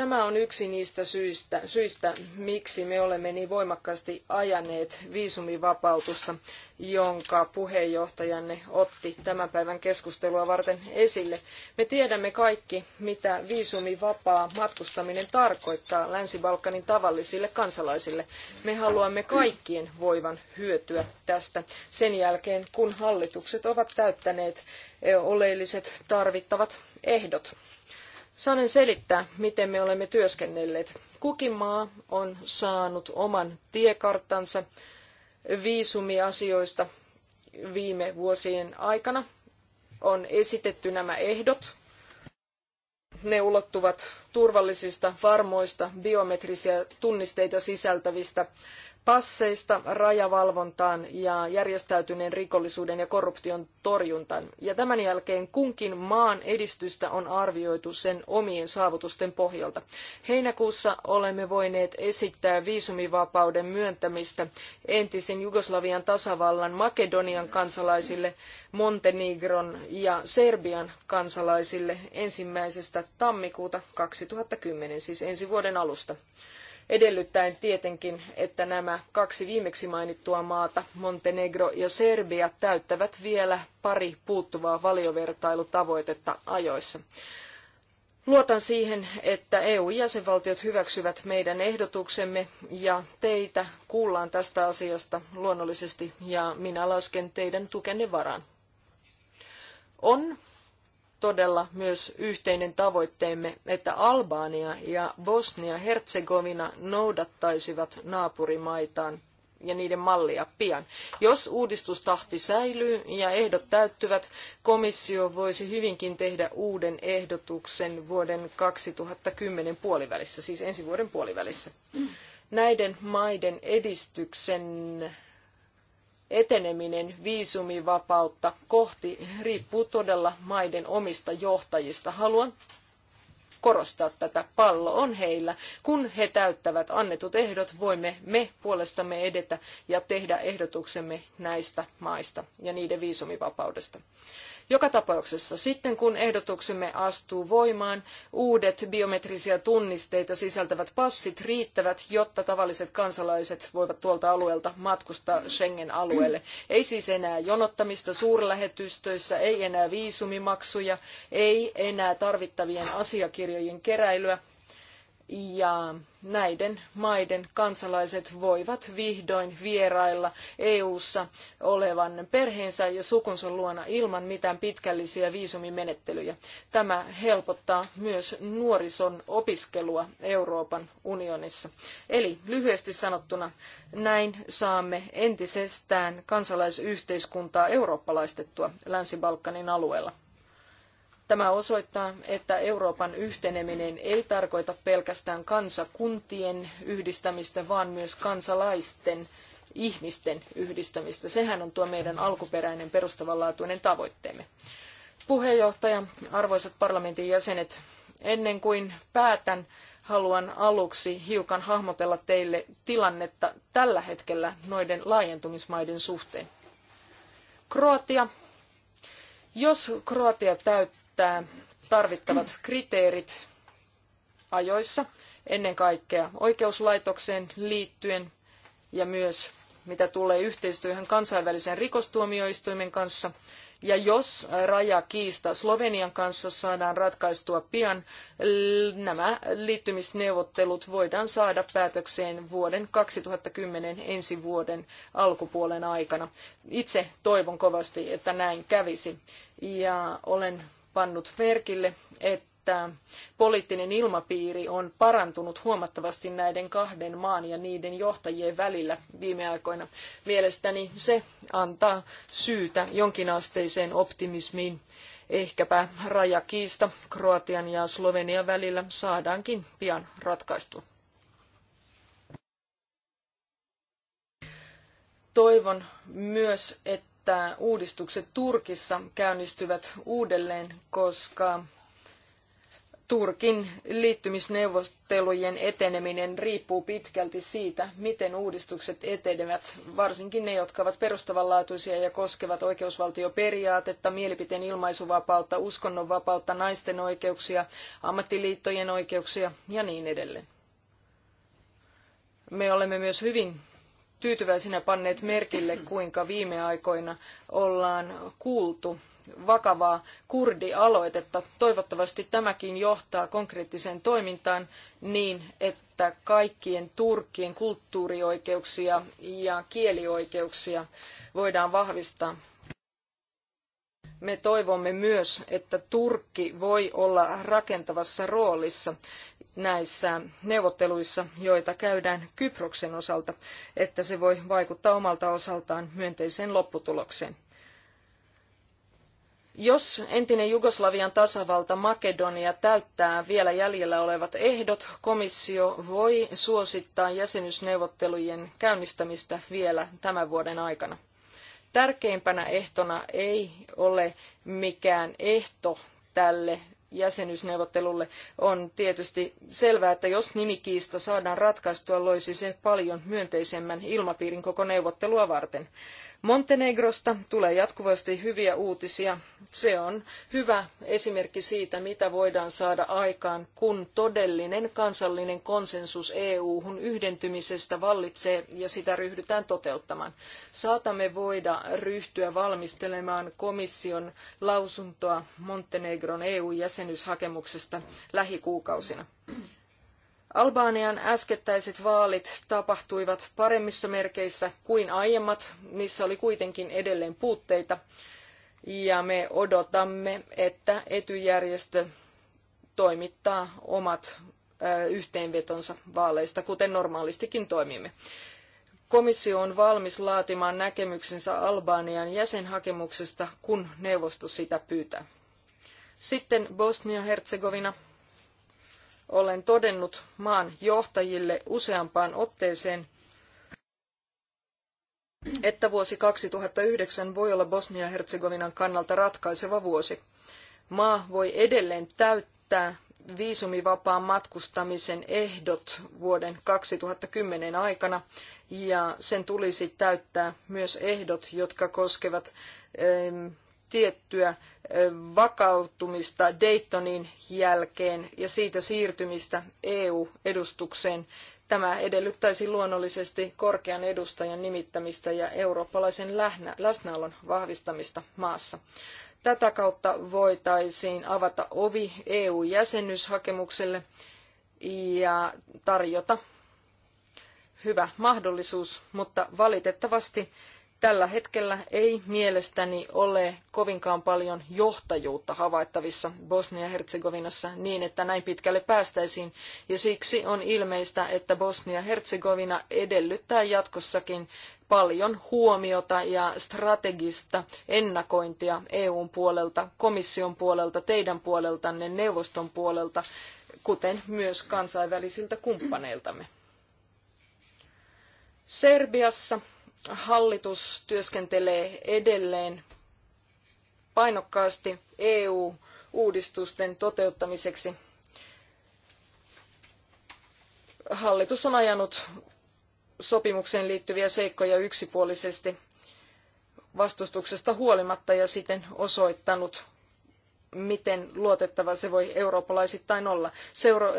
Tämä on yksi niistä syistä, syistä, miksi me olemme niin voimakkaasti ajaneet viisumivapautusta, jonka puheenjohtajanne otti tämän päivän keskustelua varten esille. Me tiedämme kaikki, mitä viisumivapaa matkustaminen tarkoittaa Länsi-Balkanin tavallisille kansalaisille. Me haluamme kaikkien voivan hyötyä tästä sen jälkeen, kun hallitukset ovat täyttäneet oleelliset tarvittavat ehdot. Saanen selittää, miten me olemme työskennelleet. Kukin maa on saanut oman tiekarttansa viisumiasioista viime vuosien aikana. On esitetty nämä ehdot. Ne ulottuvat turvallisista, varmoista, biometrisiä tunnisteita sisältävistä passeista rajavalvontaan ja järjestäytyneen rikollisuuden ja korruption torjuntaan. Ja tämän jälkeen kunkin maan edistystä on arvioitu sen omien saavutusten pohjalta. Heinäkuussa olemme voineet esittää viisumivapauden myöntämistä entisen Jugoslavian tasavallan Makedonian kansalaisille, Montenegron ja Serbian kansalaisille ensimmäisestä tammikuuta 2010, siis ensi vuoden alusta edellyttäen tietenkin, että nämä kaksi viimeksi mainittua maata, Montenegro ja Serbia, täyttävät vielä pari puuttuvaa valiovertailutavoitetta ajoissa. Luotan siihen, että EU-jäsenvaltiot hyväksyvät meidän ehdotuksemme ja teitä kuullaan tästä asiasta luonnollisesti ja minä lasken teidän tukenne varaan. On todella myös yhteinen tavoitteemme, että Albania ja Bosnia-Herzegovina noudattaisivat naapurimaitaan ja niiden mallia pian. Jos uudistustahti säilyy ja ehdot täyttyvät, komissio voisi hyvinkin tehdä uuden ehdotuksen vuoden 2010 puolivälissä, siis ensi vuoden puolivälissä. Näiden maiden edistyksen eteneminen viisumivapautta kohti riippuu todella maiden omista johtajista. Haluan korostaa tätä. Pallo on heillä. Kun he täyttävät annetut ehdot, voimme me puolestamme edetä ja tehdä ehdotuksemme näistä maista ja niiden viisumivapaudesta. Joka tapauksessa sitten kun ehdotuksemme astuu voimaan, uudet biometrisiä tunnisteita sisältävät passit riittävät, jotta tavalliset kansalaiset voivat tuolta alueelta matkustaa Schengen-alueelle. Ei siis enää jonottamista suurlähetystöissä, ei enää viisumimaksuja, ei enää tarvittavien asiakirjojen keräilyä, ja näiden maiden kansalaiset voivat vihdoin vierailla EU-ssa olevan perheensä ja sukunsa luona ilman mitään pitkällisiä viisumimenettelyjä. Tämä helpottaa myös nuorison opiskelua Euroopan unionissa. Eli lyhyesti sanottuna näin saamme entisestään kansalaisyhteiskuntaa eurooppalaistettua Länsi-Balkanin alueella. Tämä osoittaa, että Euroopan yhteneminen ei tarkoita pelkästään kansakuntien yhdistämistä, vaan myös kansalaisten ihmisten yhdistämistä. Sehän on tuo meidän alkuperäinen perustavanlaatuinen tavoitteemme. Puheenjohtaja, arvoisat parlamentin jäsenet, ennen kuin päätän, haluan aluksi hiukan hahmotella teille tilannetta tällä hetkellä noiden laajentumismaiden suhteen. Kroatia. Jos Kroatia täyttää täyttää tarvittavat kriteerit ajoissa, ennen kaikkea oikeuslaitokseen liittyen ja myös mitä tulee yhteistyöhön kansainvälisen rikostuomioistuimen kanssa. Ja jos rajakiista Slovenian kanssa saadaan ratkaistua pian, nämä liittymisneuvottelut voidaan saada päätökseen vuoden 2010 ensi vuoden alkupuolen aikana. Itse toivon kovasti, että näin kävisi ja olen pannut merkille, että poliittinen ilmapiiri on parantunut huomattavasti näiden kahden maan ja niiden johtajien välillä viime aikoina. Mielestäni se antaa syytä jonkinasteiseen optimismiin. Ehkäpä rajakiista Kroatian ja Slovenian välillä saadaankin pian ratkaistua. toivon myös, että että uudistukset Turkissa käynnistyvät uudelleen, koska Turkin liittymisneuvottelujen eteneminen riippuu pitkälti siitä, miten uudistukset etenevät, varsinkin ne, jotka ovat perustavanlaatuisia ja koskevat oikeusvaltioperiaatetta, mielipiteen ilmaisuvapautta, uskonnonvapautta, naisten oikeuksia, ammattiliittojen oikeuksia ja niin edelleen. Me olemme myös hyvin tyytyväisinä panneet merkille, kuinka viime aikoina ollaan kuultu vakavaa kurdialoitetta. Toivottavasti tämäkin johtaa konkreettiseen toimintaan niin, että kaikkien turkkien kulttuurioikeuksia ja kielioikeuksia voidaan vahvistaa. Me toivomme myös, että Turkki voi olla rakentavassa roolissa näissä neuvotteluissa, joita käydään Kyproksen osalta, että se voi vaikuttaa omalta osaltaan myönteiseen lopputulokseen. Jos entinen Jugoslavian tasavalta Makedonia täyttää vielä jäljellä olevat ehdot, komissio voi suosittaa jäsenyysneuvottelujen käynnistämistä vielä tämän vuoden aikana. Tärkeimpänä ehtona ei ole mikään ehto tälle jäsenyysneuvottelulle on tietysti selvää, että jos nimikiista saadaan ratkaistua, loisi se paljon myönteisemmän ilmapiirin koko neuvottelua varten. Montenegrosta tulee jatkuvasti hyviä uutisia. Se on hyvä esimerkki siitä, mitä voidaan saada aikaan, kun todellinen kansallinen konsensus EU-hun yhdentymisestä vallitsee ja sitä ryhdytään toteuttamaan. Saatamme voida ryhtyä valmistelemaan komission lausuntoa Montenegron EU-jäsenyyshakemuksesta lähikuukausina. Albanian äskettäiset vaalit tapahtuivat paremmissa merkeissä kuin aiemmat, niissä oli kuitenkin edelleen puutteita. Ja me odotamme, että etujärjestö toimittaa omat yhteenvetonsa vaaleista, kuten normaalistikin toimimme. Komissio on valmis laatimaan näkemyksensä Albanian jäsenhakemuksesta, kun neuvosto sitä pyytää. Sitten Bosnia-Herzegovina olen todennut maan johtajille useampaan otteeseen, että vuosi 2009 voi olla Bosnia-Herzegovinan kannalta ratkaiseva vuosi. Maa voi edelleen täyttää viisumivapaan matkustamisen ehdot vuoden 2010 aikana ja sen tulisi täyttää myös ehdot, jotka koskevat tiettyä vakautumista Daytonin jälkeen ja siitä siirtymistä EU-edustukseen. Tämä edellyttäisi luonnollisesti korkean edustajan nimittämistä ja eurooppalaisen läsnäolon vahvistamista maassa. Tätä kautta voitaisiin avata ovi EU-jäsenyyshakemukselle ja tarjota hyvä mahdollisuus, mutta valitettavasti Tällä hetkellä ei mielestäni ole kovinkaan paljon johtajuutta havaittavissa Bosnia-Herzegovinassa niin, että näin pitkälle päästäisiin, ja siksi on ilmeistä, että Bosnia-Herzegovina edellyttää jatkossakin paljon huomiota ja strategista ennakointia EUn puolelta, komission puolelta, teidän puoleltanne, neuvoston puolelta, kuten myös kansainvälisiltä kumppaneiltamme. Serbiassa hallitus työskentelee edelleen painokkaasti EU-uudistusten toteuttamiseksi. Hallitus on ajanut sopimukseen liittyviä seikkoja yksipuolisesti vastustuksesta huolimatta ja siten osoittanut miten luotettava se voi eurooppalaisittain olla.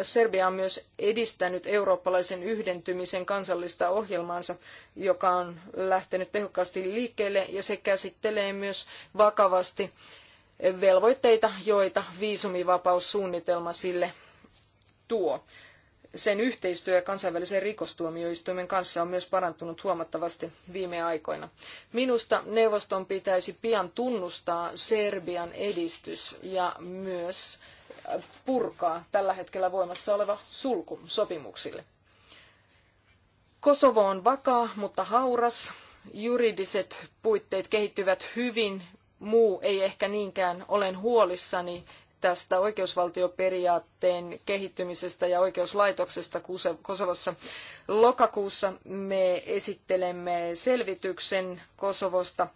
Serbia on myös edistänyt eurooppalaisen yhdentymisen kansallista ohjelmaansa, joka on lähtenyt tehokkaasti liikkeelle ja se käsittelee myös vakavasti velvoitteita, joita viisumivapaussuunnitelma sille tuo sen yhteistyö kansainvälisen rikostuomioistuimen kanssa on myös parantunut huomattavasti viime aikoina. Minusta neuvoston pitäisi pian tunnustaa Serbian edistys ja myös purkaa tällä hetkellä voimassa oleva sulku sopimuksille. Kosovo on vakaa, mutta hauras. Juridiset puitteet kehittyvät hyvin, muu ei ehkä niinkään olen huolissani tästä oikeusvaltioperiaatteen kehittymisestä ja oikeuslaitoksesta Kosovossa. Lokakuussa me esittelemme selvityksen Kosovosta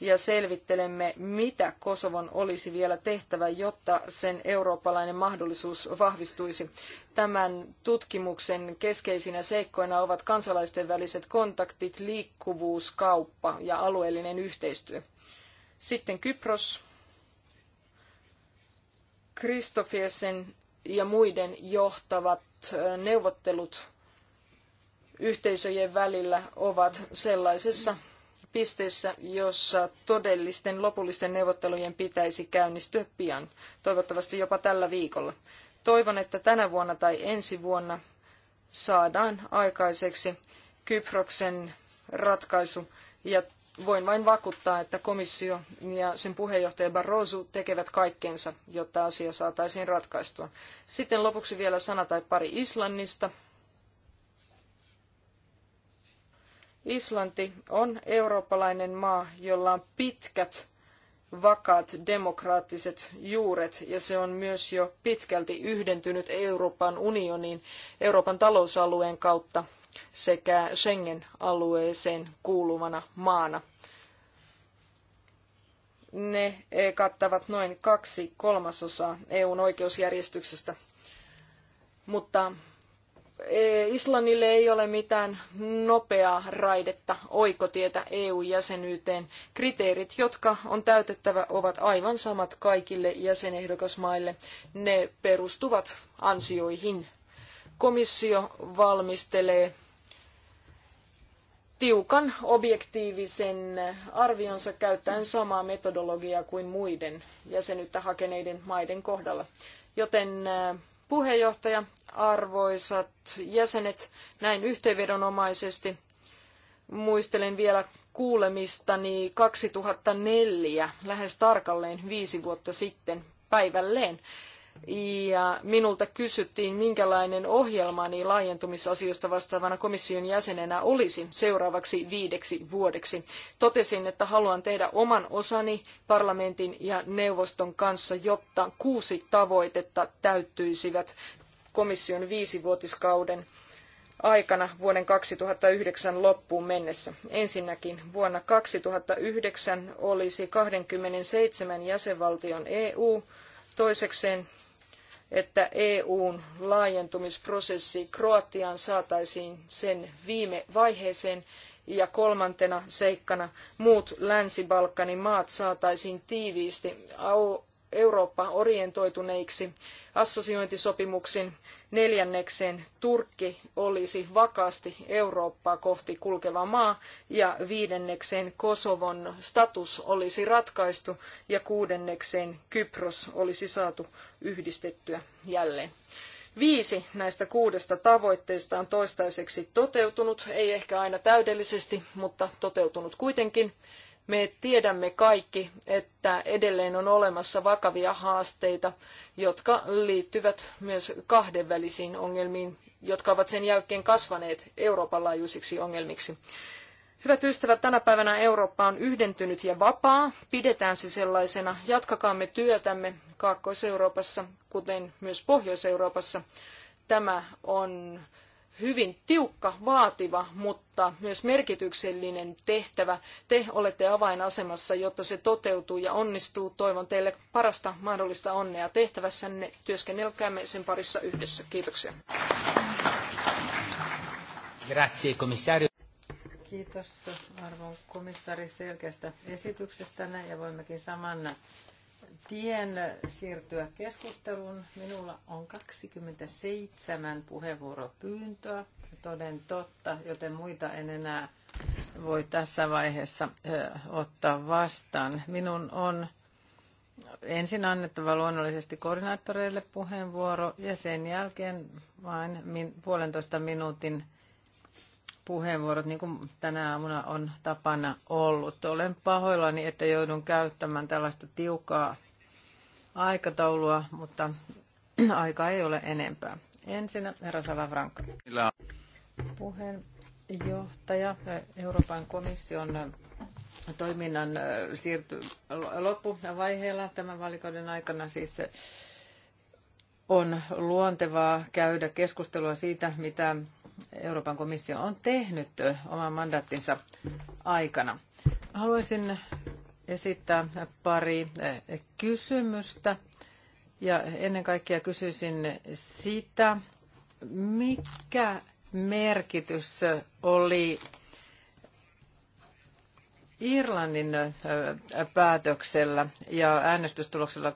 ja selvittelemme, mitä Kosovon olisi vielä tehtävä, jotta sen eurooppalainen mahdollisuus vahvistuisi. Tämän tutkimuksen keskeisinä seikkoina ovat kansalaisten väliset kontaktit, liikkuvuus, kauppa ja alueellinen yhteistyö. Sitten Kypros. Kristofiesen ja muiden johtavat neuvottelut yhteisöjen välillä ovat sellaisessa pisteessä, jossa todellisten lopullisten neuvottelujen pitäisi käynnistyä pian, toivottavasti jopa tällä viikolla. Toivon, että tänä vuonna tai ensi vuonna saadaan aikaiseksi Kyproksen ratkaisu ja voin vain vakuuttaa, että komissio ja sen puheenjohtaja Barroso tekevät kaikkensa, jotta asia saataisiin ratkaistua. Sitten lopuksi vielä sana tai pari Islannista. Islanti on eurooppalainen maa, jolla on pitkät, vakaat demokraattiset juuret ja se on myös jo pitkälti yhdentynyt Euroopan unioniin Euroopan talousalueen kautta sekä Schengen-alueeseen kuuluvana maana. Ne eh, kattavat noin kaksi kolmasosaa EUn oikeusjärjestyksestä. Mutta eh, Islannille ei ole mitään nopeaa raidetta, oikotietä EU-jäsenyyteen. Kriteerit, jotka on täytettävä, ovat aivan samat kaikille jäsenehdokasmaille. Ne perustuvat ansioihin Komissio valmistelee tiukan objektiivisen arvionsa käyttäen samaa metodologiaa kuin muiden jäsenyyttä hakeneiden maiden kohdalla. Joten puheenjohtaja, arvoisat jäsenet, näin yhteenvedonomaisesti muistelen vielä kuulemistani 2004, lähes tarkalleen viisi vuotta sitten päivälleen ja minulta kysyttiin, minkälainen ohjelmani laajentumisasioista vastaavana komission jäsenenä olisi seuraavaksi viideksi vuodeksi. Totesin, että haluan tehdä oman osani parlamentin ja neuvoston kanssa, jotta kuusi tavoitetta täyttyisivät komission viisivuotiskauden aikana vuoden 2009 loppuun mennessä. Ensinnäkin vuonna 2009 olisi 27 jäsenvaltion EU, toisekseen että EUn laajentumisprosessi Kroatiaan saataisiin sen viime vaiheeseen ja kolmantena seikkana muut Länsi-Balkanin maat saataisiin tiiviisti Eurooppaan orientoituneiksi assosiointisopimuksin. Neljännekseen Turkki olisi vakaasti Eurooppaa kohti kulkeva maa ja viidennekseen Kosovon status olisi ratkaistu ja kuudennekseen Kypros olisi saatu yhdistettyä jälleen. Viisi näistä kuudesta tavoitteesta on toistaiseksi toteutunut, ei ehkä aina täydellisesti, mutta toteutunut kuitenkin. Me tiedämme kaikki, että edelleen on olemassa vakavia haasteita, jotka liittyvät myös kahdenvälisiin ongelmiin, jotka ovat sen jälkeen kasvaneet Euroopan laajuisiksi ongelmiksi. Hyvät ystävät, tänä päivänä Eurooppa on yhdentynyt ja vapaa. Pidetään se sellaisena. Jatkakaamme työtämme Kaakkois-Euroopassa, kuten myös Pohjois-Euroopassa. Tämä on hyvin tiukka, vaativa, mutta myös merkityksellinen tehtävä. Te olette avainasemassa, jotta se toteutuu ja onnistuu. Toivon teille parasta mahdollista onnea tehtävässänne. Työskennelkäämme sen parissa yhdessä. Kiitoksia. Grazie, komissario. Kiitos arvon komissaari selkeästä esityksestänne ja voimmekin saman tien siirtyä keskusteluun. Minulla on 27 puheenvuoropyyntöä, toden totta, joten muita en enää voi tässä vaiheessa ottaa vastaan. Minun on ensin annettava luonnollisesti koordinaattoreille puheenvuoro ja sen jälkeen vain min, puolentoista minuutin puheenvuorot, niin kuin tänä aamuna on tapana ollut. Olen pahoillani, että joudun käyttämään tällaista tiukaa aikataulua, mutta [CLEARS THROAT] aika ei ole enempää. Ensin herra Salavranka. Puheenjohtaja eh, Euroopan komission eh, toiminnan eh, siirty, loppuvaiheella tämän valikauden aikana siis on luontevaa käydä keskustelua siitä, mitä Euroopan komissio on tehnyt oman mandaattinsa aikana. Haluaisin esittää pari eh, kysymystä ja ennen kaikkea kysyisin sitä, mikä merkitys oli Irlannin eh, päätöksellä ja äänestystuloksella 33-29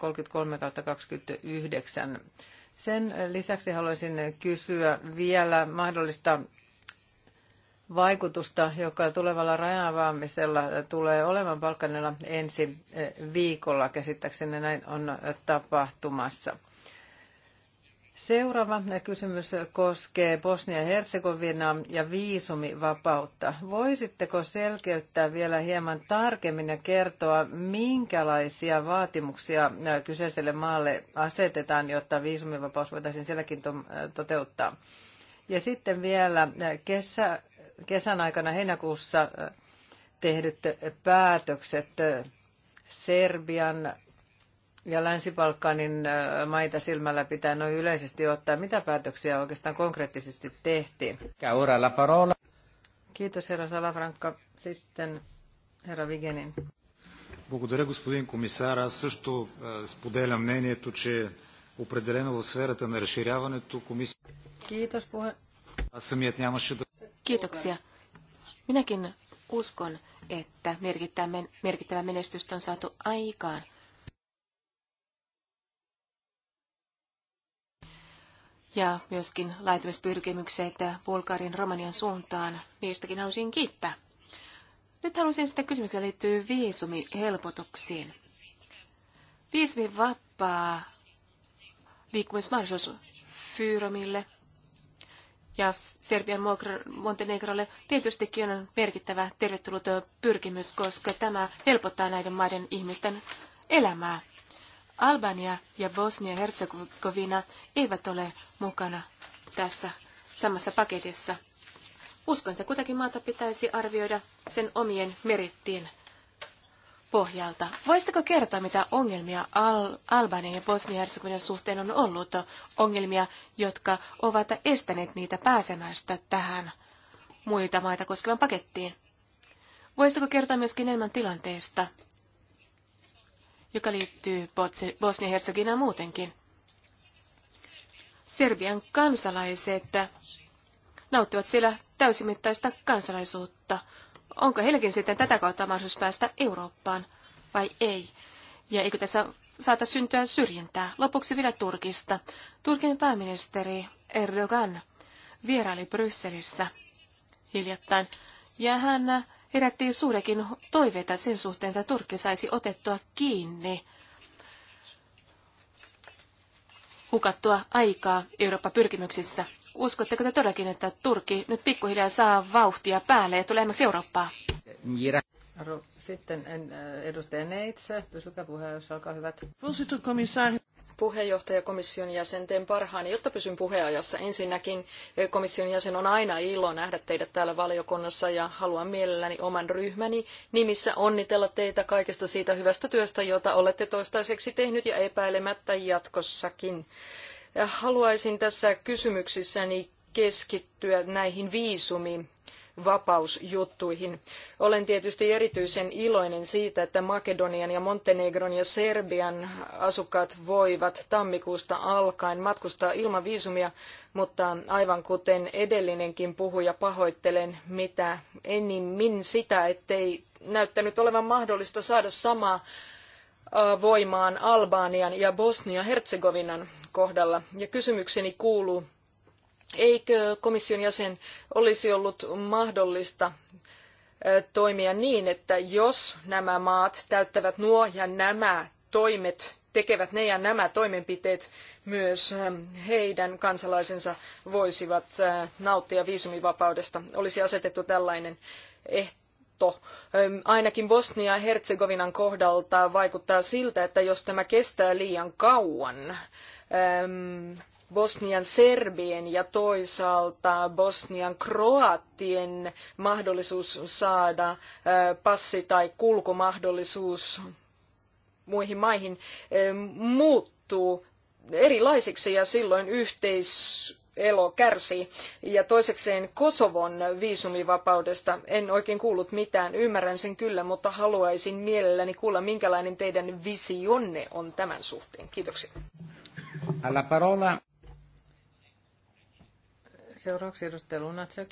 sen lisäksi haluaisin kysyä vielä mahdollista vaikutusta, joka tulevalla rajanvaamisella tulee olemaan Balkanilla ensi viikolla. Käsittääkseni näin on tapahtumassa. Seuraava kysymys koskee Bosnia-Herzegovinaa ja viisumivapautta. Voisitteko selkeyttää vielä hieman tarkemmin ja kertoa, minkälaisia vaatimuksia kyseiselle maalle asetetaan, jotta viisumivapaus voitaisiin sielläkin toteuttaa? Ja sitten vielä kesä, kesän aikana heinäkuussa tehdyt päätökset Serbian ja Länsi-Balkanin maita silmällä pitää noin yleisesti ottaa. Mitä päätöksiä oikeastaan konkreettisesti tehtiin? parola. Kiitos herra Salafranka. Sitten herra Vigenin. Благодаря, господин комисар. Аз също споделям мнението, че определено в сферата на разширяването комисия... Kiitos puhe... самият нямаше да... Kiitoksia. Minäkin uskon, että merkittävä menestys on saatu aikaan ja myöskin laitumispyrkimykset Bulgarin Romanian suuntaan. Niistäkin haluaisin kiittää. Nyt haluaisin sitä kysymyksiä liittyy viisumihelpotuksiin. Viisumi vapaa liikkumismahdollisuus Fyromille ja Serbian Montenegrolle tietystikin on merkittävä tervetullut pyrkimys, koska tämä helpottaa näiden maiden ihmisten elämää. Albania ja Bosnia-Herzegovina eivät ole mukana tässä samassa paketissa. Uskon, että kutakin maata pitäisi arvioida sen omien merittiin pohjalta. Voisitko kertoa, mitä ongelmia Al- Albanian ja Bosnia-Herzegovinan suhteen on ollut? Ongelmia, jotka ovat estäneet niitä pääsemästä tähän muita maita koskevan pakettiin. Voisitko kertoa myöskin enemmän tilanteesta joka liittyy Bosnia-Herzegovinaan muutenkin. Serbian kansalaiset nauttivat siellä täysimittaista kansalaisuutta. Onko heilläkin sitten tätä kautta mahdollisuus päästä Eurooppaan vai ei? Ja eikö tässä saata syntyä syrjintää? Lopuksi vielä Turkista. Turkin pääministeri Erdogan vieraili Brysselissä hiljattain ja hän herättiin suurekin toiveita sen suhteen, että Turkki saisi otettua kiinni hukattua aikaa Eurooppa-pyrkimyksissä. Uskotteko te todellakin, että Turkki nyt pikkuhiljaa saa vauhtia päälle ja tulee lähemmäksi Eurooppaa? Sitten äh, edustaja Neitse, pysykää puheen, jos olkaa hyvät. Voorzitter, puheenjohtajakomission jäsenten parhaani, jotta pysyn puheajassa. Ensinnäkin e, komission jäsen on aina ilo nähdä teidät täällä valiokunnassa ja haluan mielelläni oman ryhmäni nimissä onnitella teitä kaikesta siitä hyvästä työstä, jota olette toistaiseksi tehnyt ja epäilemättä jatkossakin. E, haluaisin tässä kysymyksissäni keskittyä näihin viisumiin vapausjuttuihin. Olen tietysti erityisen iloinen siitä, että Makedonian ja Montenegron ja Serbian asukkaat voivat tammikuusta alkaen matkustaa ilman viisumia, mutta aivan kuten edellinenkin puhuja pahoittelen mitä enimmin sitä, ettei näyttänyt olevan mahdollista saada samaa voimaan Albanian ja Bosnia-Herzegovinan kohdalla. Ja kysymykseni kuuluu, Eikö komission jäsen olisi ollut mahdollista toimia niin, että jos nämä maat täyttävät nuo ja nämä toimet, tekevät ne ja nämä toimenpiteet, myös heidän kansalaisensa voisivat nauttia viisumivapaudesta. Olisi asetettu tällainen ehto. Ainakin Bosnia ja Herzegovinan kohdalta vaikuttaa siltä, että jos tämä kestää liian kauan, Bosnian serbien ja toisaalta Bosnian kroattien mahdollisuus saada passi tai kulkumahdollisuus muihin maihin muuttuu erilaisiksi ja silloin yhteis, elo kärsii. Ja toisekseen Kosovon viisumivapaudesta en oikein kuullut mitään. Ymmärrän sen kyllä, mutta haluaisin mielelläni kuulla, minkälainen teidän visionne on tämän suhteen. Kiitoksia. Alla parola. Seuraavaksi edustaja Lunacek.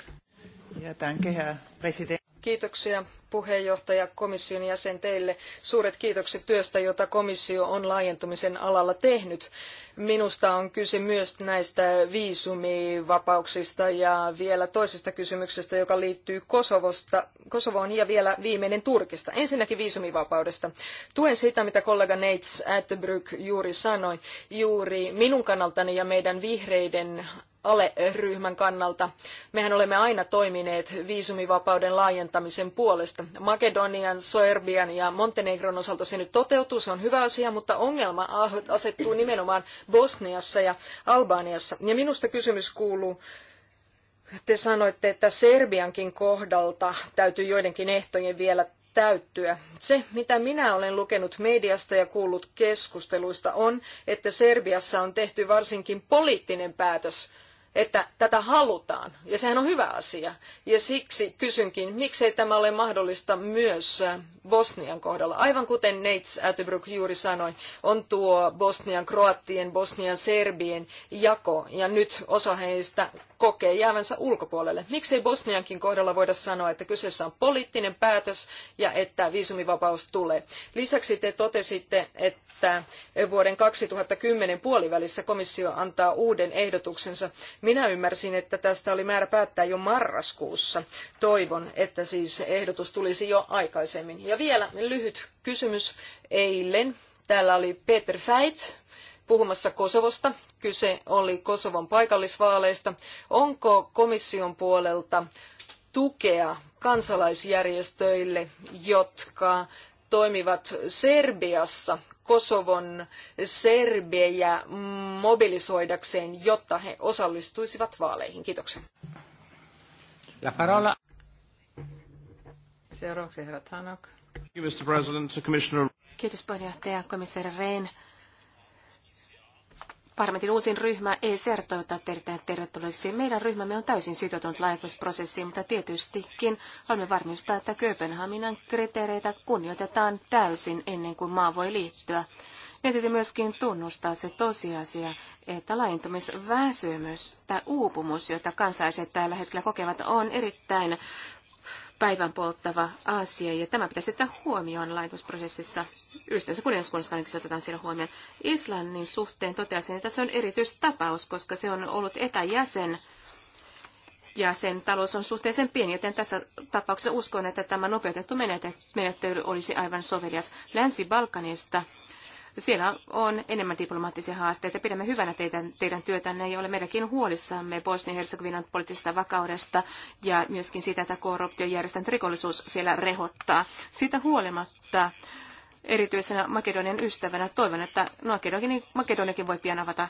Ja kehää presidentti. Kiitoksia puheenjohtaja komission jäsen teille. Suuret kiitokset työstä, jota komissio on laajentumisen alalla tehnyt. Minusta on kyse myös näistä viisumivapauksista ja vielä toisesta kysymyksestä, joka liittyy Kosovosta, Kosovoon ja vielä viimeinen Turkista. Ensinnäkin viisumivapaudesta. Tuen sitä, mitä kollega Neits Attenbrück juuri sanoi. Juuri minun kannaltani ja meidän vihreiden aleryhmän kannalta. Mehän olemme aina toimineet viisumivapauden laajentamisen puolesta. Makedonian, Serbian ja Montenegron osalta se nyt toteutuu, se on hyvä asia, mutta ongelma asettuu nimenomaan Bosniassa ja Albaniassa. Ja minusta kysymys kuuluu, te sanoitte, että Serbiankin kohdalta täytyy joidenkin ehtojen vielä täyttyä. Se, mitä minä olen lukenut mediasta ja kuullut keskusteluista, on, että Serbiassa on tehty varsinkin poliittinen päätös että tätä halutaan, ja sehän on hyvä asia. Ja siksi kysynkin, miksei tämä ole mahdollista myös äh, Bosnian kohdalla. Aivan kuten Neits Attenborough juuri sanoi, on tuo Bosnian kroattien, Bosnian serbien jako, ja nyt osa heistä kokee jäävänsä ulkopuolelle. Miksei Bosniankin kohdalla voida sanoa, että kyseessä on poliittinen päätös ja että viisumivapaus tulee? Lisäksi te totesitte, että vuoden 2010 puolivälissä komissio antaa uuden ehdotuksensa. Minä ymmärsin, että tästä oli määrä päättää jo marraskuussa. Toivon, että siis ehdotus tulisi jo aikaisemmin. Ja vielä lyhyt kysymys eilen. Täällä oli Peter Feit, puhumassa Kosovosta. Kyse oli Kosovon paikallisvaaleista. Onko komission puolelta tukea kansalaisjärjestöille, jotka toimivat Serbiassa Kosovon serbejä mobilisoidakseen, jotta he osallistuisivat vaaleihin. Kiitoksia. La parola. Seuraavaksi herra Tanok. Kiitos puheenjohtaja komissaari Rehn. Parlamentin uusin ryhmä ECR toivottaa erittäin tervetulleeksi. Meidän ryhmämme on täysin sitoutunut laajentumisprosessiin, mutta tietystikin haluamme varmistaa, että Kööpenhaminan kriteereitä kunnioitetaan täysin ennen kuin maa voi liittyä. Meidän täytyy myöskin tunnustaa se tosiasia, että laajentumisväsymys tai uupumus, jota kansalaiset tällä hetkellä kokevat, on erittäin päivän polttava asia, ja tämä pitäisi ottaa huomioon laitosprosessissa. Yhteensä kuningaskunnassa ainakin se otetaan siellä huomioon. Islannin suhteen toteaisin, että se on erityistapaus, koska se on ollut etäjäsen, ja sen talous on suhteellisen pieni, joten tässä tapauksessa uskon, että tämä nopeutettu menettely olisi aivan sovelias. Länsi-Balkanista siellä on enemmän diplomaattisia haasteita. Pidämme hyvänä teidän, teidän työtänne ja olemme meidänkin huolissamme Bosnia-Herzegovinan poliittisesta vakaudesta ja myöskin sitä, että korruptio ja rikollisuus siellä rehottaa. Siitä huolimatta erityisenä Makedonian ystävänä toivon, että Makedoniakin, Makedoniakin voi pian avata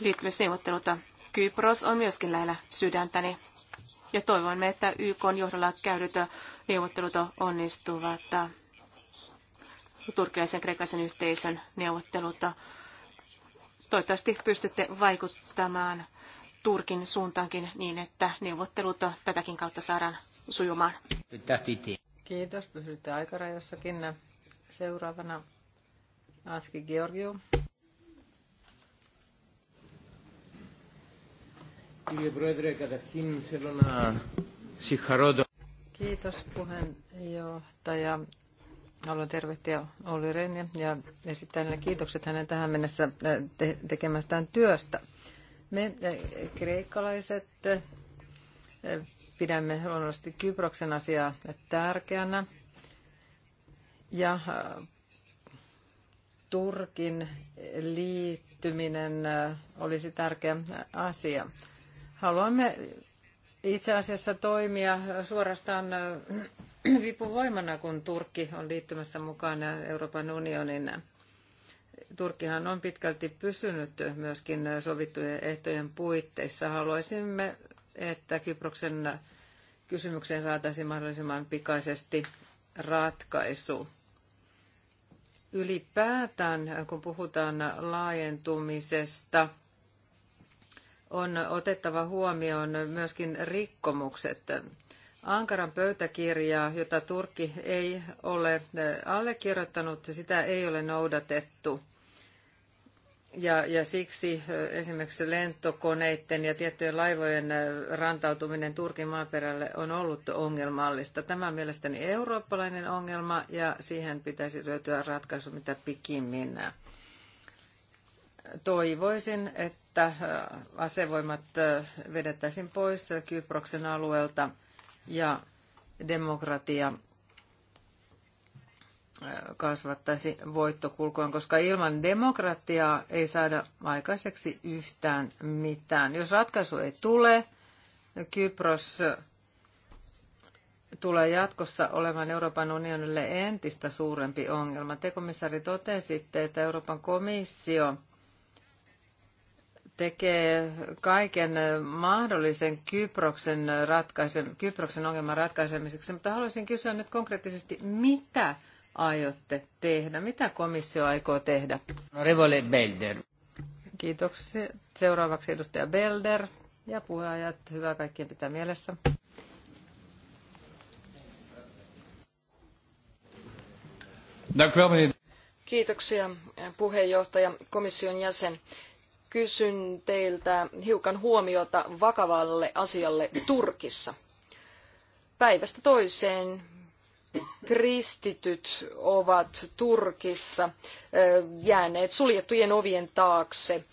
liittymisneuvottelut. Kypros on myöskin lähellä sydäntäni ja toivomme, että YK johdolla käydyt neuvottelut onnistuvat turkilaisen ja kreikkalaisen yhteisön neuvottelut. Toivottavasti pystytte vaikuttamaan Turkin suuntaankin niin, että neuvottelut tätäkin kautta saadaan sujumaan. Kiitos, pysytte aikarajossakin. Seuraavana Aski Georgiou. Kiitos puheenjohtaja haluan tervehtiä Olli Renniä ja esittää hänelle kiitokset hänen tähän mennessä äh, tekemästään työstä. Me äh, kreikkalaiset äh, pidämme luonnollisesti Kyproksen asiaa tärkeänä ja Turkin liittyminen olisi tärkeä asia. Haluamme itse asiassa toimia suorastaan vipuvoimana, kun Turkki on liittymässä mukana Euroopan unionin. Turkkihan on pitkälti pysynyt myöskin sovittujen ehtojen puitteissa. Haluaisimme, että Kyproksen kysymykseen saataisiin mahdollisimman pikaisesti ratkaisu. Ylipäätään, kun puhutaan laajentumisesta, on otettava huomioon myöskin rikkomukset Ankaran pöytäkirjaa, jota Turkki ei ole eh, allekirjoittanut, sitä ei ole noudatettu. Ja, ja siksi eh, esimerkiksi lentokoneiden ja tiettyjen laivojen eh, rantautuminen Turkin maaperälle on ollut ongelmallista. Tämä on mielestäni eurooppalainen ongelma ja siihen pitäisi löytyä ratkaisu mitä pikimmin. Toivoisin, että asevoimat vedettäisiin pois Kyproksen alueelta – ja demokratia kasvattaisi voittokulkuaan, koska ilman demokratiaa ei saada aikaiseksi yhtään mitään. Jos ratkaisu ei tule, Kypros tulee jatkossa olemaan Euroopan unionille entistä suurempi ongelma. Te, komissaari totesitte, että Euroopan komissio – tekee kaiken mahdollisen Kyproksen, ratkaisen, Kyproksen ongelman ratkaisemiseksi, mutta haluaisin kysyä nyt konkreettisesti, mitä aiotte tehdä? Mitä komissio aikoo tehdä? Revole Belder. Kiitoksia. Seuraavaksi edustaja Belder ja puheajat. hyvää kaikkien pitää mielessä. Kiitoksia puheenjohtaja, komission jäsen kysyn teiltä hiukan huomiota vakavalle asialle Turkissa. Päivästä toiseen kristityt ovat Turkissa jääneet suljettujen ovien taakse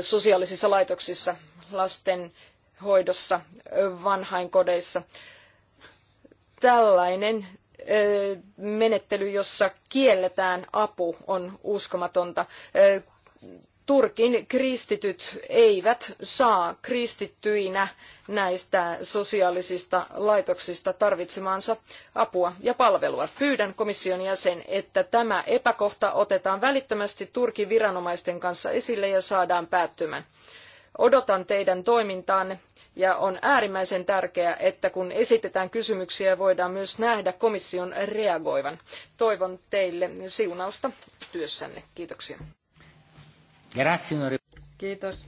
sosiaalisissa laitoksissa, lastenhoidossa, vanhainkodeissa. Tällainen menettely, jossa kielletään apu, on uskomatonta Turkin kristityt eivät saa kristittyinä näistä sosiaalisista laitoksista tarvitsemaansa apua ja palvelua. Pyydän komission jäsen, että tämä epäkohta otetaan välittömästi Turkin viranomaisten kanssa esille ja saadaan päättymään. Odotan teidän toimintaanne ja on äärimmäisen tärkeää, että kun esitetään kysymyksiä, voidaan myös nähdä komission reagoivan. Toivon teille siunausta työssänne. Kiitoksia. Kiitos.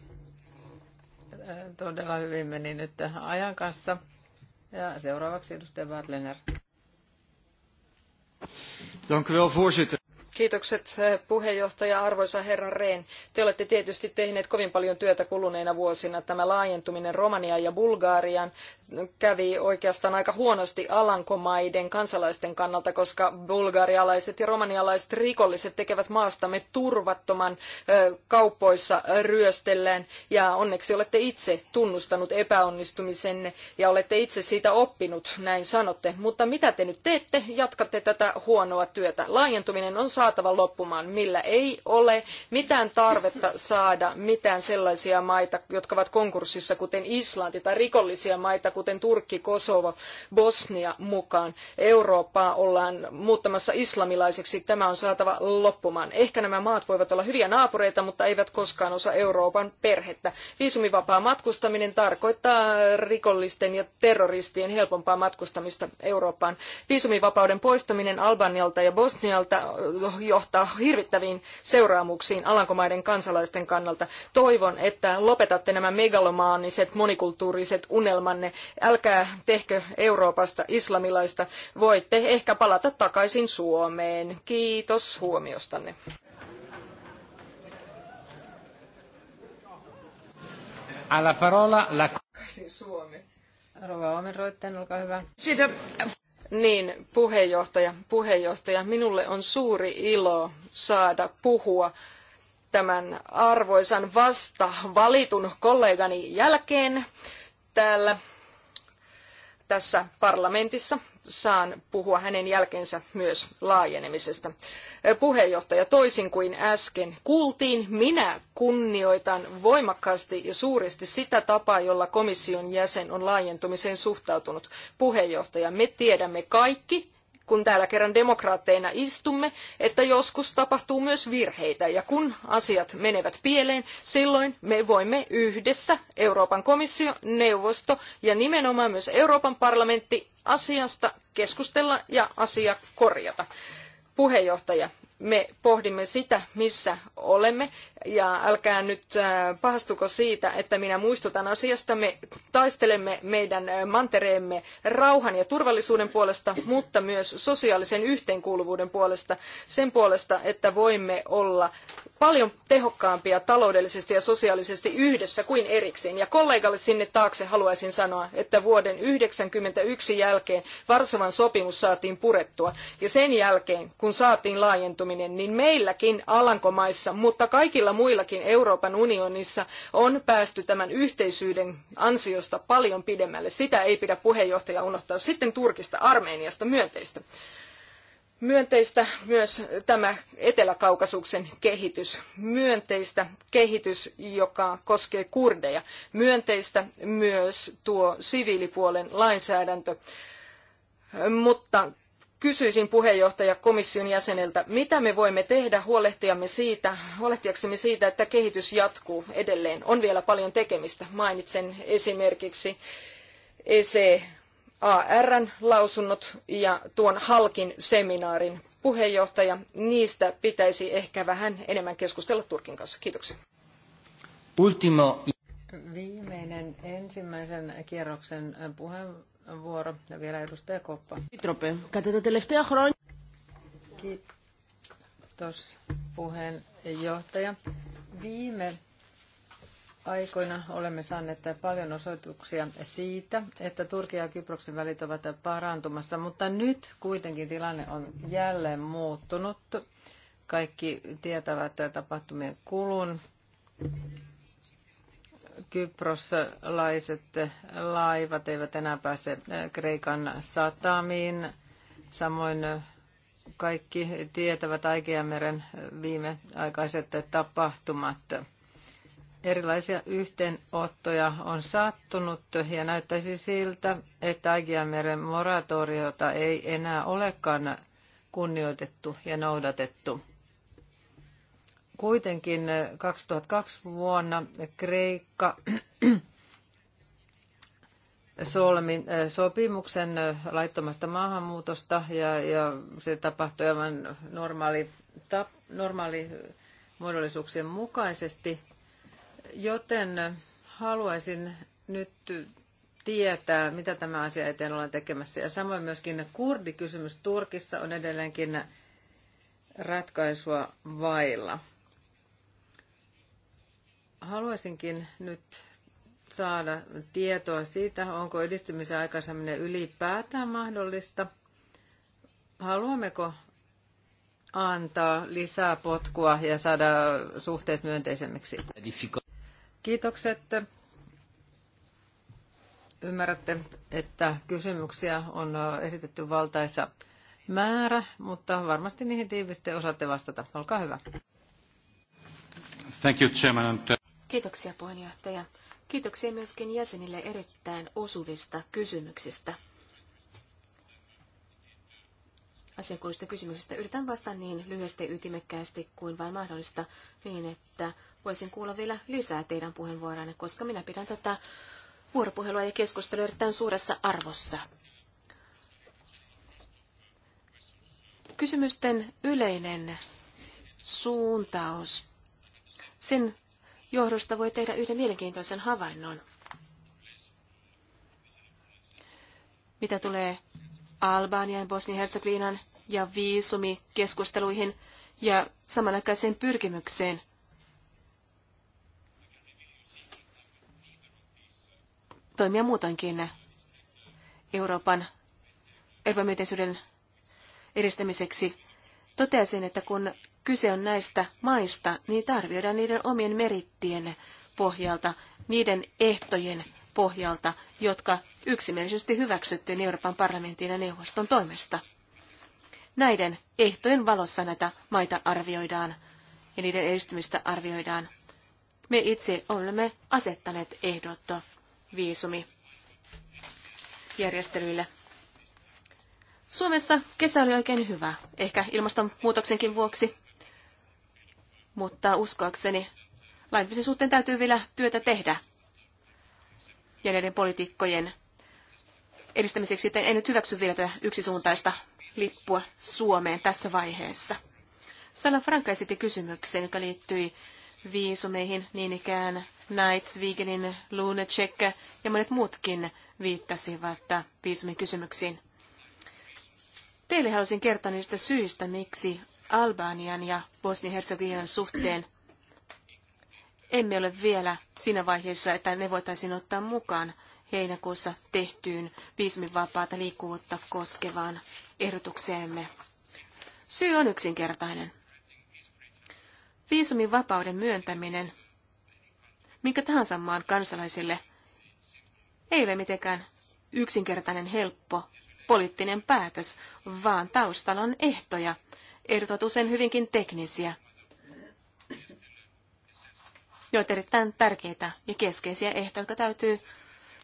Äh, todella hyvin meni nyt ajan kanssa. Ja seuraavaksi edustaja Bartlener. Dank u wel, voorzitter. Kiitokset eh, puheenjohtaja arvoisa herra Rehn. Te olette tietysti tehneet kovin paljon työtä kuluneina vuosina. Tämä laajentuminen Romaniaan ja Bulgariaan kävi oikeastaan aika huonosti Alankomaiden kansalaisten kannalta, koska bulgarialaiset ja romanialaiset rikolliset tekevät maastamme turvattoman eh, kaupoissa eh, ryöstellään. Ja onneksi olette itse tunnustanut epäonnistumisenne ja olette itse siitä oppinut, näin sanotte. Mutta mitä te nyt teette? Jatkatte tätä huonoa työtä. Laajentuminen on saa saatava loppumaan, millä ei ole mitään tarvetta saada mitään sellaisia maita, jotka ovat konkurssissa, kuten Islanti, tai rikollisia maita, kuten Turkki, Kosovo, Bosnia mukaan. Eurooppaa ollaan muuttamassa islamilaiseksi, tämä on saatava loppumaan. Ehkä nämä maat voivat olla hyviä naapureita, mutta eivät koskaan osa Euroopan perhettä. Viisumivapaa matkustaminen tarkoittaa rikollisten ja terroristien helpompaa matkustamista Eurooppaan. Viisumivapauden poistaminen Albanialta ja Bosnialta johtaa hirvittäviin seuraamuksiin Alankomaiden kansalaisten kannalta. Toivon, että lopetatte nämä megalomaaniset, monikulttuuriset unelmanne. Älkää tehkö Euroopasta islamilaista. Voitte ehkä palata takaisin Suomeen. Kiitos huomiostanne. Alla parola la... Siis Suomi. Rova olkaa hyvä. Siitä niin, puheenjohtaja, puheenjohtaja, minulle on suuri ilo saada puhua tämän arvoisan vasta valitun kollegani jälkeen täällä tässä parlamentissa saan puhua hänen jälkeensä myös laajenemisesta. Puheenjohtaja, toisin kuin äsken kuultiin, minä kunnioitan voimakkaasti ja suuresti sitä tapaa, jolla komission jäsen on laajentumiseen suhtautunut. Puheenjohtaja, me tiedämme kaikki, kun täällä kerran demokraatteina istumme, että joskus tapahtuu myös virheitä ja kun asiat menevät pieleen, silloin me voimme yhdessä Euroopan komissio, neuvosto ja nimenomaan myös Euroopan parlamentti asiasta keskustella ja asia korjata. Puheenjohtaja, me pohdimme sitä, missä olemme. Ja älkää nyt äh, pahastuko siitä, että minä muistutan asiasta. Me taistelemme meidän äh, mantereemme rauhan ja turvallisuuden puolesta, mutta myös sosiaalisen yhteenkuuluvuuden puolesta. Sen puolesta, että voimme olla paljon tehokkaampia taloudellisesti ja sosiaalisesti yhdessä kuin erikseen. Ja kollegalle sinne taakse haluaisin sanoa, että vuoden 1991 jälkeen Varsovan sopimus saatiin purettua. Ja sen jälkeen, kun saatiin laajentuminen, siirtyminen, niin meilläkin Alankomaissa, mutta kaikilla muillakin Euroopan unionissa on päästy tämän yhteisyyden ansiosta paljon pidemmälle. Sitä ei pidä puheenjohtaja unohtaa. Sitten Turkista, Armeniasta myönteistä. Myönteistä myös tämä Etelä-Kaukasuksen kehitys. Myönteistä kehitys, joka koskee kurdeja. Myönteistä myös tuo siviilipuolen lainsäädäntö. Mutta Kysyisin puheenjohtaja komission jäseneltä, mitä me voimme tehdä huolehtiamme siitä, huolehtiaksemme siitä, että kehitys jatkuu edelleen. On vielä paljon tekemistä. Mainitsen esimerkiksi ECARn lausunnot ja tuon Halkin seminaarin puheenjohtaja. Niistä pitäisi ehkä vähän enemmän keskustella Turkin kanssa. Kiitoksia. Ultimo. Viimeinen ensimmäisen kierroksen puheenvuoro vuoro. Ja vielä edustaja Koppa. Mitrope, katsotaan telefteä Kiitos puheenjohtaja. Viime aikoina olemme saaneet paljon osoituksia siitä, että Turkin ja Kyproksen välit ovat parantumassa, mutta nyt kuitenkin tilanne on jälleen muuttunut. Kaikki tietävät tapahtumien kulun kyproslaiset laivat eivät enää pääse äh, Kreikan satamiin. Samoin äh, kaikki tietävät Aikeameren äh, viimeaikaiset tapahtumat. Erilaisia yhteenottoja on sattunut ja näyttäisi siltä, että Aikeameren moratoriota ei enää olekaan kunnioitettu ja noudatettu. Kuitenkin 2002 eh, vuonna Kreikka [CLEARS THROAT] solmi eh, sopimuksen eh, laittomasta maahanmuutosta ja, ja se tapahtui aivan normaali, tap, normaali muodollisuuksien mukaisesti. Joten haluaisin nyt tietää, mitä tämä asia eteen ollaan tekemässä. Ja samoin myöskin kurdikysymys Turkissa on edelleenkin ratkaisua vailla. Haluaisinkin nyt saada tietoa siitä, onko edistymisen aikaisemmin ylipäätään mahdollista. Haluammeko antaa lisää potkua ja saada suhteet myönteisemmiksi? Kiitokset. Ymmärrätte, että kysymyksiä on esitetty valtaisa määrä, mutta varmasti niihin tiivisti osaatte vastata. Olkaa hyvä. Thank you, Chairman. Uh, Kiitoksia puheenjohtaja. Kiitoksia myöskin jäsenille erittäin osuvista kysymyksistä. Asiakuulista kysymyksistä yritän vastata niin lyhyesti ja ytimekkäästi kuin vain mahdollista niin, että voisin kuulla vielä lisää teidän puheenvuoranne, koska minä pidän tätä vuoropuhelua ja keskustelua erittäin suuressa arvossa. Kysymysten yleinen suuntaus, sen johdosta voi tehdä yhden mielenkiintoisen havainnon. Mitä tulee Albanian, Bosnia-Herzegovinan ja viisumikeskusteluihin ja samanaikaiseen pyrkimykseen toimia muutoinkin Euroopan Euroopan edistämiseksi, toteaisin, että kun kyse on näistä maista, niin arvioidaan niiden omien merittien pohjalta, niiden ehtojen pohjalta, jotka yksimielisesti hyväksyttiin Euroopan parlamentin ja neuvoston toimesta. Näiden ehtojen valossa näitä maita arvioidaan ja niiden edistymistä arvioidaan. Me itse olemme asettaneet ehdot viisumi järjestelyille. Suomessa kesä oli oikein hyvä, ehkä ilmastonmuutoksenkin vuoksi mutta uskoakseni laittamisen suhteen täytyy vielä työtä tehdä. Ja näiden poliitikkojen edistämiseksi, joten en nyt hyväksy vielä tätä yksisuuntaista lippua Suomeen tässä vaiheessa. Sala Franka esitti kysymyksen, joka liittyi viisumeihin, niin ikään Nights-Vigelin, Lunacek ja monet muutkin viittasivat kysymyksiin. Teille haluaisin kertoa niistä syistä, miksi Albanian ja Bosnia-Herzegovinan suhteen emme ole vielä siinä vaiheessa, että ne voitaisiin ottaa mukaan heinäkuussa tehtyyn viisumivapaata liikkuvuutta koskevaan ehdotukseemme. Syy on yksinkertainen. Viisumin vapauden myöntäminen minkä tahansa maan kansalaisille ei ole mitenkään yksinkertainen helppo poliittinen päätös, vaan taustalla on ehtoja, ehdotat usein hyvinkin teknisiä, joita erittäin tärkeitä ja keskeisiä ehtoja, jotka täytyy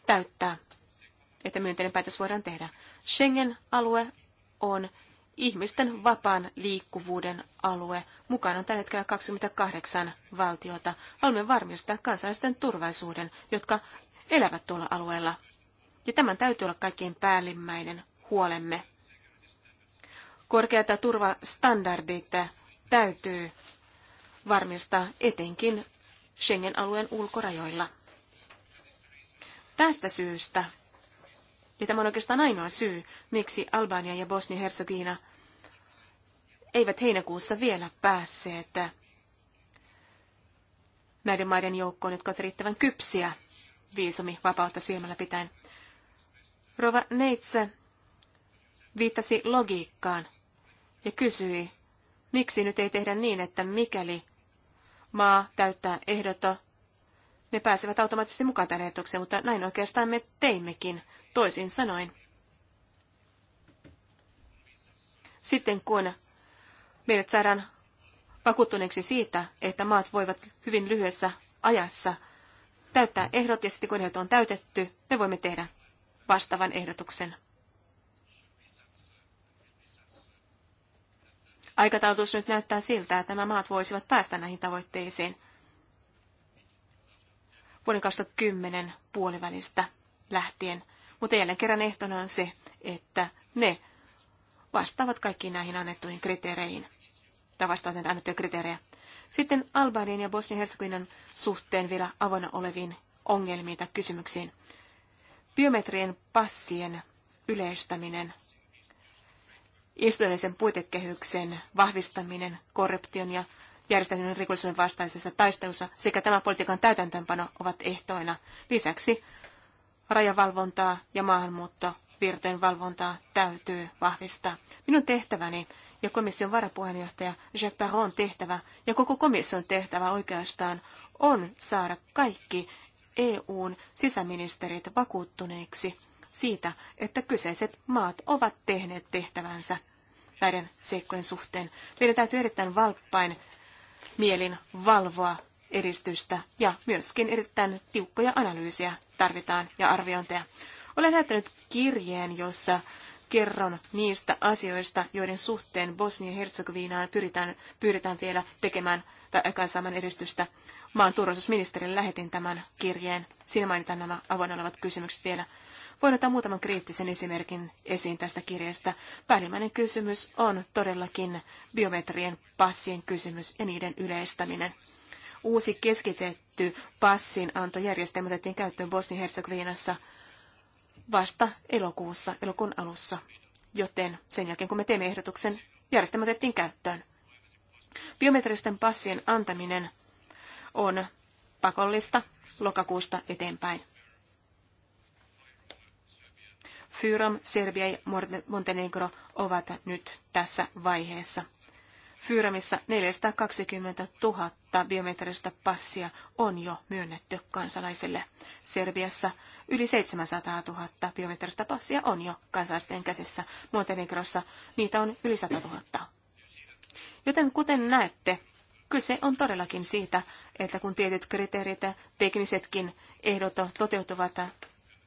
täyttää, että myönteinen päätös voidaan tehdä. Schengen-alue on ihmisten vapaan liikkuvuuden alue. Mukana on tällä hetkellä 28 valtiota. Haluamme varmistaa kansalaisten turvallisuuden, jotka elävät tuolla alueella. Ja tämän täytyy olla kaikkein päällimmäinen huolemme. Korkeat turvastandardit täytyy varmistaa etenkin Schengen-alueen ulkorajoilla. Tästä syystä, ja tämä on oikeastaan ainoa syy, miksi Albania ja Bosnia-Herzegovina eivät heinäkuussa vielä päässeet näiden maiden joukkoon, jotka ovat riittävän kypsiä viisumivapautta vapautta silmällä pitäen. Rova Neitse viittasi logiikkaan, ja kysyi, miksi nyt ei tehdä niin, että mikäli maa täyttää ehdoto, ne pääsevät automaattisesti mukaan tähän ehdotukseen, mutta näin oikeastaan me teimmekin, toisin sanoen. Sitten kun meidät saadaan vakuuttuneeksi siitä, että maat voivat hyvin lyhyessä ajassa täyttää ehdot, ja sitten kun ehdot on täytetty, me voimme tehdä vastaavan ehdotuksen. Aikataulutus nyt näyttää siltä, että nämä maat voisivat päästä näihin tavoitteisiin vuoden 2010 puolivälistä lähtien. Mutta jälleen kerran ehtona on se, että ne vastaavat kaikkiin näihin annettuihin kriteereihin tai vastaavat näitä annettuja kriteerejä. Sitten Albanian ja Bosnia-Herzegovinan suhteen vielä avoinna oleviin ongelmiin tai kysymyksiin. Biometrien passien yleistäminen Istuneisen puitekehyksen vahvistaminen korruption ja järjestäytyneen rikollisuuden vastaisessa taistelussa sekä tämän politiikan täytäntöönpano ovat ehtoina. Lisäksi rajavalvontaa ja maahanmuuttovirtojen valvontaa täytyy vahvistaa. Minun tehtäväni ja komission varapuheenjohtaja Jacques Perron tehtävä ja koko komission tehtävä oikeastaan on saada kaikki EUn sisäministerit vakuuttuneiksi siitä, että kyseiset maat ovat tehneet tehtävänsä näiden seikkojen suhteen. Meidän täytyy erittäin valppain mielin valvoa edistystä ja myöskin erittäin tiukkoja analyysiä tarvitaan ja arviointeja. Olen näyttänyt kirjeen, jossa kerron niistä asioista, joiden suhteen Bosnia-Herzegovinaan pyritään, pyritään vielä tekemään tai aikaisemman edistystä. Maan turvallisuusministerille lähetin tämän kirjeen. Siinä mainitaan nämä avoin olevat kysymykset vielä. Voin ottaa muutaman kriittisen esimerkin esiin tästä kirjasta. Päällimmäinen kysymys on todellakin biometrien passien kysymys ja niiden yleistäminen. Uusi keskitetty antojärjestelmä otettiin käyttöön Bosnia-Herzegovinassa vasta elokuussa, elokuun alussa, joten sen jälkeen kun me teemme ehdotuksen, järjestelmä otettiin käyttöön. Biometristen passien antaminen on pakollista lokakuusta eteenpäin. Fyram, Serbia ja Montenegro ovat nyt tässä vaiheessa. Fyramissa 420 000 biometristä passia on jo myönnetty kansalaisille. Serbiassa yli 700 000 biometristä passia on jo kansalaisten käsissä. Montenegrossa niitä on yli 100 000. Joten kuten näette, kyse on todellakin siitä, että kun tietyt kriteerit ja teknisetkin ehdot toteutuvat,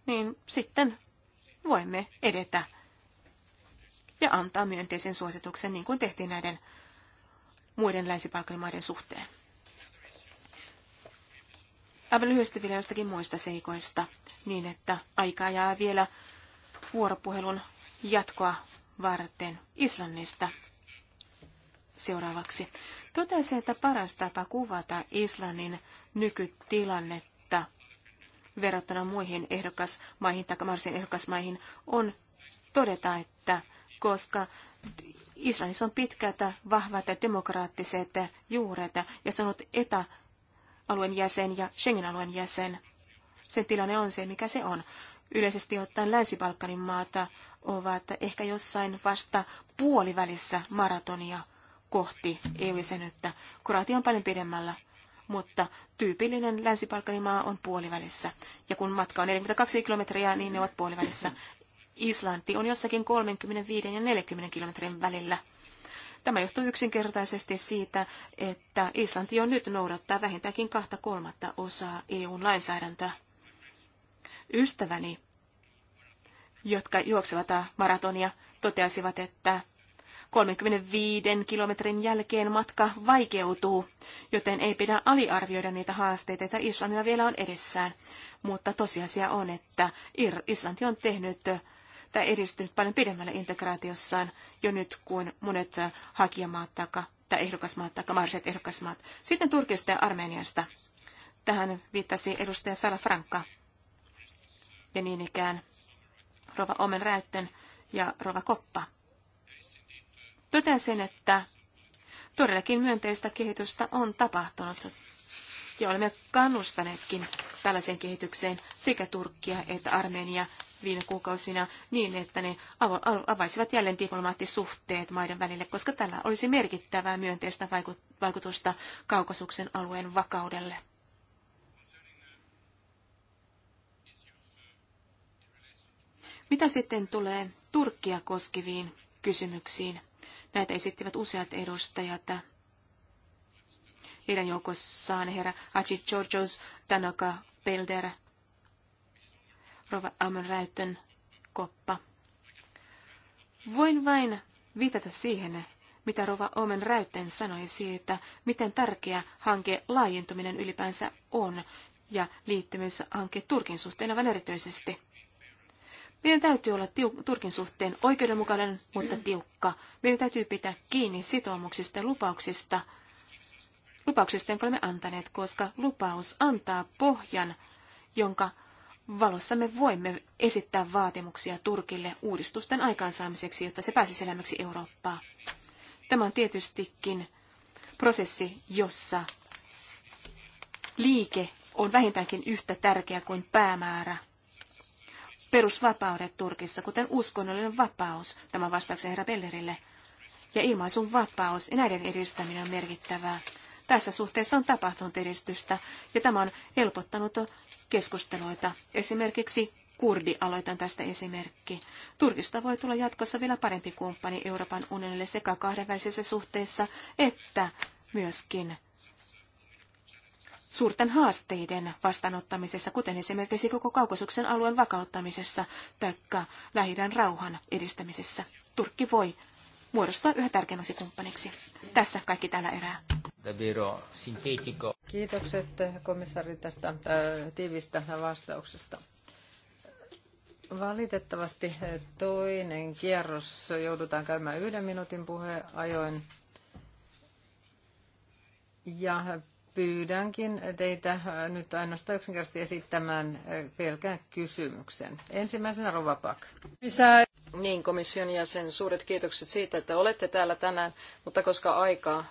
niin sitten voimme edetä ja antaa myönteisen suosituksen, niin kuin tehtiin näiden muiden länsipalkkaiden suhteen. Aivan lyhyesti vielä jostakin muista seikoista, niin että aikaa jää vielä vuoropuhelun jatkoa varten Islannista seuraavaksi. Totesin, että paras tapa kuvata Islannin nykytilannetta verrattuna muihin ehdokasmaihin tai mahdollisiin ehdokasmaihin on todeta, että koska Israelissa on pitkät, vahvat demokraattiset juuret ja se on ollut Etäalueen jäsen ja Schengen-alueen jäsen. Sen tilanne on se, mikä se on. Yleisesti ottaen Länsi-Balkanin maata ovat ehkä jossain vasta puolivälissä maratonia kohti EU-jäsenyyttä. Kroatia on paljon pidemmällä mutta tyypillinen länsi maa on puolivälissä. Ja kun matka on 42 kilometriä, niin ne ovat puolivälissä. Islanti on jossakin 35 ja 40 kilometrin välillä. Tämä johtuu yksinkertaisesti siitä, että Islanti on nyt noudattaa vähintäänkin kahta kolmatta osaa EUn lainsäädäntöä. Ystäväni, jotka juoksevat maratonia, toteasivat, että 35 kilometrin jälkeen matka vaikeutuu, joten ei pidä aliarvioida niitä haasteita, joita Islannilla vielä on edessään. Mutta tosiasia on, että Islanti on tehnyt tai edistynyt paljon pidemmälle integraatiossaan jo nyt kuin monet hakijamaat taka, tai ehdokasmaat tai mahdolliset ehdokasmaat. Sitten Turkista ja Armeniasta. Tähän viittasi edustaja Franka. Ja niin ikään Rova Omen Räytten ja Rova Koppa. Totean sen, että todellakin myönteistä kehitystä on tapahtunut ja olemme kannustaneetkin tällaiseen kehitykseen sekä Turkkia että Armenia viime kuukausina niin, että ne avaisivat jälleen diplomaattisuhteet maiden välille, koska tällä olisi merkittävää myönteistä vaikutusta kaukasuksen alueen vakaudelle. Mitä sitten tulee Turkkia koskeviin kysymyksiin? Näitä esittivät useat edustajat. Heidän joukossaan herra Hachi Georgios, Tanaka Pelder, Rova Amräytön koppa. Voin vain viitata siihen, mitä Rova Omen Räyten sanoi siitä, miten tärkeä hanke laajentuminen ylipäänsä on, ja hanke Turkin suhteen aivan erityisesti. Meidän täytyy olla tiuk- Turkin suhteen oikeudenmukainen, mutta tiukka. Meidän täytyy pitää kiinni sitoumuksista ja lupauksista, lupauksista, jonka olemme antaneet, koska lupaus antaa pohjan, jonka valossa me voimme esittää vaatimuksia Turkille uudistusten aikaansaamiseksi, jotta se pääsisi elämäksi Eurooppaa. Tämä on tietystikin prosessi, jossa liike on vähintäänkin yhtä tärkeä kuin päämäärä perusvapaudet Turkissa, kuten uskonnollinen vapaus, tämä vastauksen herra Bellerille, ja ilmaisun vapaus ja näiden edistäminen on merkittävää. Tässä suhteessa on tapahtunut edistystä ja tämä on helpottanut keskusteluita. Esimerkiksi kurdi aloitan tästä esimerkki. Turkista voi tulla jatkossa vielä parempi kumppani Euroopan unionille sekä kahdenvälisissä suhteissa että myöskin suurten haasteiden vastaanottamisessa, kuten esimerkiksi koko kaukosuksen alueen vakauttamisessa tai lähidän rauhan edistämisessä. Turkki voi muodostua yhä tärkeämmäksi kumppaniksi. Tässä kaikki tällä erää. Kiitokset komissari tästä äh, tiivistä vastauksesta. Valitettavasti äh, toinen kierros joudutaan käymään yhden minuutin puheajoin. Ja pyydänkin teitä äh, nyt ainoastaan yksinkertaisesti esittämään äh, pelkän kysymyksen. Ensimmäisenä Rova Pak. Niin, komission jäsen, suuret kiitokset siitä, että olette täällä tänään, mutta koska aikaa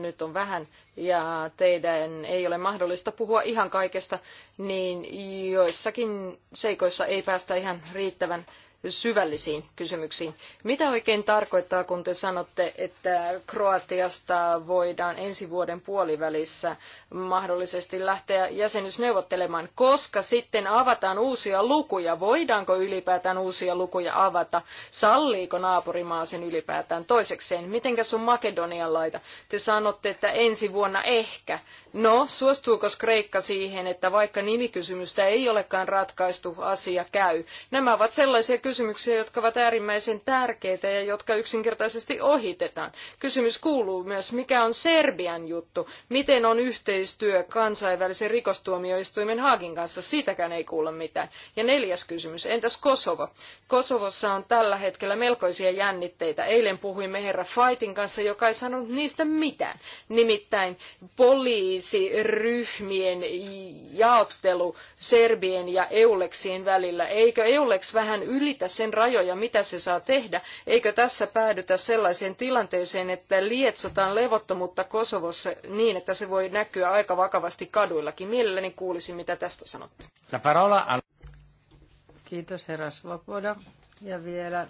nyt on vähän ja teidän ei ole mahdollista puhua ihan kaikesta, niin joissakin seikoissa ei päästä ihan riittävän syvällisiin kysymyksiin. Mitä oikein tarkoittaa, kun te sanotte, että Kroatiasta voidaan ensi vuoden puolivälissä mahdollisesti lähteä jäsenyysneuvottelemaan, koska sitten avataan uusia lukuja? Voidaanko ylipäätään uusia lukuja avata? Salliiko naapurimaa sen ylipäätään? Toisekseen, mitenkä sun Makedonian laita? Te sanotte, että ensi vuonna ehkä. No, suostuuko Kreikka siihen, että vaikka nimikysymystä ei olekaan ratkaistu, asia käy? Nämä ovat sellaisia kysymyksiä, jotka ovat äärimmäisen tärkeitä ja jotka yksinkertaisesti ohitetaan. Kysymys kuuluu myös, mikä on Serbian juttu? Miten on yhteistyö kansainvälisen rikostuomioistuimen Haagin kanssa? Siitäkään ei kuulla mitään. Ja neljäs kysymys, entäs Kosovo? Kosovossa on tällä hetkellä melkoisia jännitteitä. Eilen puhuimme herra Faitin kanssa, joka ei sanonut niistä mitään. Nimittäin poliisi ryhmien jaottelu Serbien ja Eulexien välillä? Eikö Eulex vähän ylitä sen rajoja, mitä se saa tehdä? Eikö tässä päädytä sellaiseen tilanteeseen, että lietsotaan levottomuutta Kosovossa niin, että se voi näkyä aika vakavasti kaduillakin? Mielelläni kuulisin, mitä tästä sanotte. Kiitos herra Svoboda. Ja vielä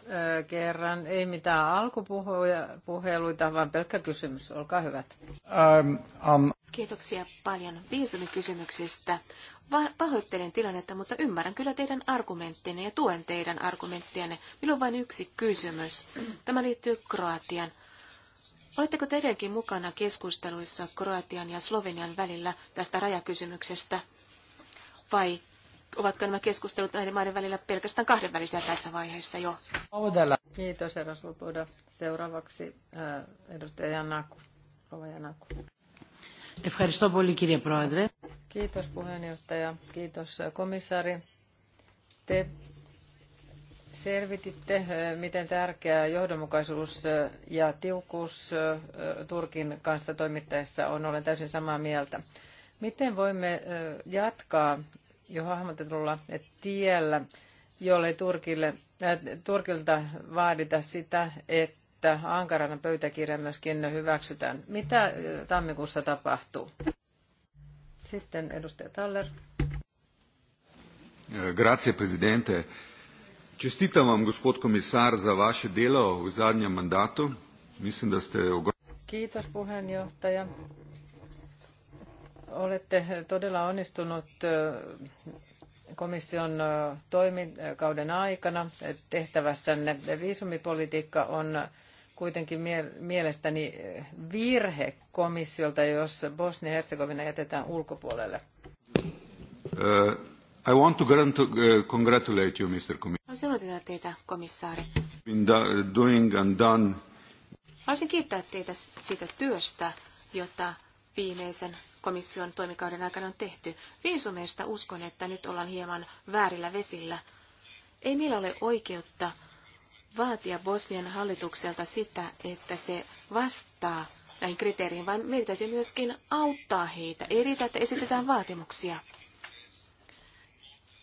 kerran, ei mitään alkupuheluita, vaan pelkkä kysymys. Olkaa hyvät. Um, um. Kiitoksia paljon kysymyksistä. Va- pahoittelen tilannetta, mutta ymmärrän kyllä teidän argumenttinne ja tuen teidän argumenttianne. Minulla on vain yksi kysymys. Tämä liittyy Kroatian. Oletteko teidänkin mukana keskusteluissa Kroatian ja Slovenian välillä tästä rajakysymyksestä? Vai ovatko nämä keskustelut näiden maiden välillä pelkästään kahdenvälisiä tässä vaiheessa jo? Kiitos, herra Svoboda. Seuraavaksi äh, edustaja Janaku. Rova Janaku. Kiitos puheenjohtaja, kiitos äh, komissaari. Te selvititte, äh, miten tärkeää johdonmukaisuus ja tiukkuus Turkin kanssa toimittaessa on. Olen täysin samaa mieltä. Miten voimme jatkaa jo hahmotetulla tiellä, jolle Turkille, äh, Turkilta vaadita sitä, että Ankarana pöytäkirja myöskin hyväksytään. Mitä äh, tammikuussa tapahtuu? Sitten edustaja Taller. Eh, grazie, presidente. Čestitam vam, gospod komisar, za vaše delo v zadnjem mandatu. Mislim, da ste ogromno... Kiitos, puheenjohtaja. Olette todella onnistunut komission toimikauden aikana tehtävässänne. Viisumipolitiikka on kuitenkin mielestäni virhe komissiolta, jos Bosnia-Herzegovina jätetään ulkopuolelle. Uh, I want to congratulate you, Mr. Commissioner. teitä, komissaari. Haluaisin kiittää teitä siitä työstä, jota viimeisen komission toimikauden aikana on tehty. Viisumeista uskon, että nyt ollaan hieman väärillä vesillä. Ei meillä ole oikeutta vaatia Bosnian hallitukselta sitä, että se vastaa näihin kriteeriin, vaan meidän täytyy myöskin auttaa heitä. Ei riitä, että esitetään vaatimuksia.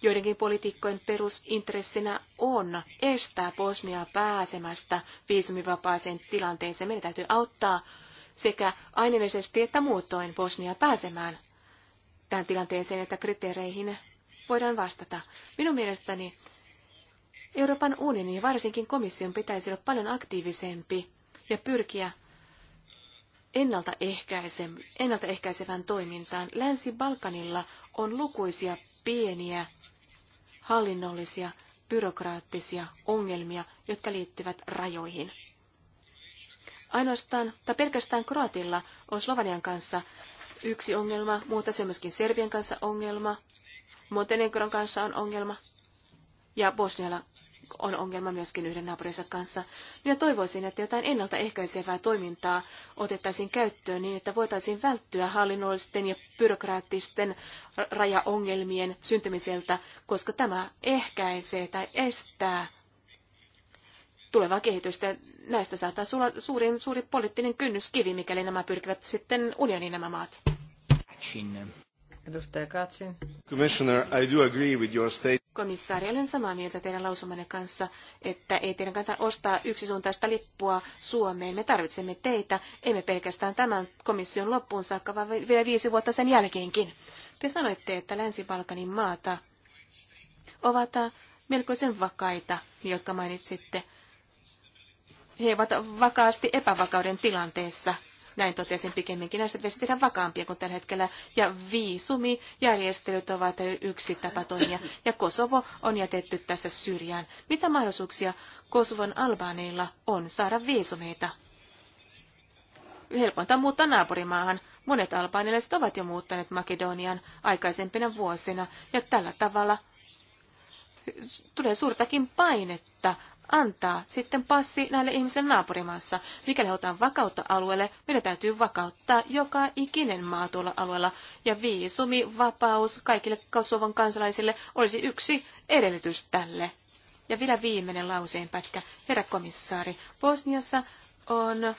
Joidenkin poliitikkojen perusintressinä on estää Bosniaa pääsemästä viisumivapaaseen tilanteeseen. Meidän täytyy auttaa sekä aineellisesti että muutoin Bosnia pääsemään tähän tilanteeseen, että kriteereihin voidaan vastata. Minun mielestäni Euroopan unionin ja varsinkin komission pitäisi olla paljon aktiivisempi ja pyrkiä ennaltaehkäisevään toimintaan. Länsi-Balkanilla on lukuisia pieniä hallinnollisia, byrokraattisia ongelmia, jotka liittyvät rajoihin. Ainoastaan tai pelkästään Kroatilla on Slovanian kanssa yksi ongelma, mutta se myöskin Serbian kanssa ongelma, Montenegron kanssa on ongelma ja Bosnialla on ongelma myöskin yhden naapurinsa kanssa. Minä toivoisin, että jotain ennaltaehkäisevää toimintaa otettaisiin käyttöön niin, että voitaisiin välttyä hallinnollisten ja byrokraattisten rajaongelmien syntymiseltä, koska tämä ehkäisee tai estää tulevaa kehitystä näistä saattaa sulla suuri, suuri poliittinen kynnyskivi, mikäli nämä pyrkivät sitten unioniin nämä maat. Katsin. Edustaja Katsin. Commissioner, I do agree with your state. Komissaari, olen samaa mieltä teidän lausumanne kanssa, että ei teidän kannata ostaa yksisuuntaista lippua Suomeen. Me tarvitsemme teitä, emme pelkästään tämän komission loppuun saakka, vaan vielä viisi vuotta sen jälkeenkin. Te sanoitte, että Länsi-Balkanin maata ovat äh, melkoisen vakaita, jotka mainitsitte he ovat vakaasti epävakauden tilanteessa. Näin totesin pikemminkin. Näistä pitäisi tehdä vakaampia kuin tällä hetkellä. Ja viisumijärjestelyt ovat yksi tapa toimia. Ja Kosovo on jätetty tässä syrjään. Mitä mahdollisuuksia Kosovon albaaneilla on saada viisumeita? Helpointa muuttaa naapurimaahan. Monet albaanilaiset ovat jo muuttaneet Makedonian aikaisempina vuosina. Ja tällä tavalla tulee suurtakin painetta antaa sitten passi näille ihmisille naapurimaassa. Mikäli halutaan vakautta alueelle, meidän täytyy vakauttaa joka ikinen maa tuolla alueella. Ja viisumi, vapaus kaikille Kosovon kansalaisille olisi yksi edellytys tälle. Ja vielä viimeinen pätkä, Herra komissaari, Bosniassa on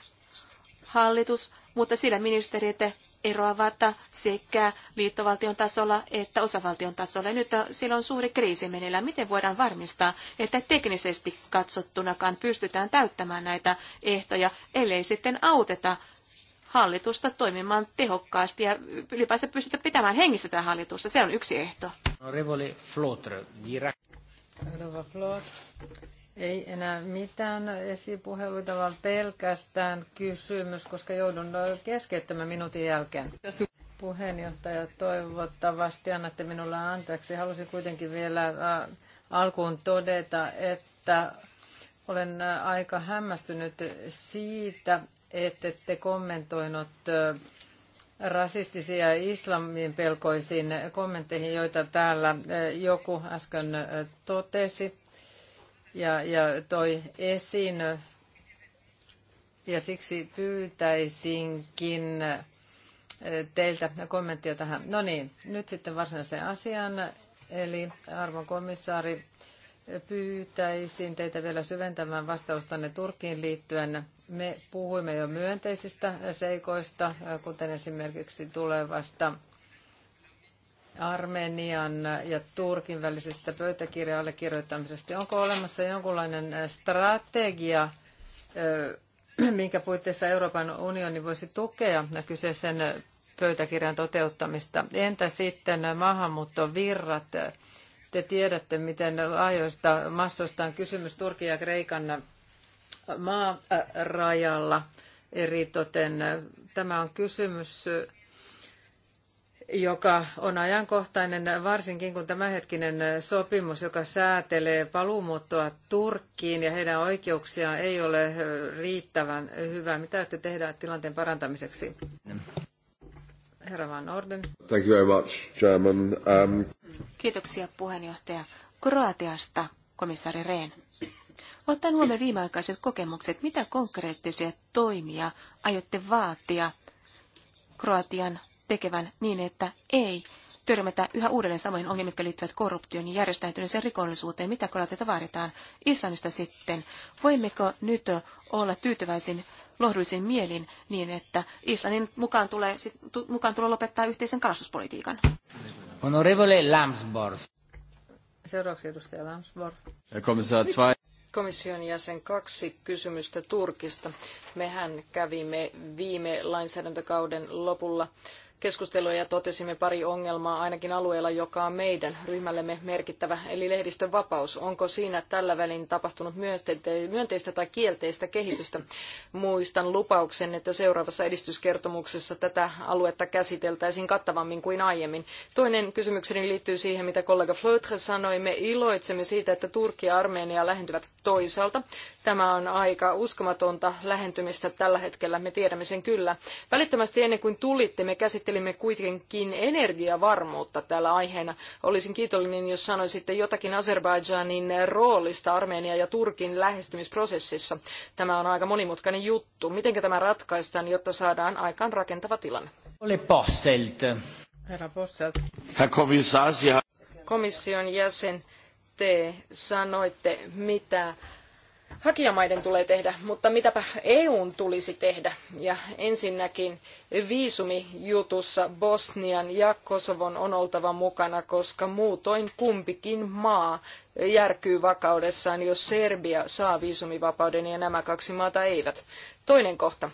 hallitus, mutta sillä ministeriöt eroavata sekä liittovaltion tasolla että osavaltion tasolla. nyt siellä on suuri kriisi meneillään. Miten voidaan varmistaa, että teknisesti katsottunakaan pystytään täyttämään näitä ehtoja, ellei sitten auteta hallitusta toimimaan tehokkaasti ja ylipäänsä pystytä pitämään hengissä tämä hallitusta. Se on yksi ehto. Revole Flotre, ei enää mitään esipuheluita, vaan pelkästään kysymys, koska joudun keskeyttämään minuutin jälkeen. Puheenjohtaja, toivottavasti annatte minulle anteeksi. Halusin kuitenkin vielä alkuun todeta, että olen aika hämmästynyt siitä, että te kommentoinut rasistisia islamin pelkoisiin kommentteihin, joita täällä joku äsken totesi ja, ja toi esiin. Ja siksi pyytäisinkin teiltä kommenttia tähän. No niin, nyt sitten varsinaiseen asiaan. Eli arvon komissaari, pyytäisin teitä vielä syventämään vastaustanne Turkkiin liittyen. Me puhuimme jo myönteisistä seikoista, kuten esimerkiksi tulevasta Armenian ja Turkin välisestä pöytäkirjan allekirjoittamisesta. Onko olemassa jonkunlainen äh, strategia, äh, [CLEARS THROAT] minkä puitteissa Euroopan unioni voisi tukea kyseisen pöytäkirjan toteuttamista? Entä sitten maahanmuuttovirrat? Te tiedätte, miten laajoista massoista on kysymys Turkin ja Kreikan äh, maarajalla. Eritoten tämä on kysymys, joka on ajankohtainen, varsinkin kun tämänhetkinen sopimus, joka säätelee paluumuuttoa Turkkiin ja heidän oikeuksiaan ei ole riittävän hyvä. Mitä ajatte tehdä tilanteen parantamiseksi? Herra Van Orden. Thank you very much, Chairman. Um... Kiitoksia puheenjohtaja. Kroatiasta, komissaari Rehn. Ottaen huomioon viimeaikaiset kokemukset, mitä konkreettisia toimia aiotte vaatia Kroatian tekevän niin, että ei törmätä yhä uudelleen samoihin ongelmiin, jotka liittyvät korruptioon ja järjestäytyneeseen rikollisuuteen. Mitä korotetta vaaditaan Islannista sitten? Voimmeko nyt olla tyytyväisin lohduisin mielin niin, että Islannin mukaan tulee, mukaan tulee lopettaa yhteisen kalastuspolitiikan? Honorevole Lambsdorff. Seuraavaksi edustaja Lambsdorff. Komissaar komission jäsen kaksi kysymystä Turkista. Mehän kävimme viime lainsäädäntökauden lopulla keskustelua ja totesimme pari ongelmaa ainakin alueella, joka on meidän ryhmällemme merkittävä, eli lehdistön vapaus. Onko siinä tällä välin tapahtunut myönteistä tai kielteistä kehitystä? Muistan lupauksen, että seuraavassa edistyskertomuksessa tätä aluetta käsiteltäisiin kattavammin kuin aiemmin. Toinen kysymykseni liittyy siihen, mitä kollega Flötre sanoi. Me iloitsemme siitä, että Turkki ja Armenia lähentyvät toisaalta. Tämä on aika uskomatonta lähentymistä tällä hetkellä, me tiedämme sen kyllä. Välittömästi ennen kuin tulitte, me käsittelimme käsittelimme kuitenkin energiavarmuutta tällä aiheena. Olisin kiitollinen, jos sanoisitte jotakin Azerbaidžanin roolista Armenian ja Turkin lähestymisprosessissa. Tämä on aika monimutkainen juttu. Miten tämä ratkaistaan, jotta saadaan aikaan rakentava tilanne? Ole Posselt. Herra Posselt. Herr Komission jäsen, te sanoitte, mitä hakijamaiden tulee tehdä, mutta mitäpä EUn tulisi tehdä. Ja ensinnäkin viisumijutussa Bosnian ja Kosovon on oltava mukana, koska muutoin kumpikin maa järkyy vakaudessaan, jos Serbia saa viisumivapauden ja nämä kaksi maata eivät. Toinen kohta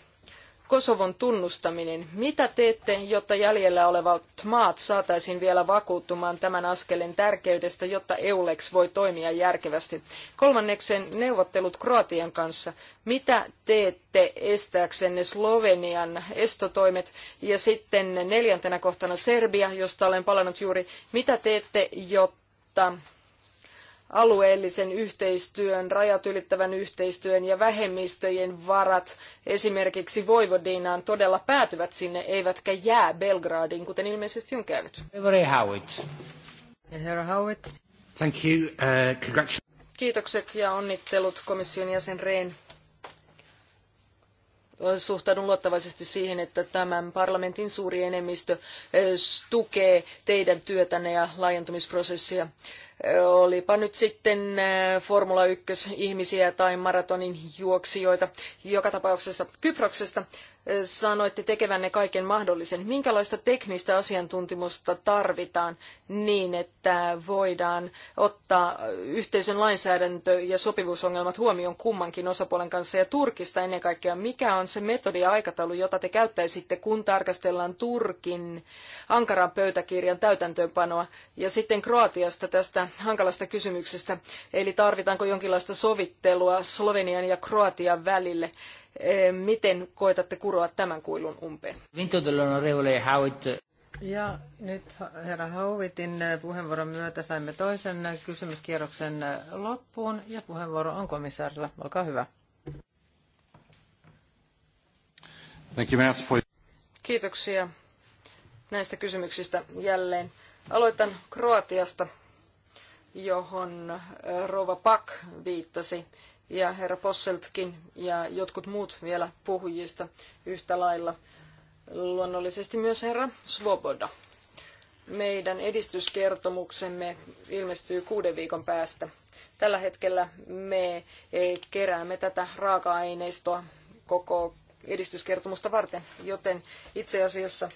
Kosovon tunnustaminen. Mitä teette, jotta jäljellä olevat maat saataisiin vielä vakuuttumaan tämän askeleen tärkeydestä, jotta EULEX voi toimia järkevästi? Kolmanneksen neuvottelut Kroatian kanssa. Mitä teette estääksenne Slovenian estotoimet? Ja sitten neljäntenä kohtana Serbia, josta olen palannut juuri. Mitä teette, jotta alueellisen yhteistyön, rajat ylittävän yhteistyön ja vähemmistöjen varat esimerkiksi Voivodinaan todella päätyvät sinne, eivätkä jää Belgradiin, kuten ilmeisesti on käynyt. Herra Thank you. Uh, Kiitokset ja onnittelut komission jäsen Rehn. Suhtaudun luottavaisesti siihen, että tämän parlamentin suuri enemmistö eh, tukee teidän työtänne ja laajentumisprosessia olipa nyt sitten äh, Formula 1-ihmisiä tai maratonin juoksijoita. Joka tapauksessa Kyproksesta äh, sanoitte tekevänne kaiken mahdollisen. Minkälaista teknistä asiantuntimusta tarvitaan niin, että voidaan ottaa yhteisön lainsäädäntö ja sopivuusongelmat huomioon kummankin osapuolen kanssa ja Turkista ennen kaikkea? Mikä on se metodi ja aikataulu, jota te käyttäisitte, kun tarkastellaan Turkin Ankaran pöytäkirjan täytäntöönpanoa? Ja sitten Kroatiasta tästä hankalasta kysymyksestä, eli tarvitaanko jonkinlaista sovittelua Slovenian ja Kroatian välille. Eh, miten koetatte kuroa tämän kuilun umpeen? Ja nyt herra Hauvitin puheenvuoron myötä saimme toisen kysymyskierroksen loppuun ja puheenvuoro on komissaarilla. Olkaa hyvä. Kiitoksia näistä kysymyksistä jälleen. Aloitan Kroatiasta johon Rova Pak viittasi ja herra Posseltkin ja jotkut muut vielä puhujista yhtä lailla. Luonnollisesti myös herra Svoboda. Meidän edistyskertomuksemme ilmestyy kuuden viikon päästä. Tällä hetkellä me e, keräämme tätä raaka-aineistoa koko edistyskertomusta varten, joten itse asiassa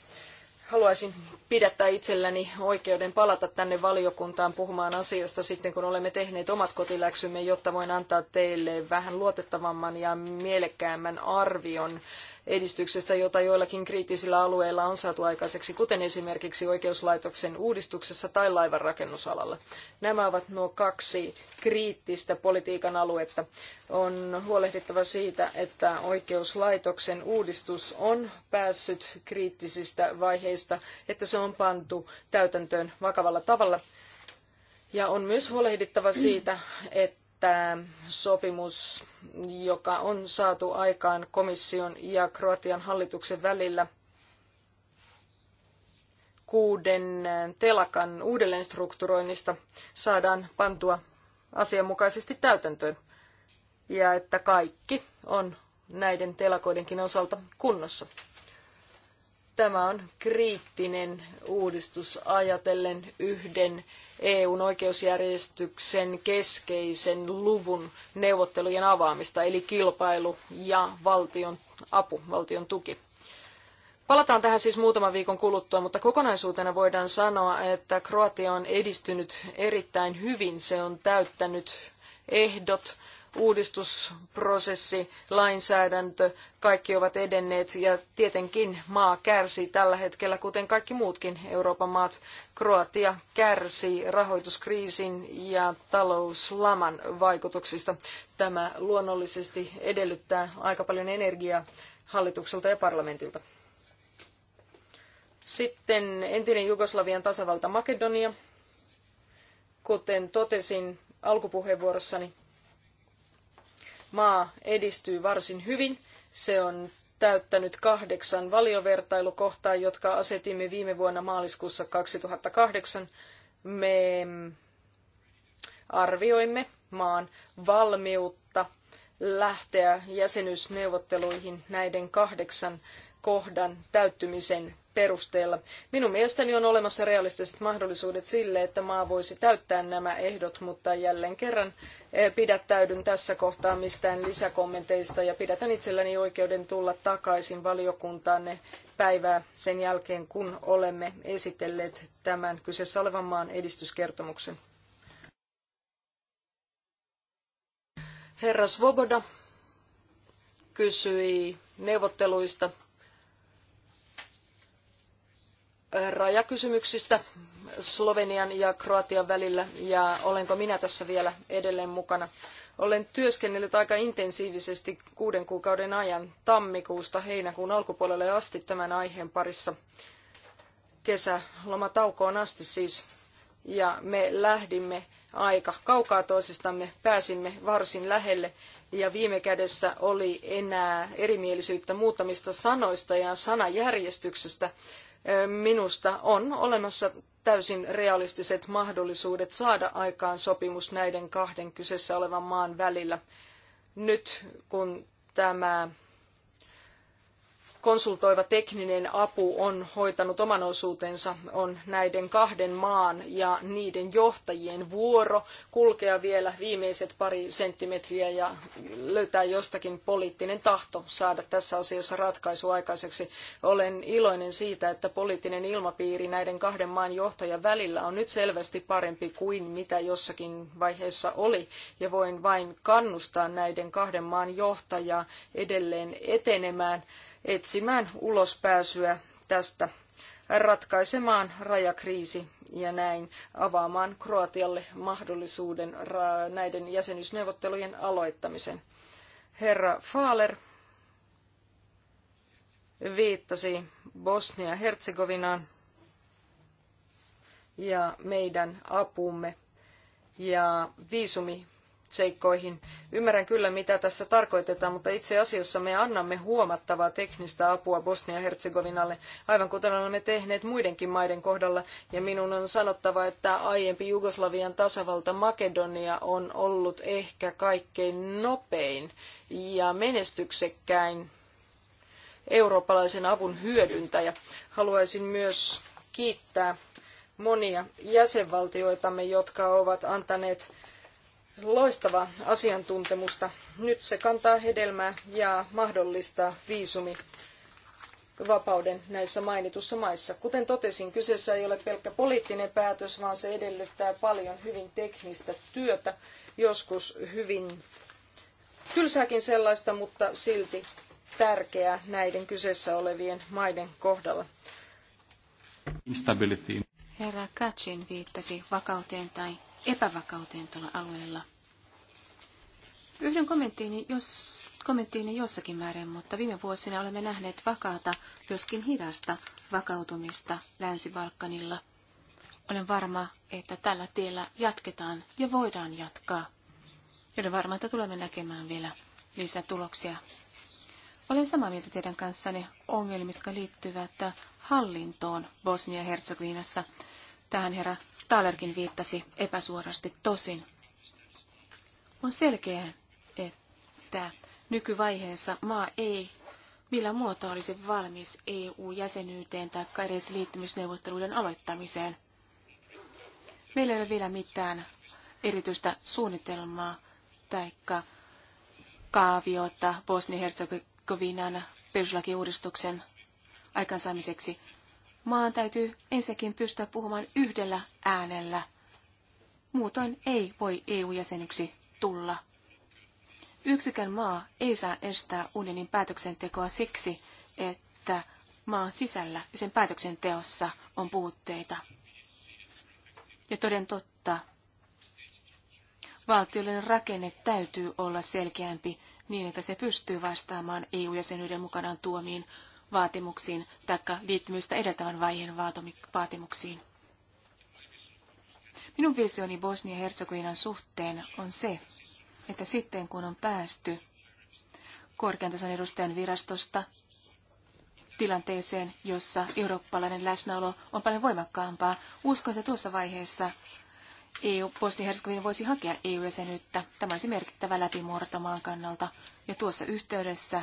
haluaisin pidättää itselläni oikeuden palata tänne valiokuntaan puhumaan asiasta sitten, kun olemme tehneet omat kotiläksymme, jotta voin antaa teille vähän luotettavamman ja mielekkäämmän arvion edistyksestä, jota joillakin kriittisillä alueilla on saatu aikaiseksi, kuten esimerkiksi oikeuslaitoksen uudistuksessa tai laivan rakennusalalla. Nämä ovat nuo kaksi kriittistä politiikan aluetta. On huolehdittava siitä, että oikeuslaitoksen uudistus on päässyt kriittisistä vaiheista, että se on pantu täytäntöön vakavalla tavalla. Ja on myös huolehdittava siitä, että tämä sopimus, joka on saatu aikaan komission ja Kroatian hallituksen välillä kuuden telakan uudelleenstrukturoinnista, saadaan pantua asianmukaisesti täytäntöön. Ja että kaikki on näiden telakoidenkin osalta kunnossa. Tämä on kriittinen uudistus ajatellen yhden EUn oikeusjärjestyksen keskeisen luvun neuvottelujen avaamista, eli kilpailu ja valtion apu, valtion tuki. Palataan tähän siis muutaman viikon kuluttua, mutta kokonaisuutena voidaan sanoa, että Kroatia on edistynyt erittäin hyvin. Se on täyttänyt ehdot uudistusprosessi, lainsäädäntö, kaikki ovat edenneet ja tietenkin maa kärsii tällä hetkellä, kuten kaikki muutkin Euroopan maat. Kroatia kärsii rahoituskriisin ja talouslaman vaikutuksista. Tämä luonnollisesti edellyttää aika paljon energiaa hallitukselta ja parlamentilta. Sitten entinen Jugoslavian tasavalta Makedonia. Kuten totesin alkupuheenvuorossani, maa edistyy varsin hyvin. Se on täyttänyt kahdeksan valiovertailukohtaa, jotka asetimme viime vuonna maaliskuussa 2008. Me arvioimme maan valmiutta lähteä jäsenyysneuvotteluihin näiden kahdeksan kohdan täyttymisen perusteella. Minun mielestäni on olemassa realistiset mahdollisuudet sille, että maa voisi täyttää nämä ehdot, mutta jälleen kerran eh, pidättäydyn tässä kohtaa mistään lisäkommenteista ja pidätän itselläni oikeuden tulla takaisin valiokuntaanne päivää sen jälkeen, kun olemme esitelleet tämän kyseessä olevan maan edistyskertomuksen. Herra Svoboda kysyi neuvotteluista rajakysymyksistä Slovenian ja Kroatian välillä ja olenko minä tässä vielä edelleen mukana. Olen työskennellyt aika intensiivisesti kuuden kuukauden ajan tammikuusta heinäkuun alkupuolelle asti tämän aiheen parissa kesälomataukoon asti siis. Ja me lähdimme aika kaukaa toisistamme, pääsimme varsin lähelle ja viime kädessä oli enää erimielisyyttä muutamista sanoista ja sanajärjestyksestä, minusta on olemassa täysin realistiset mahdollisuudet saada aikaan sopimus näiden kahden kyseessä olevan maan välillä. Nyt kun tämä konsultoiva tekninen apu on hoitanut oman osuutensa, on näiden kahden maan ja niiden johtajien vuoro kulkea vielä viimeiset pari senttimetriä ja löytää jostakin poliittinen tahto saada tässä asiassa ratkaisu aikaiseksi. Olen iloinen siitä, että poliittinen ilmapiiri näiden kahden maan johtajan välillä on nyt selvästi parempi kuin mitä jossakin vaiheessa oli, ja voin vain kannustaa näiden kahden maan johtajaa edelleen etenemään etsimään ulospääsyä tästä ratkaisemaan rajakriisi ja näin avaamaan Kroatialle mahdollisuuden näiden jäsenyysneuvottelujen aloittamisen. Herra Faaler viittasi Bosnia-Herzegovinaan ja meidän apumme ja viisumi seikkoihin. Ymmärrän kyllä, mitä tässä tarkoitetaan, mutta itse asiassa me annamme huomattavaa teknistä apua Bosnia-Herzegovinalle, aivan kuten olemme tehneet muidenkin maiden kohdalla. Ja minun on sanottava, että aiempi Jugoslavian tasavalta Makedonia on ollut ehkä kaikkein nopein ja menestyksekkäin eurooppalaisen avun hyödyntäjä. Haluaisin myös kiittää monia jäsenvaltioitamme, jotka ovat antaneet loistavaa asiantuntemusta. Nyt se kantaa hedelmää ja mahdollistaa viisumi vapauden näissä mainitussa maissa. Kuten totesin, kyseessä ei ole pelkkä poliittinen päätös, vaan se edellyttää paljon hyvin teknistä työtä, joskus hyvin tylsääkin sellaista, mutta silti tärkeää näiden kyseessä olevien maiden kohdalla. Herra Kacin viittasi vakauteen tai epävakauteen tuolla alueella. Yhden kommenttiini, jos, kommenttiini jossakin määrin, mutta viime vuosina olemme nähneet vakaata, joskin hidasta vakautumista Länsi-Balkanilla. Olen varma, että tällä tiellä jatketaan ja voidaan jatkaa. Olen varma, että tulemme näkemään vielä lisää tuloksia. Olen samaa mieltä teidän kanssanne ongelmista, jotka liittyvät hallintoon Bosnia-Herzegovinassa. Tähän herra Talerkin viittasi epäsuorasti tosin. On selkeää, että nykyvaiheessa maa ei millä muotoa olisi valmis EU-jäsenyyteen tai edes liittymisneuvotteluiden aloittamiseen. Meillä ei ole vielä mitään erityistä suunnitelmaa tai kaaviota Bosnia-Herzegovinan perustuslakiuudistuksen aikansaamiseksi maan täytyy ensinnäkin pystyä puhumaan yhdellä äänellä. Muutoin ei voi EU-jäsenyksi tulla. Yksikään maa ei saa estää unionin päätöksentekoa siksi, että maan sisällä ja sen päätöksenteossa on puutteita. Ja toden totta, valtiollinen rakenne täytyy olla selkeämpi niin, että se pystyy vastaamaan EU-jäsenyyden mukanaan tuomiin vaatimuksiin tai liittymistä edeltävän vaiheen vaatimuksiin. Minun visioni Bosnia-Herzegovinan suhteen on se, että sitten kun on päästy korkean tason edustajan virastosta tilanteeseen, jossa eurooppalainen läsnäolo on paljon voimakkaampaa, uskon, että tuossa vaiheessa EU, Bosnia-Herzegovina voisi hakea EU-jäsenyyttä. Tämä olisi merkittävä läpimurto maan kannalta. Ja tuossa yhteydessä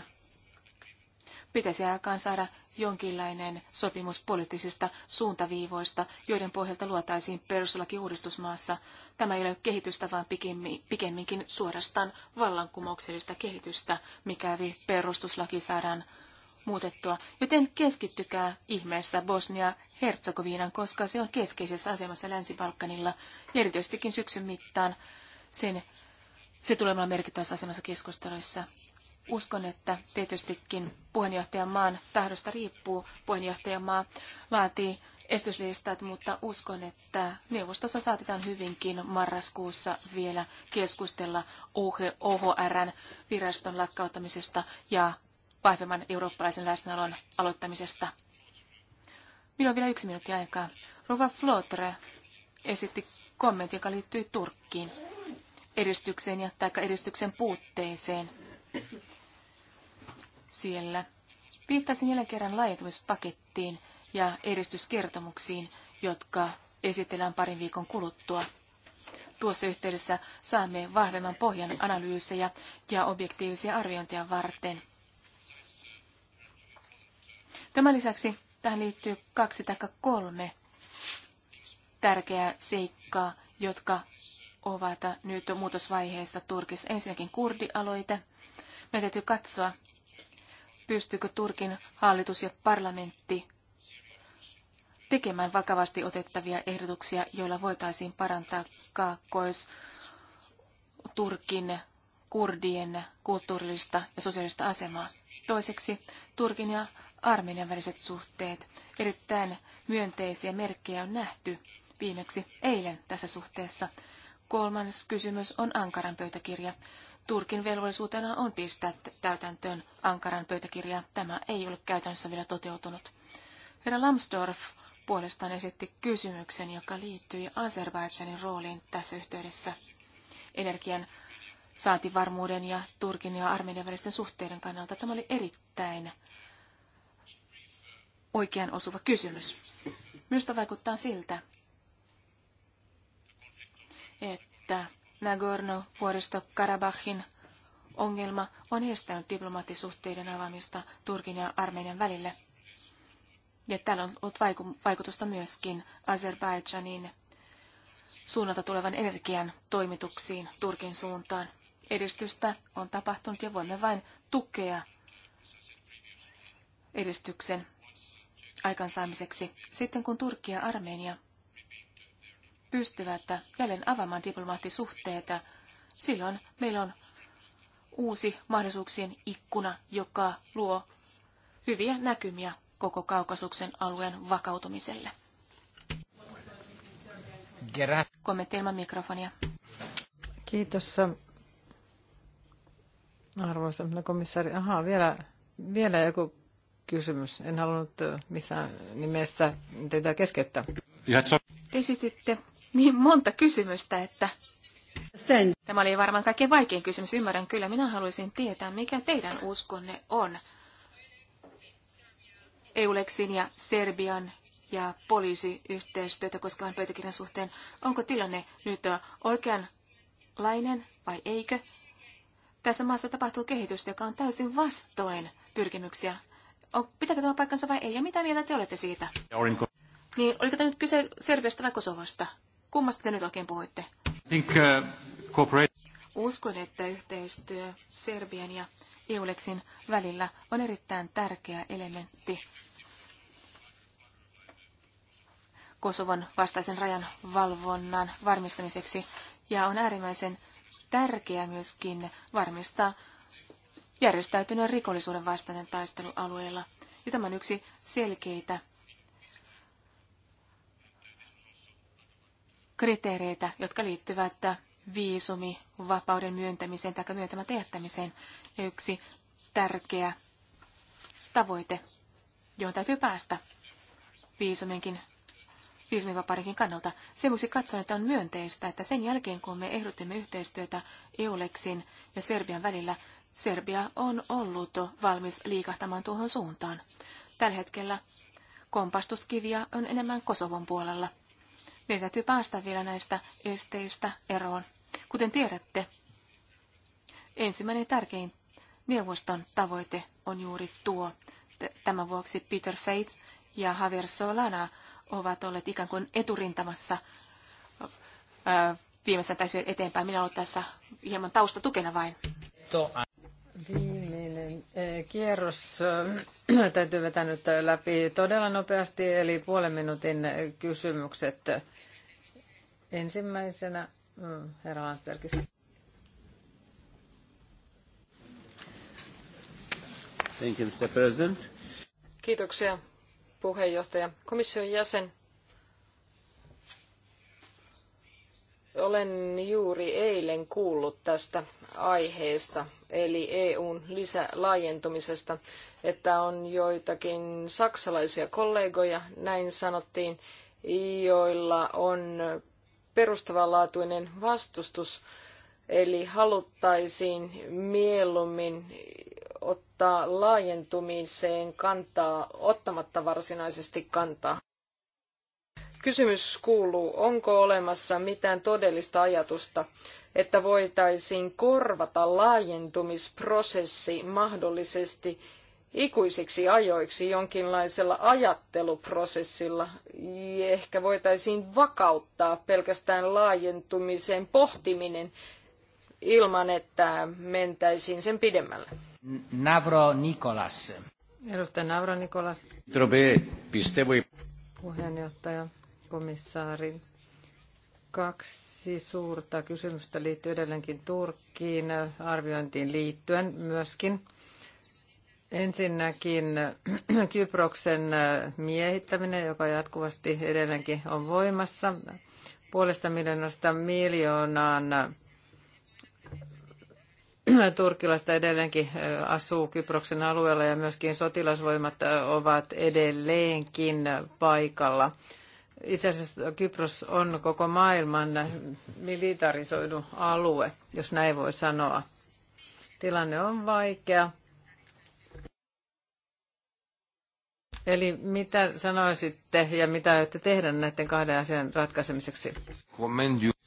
Pitäisi aikaan saada jonkinlainen sopimus poliittisista suuntaviivoista, joiden pohjalta luotaisiin perustuslaki uudistusmaassa. Tämä ei ole kehitystä, vaan pikemminkin suorastaan vallankumouksellista kehitystä, mikäli perustuslaki saadaan muutettua. Joten keskittykää ihmeessä Bosnia-Herzegovinaan, koska se on keskeisessä asemassa Länsi-Balkanilla, erityisestikin syksyn mittaan sen, se tulee olemaan merkittävässä asemassa keskusteluissa. Uskon, että tietystikin puheenjohtajan maan tahdosta riippuu. Puheenjohtajamaa laatii estyslistat, mutta uskon, että neuvostossa saatetaan hyvinkin marraskuussa vielä keskustella OHRn viraston lakkauttamisesta ja vahvemman eurooppalaisen läsnäolon aloittamisesta. Minulla on vielä yksi minuutti aikaa. Rova Flotre esitti kommentti, joka liittyy Turkkiin, edistykseen ja taikka edistyksen puutteeseen siellä. Viittasin jälleen kerran laajentumispakettiin ja edistyskertomuksiin, jotka esitellään parin viikon kuluttua. Tuossa yhteydessä saamme vahvemman pohjan analyysejä ja objektiivisia arviointia varten. Tämän lisäksi tähän liittyy kaksi tai kolme tärkeää seikkaa, jotka ovat nyt muutosvaiheessa Turkissa. Ensinnäkin kurdialoite. Meidän täytyy katsoa, pystyykö Turkin hallitus ja parlamentti tekemään vakavasti otettavia ehdotuksia, joilla voitaisiin parantaa kaakkois Turkin kurdien kulttuurillista ja sosiaalista asemaa. Toiseksi Turkin ja Armenian väliset suhteet. Erittäin myönteisiä merkkejä on nähty viimeksi eilen tässä suhteessa. Kolmas kysymys on Ankaran pöytäkirja. Turkin velvollisuutena on pistää täytäntöön Ankaran pöytäkirja. Tämä ei ole käytännössä vielä toteutunut. Herra Lambsdorff puolestaan esitti kysymyksen, joka liittyi Azerbaidžanin rooliin tässä yhteydessä energian saantivarmuuden ja Turkin ja Armenian välisten suhteiden kannalta. Tämä oli erittäin oikean osuva kysymys. Minusta vaikuttaa siltä, että Nagorno-vuoristo-Karabahin ongelma on estänyt diplomaattisuhteiden avaamista Turkin ja Armenian välille. Ja tällä on ollut vaikutusta myöskin Azerbaidžanin suunnalta tulevan energian toimituksiin Turkin suuntaan. Edistystä on tapahtunut ja voimme vain tukea edistyksen aikansaamiseksi. Sitten kun Turkki ja Armenia pystyvät jälleen avaamaan diplomaattisuhteita, silloin meillä on uusi mahdollisuuksien ikkuna, joka luo hyviä näkymiä koko Kaukasuksen alueen vakautumiselle. Kommentti mikrofonia. Kiitos. Arvoisa komissaari. Aha, vielä, vielä joku kysymys. En halunnut missään nimessä teitä keskeyttää. Te esititte niin monta kysymystä, että Tämä oli varmaan kaikkein vaikein kysymys. Ymmärrän kyllä. Minä haluaisin tietää, mikä teidän uskonne on. Euleksin ja Serbian ja poliisiyhteistyötä koskevan pöytäkirjan suhteen. Onko tilanne nyt oikeanlainen vai eikö? Tässä maassa tapahtuu kehitystä, joka on täysin vastoin pyrkimyksiä. On, pitääkö tämä paikkansa vai ei? Ja mitä mieltä te olette siitä? Niin, oliko tämä nyt kyse Serbiasta vai Kosovasta? Kummasta te nyt oikein puhuitte? Think, uh, Uskon, että yhteistyö Serbian ja Euleksin välillä on erittäin tärkeä elementti Kosovon vastaisen rajan valvonnan varmistamiseksi ja on äärimmäisen tärkeää myöskin varmistaa järjestäytyneen rikollisuuden vastainen taistelu alueella. Ja tämä on yksi selkeitä kriteereitä, jotka liittyvät viisumi vapauden myöntämiseen tai myöntämättä jättämiseen. Ja yksi tärkeä tavoite, johon täytyy päästä viisuminkin viisumivapaudenkin kannalta. Sen vuoksi katson, että on myönteistä, että sen jälkeen kun me ehdotimme yhteistyötä EULEXin ja Serbian välillä, Serbia on ollut valmis liikahtamaan tuohon suuntaan. Tällä hetkellä kompastuskiviä on enemmän Kosovon puolella. Meidän täytyy päästä vielä näistä esteistä eroon. Kuten tiedätte, ensimmäinen tärkein neuvoston tavoite on juuri tuo. Tämän vuoksi Peter Faith ja Javier Solana ovat olleet ikään kuin eturintamassa viimeisen tässä eteenpäin. Minä olen tässä hieman taustatukena vain. Viimeinen kierros täytyy vetää nyt läpi todella nopeasti, eli puolen minuutin kysymykset. Ensimmäisenä mm, herra Antbergis. Thank you, Mr. President. Kiitoksia puheenjohtaja. Komission jäsen, olen juuri eilen kuullut tästä aiheesta, eli EUn lisälaajentumisesta, että on joitakin saksalaisia kollegoja, näin sanottiin, joilla on perustavanlaatuinen vastustus, eli haluttaisiin mieluummin ottaa laajentumiseen kantaa ottamatta varsinaisesti kantaa. Kysymys kuuluu, onko olemassa mitään todellista ajatusta, että voitaisiin korvata laajentumisprosessi mahdollisesti ikuisiksi ajoiksi jonkinlaisella ajatteluprosessilla. Ehkä voitaisiin vakauttaa pelkästään laajentumisen pohtiminen ilman, että mentäisiin sen pidemmälle. Navro Nikolas. Edustaja Navro Nikolas. Trobe, Puheenjohtaja, komissaari. Kaksi suurta kysymystä liittyy edelleenkin Turkkiin arviointiin liittyen myöskin Ensinnäkin [CLEARS THROAT] Kyproksen äh, miehittäminen, joka jatkuvasti edelleenkin on voimassa, puolesta miljoonasta miljoonaan äh, [CLEARS THROAT] turkilaista edelleenkin äh, asuu Kyproksen alueella ja myöskin sotilasvoimat ovat edelleenkin paikalla. Itse asiassa Kypros on koko maailman militarisoidu alue, jos näin voi sanoa. Tilanne on vaikea Eli mitä sanoisitte ja mitä aiotte tehdä näiden kahden asian ratkaisemiseksi?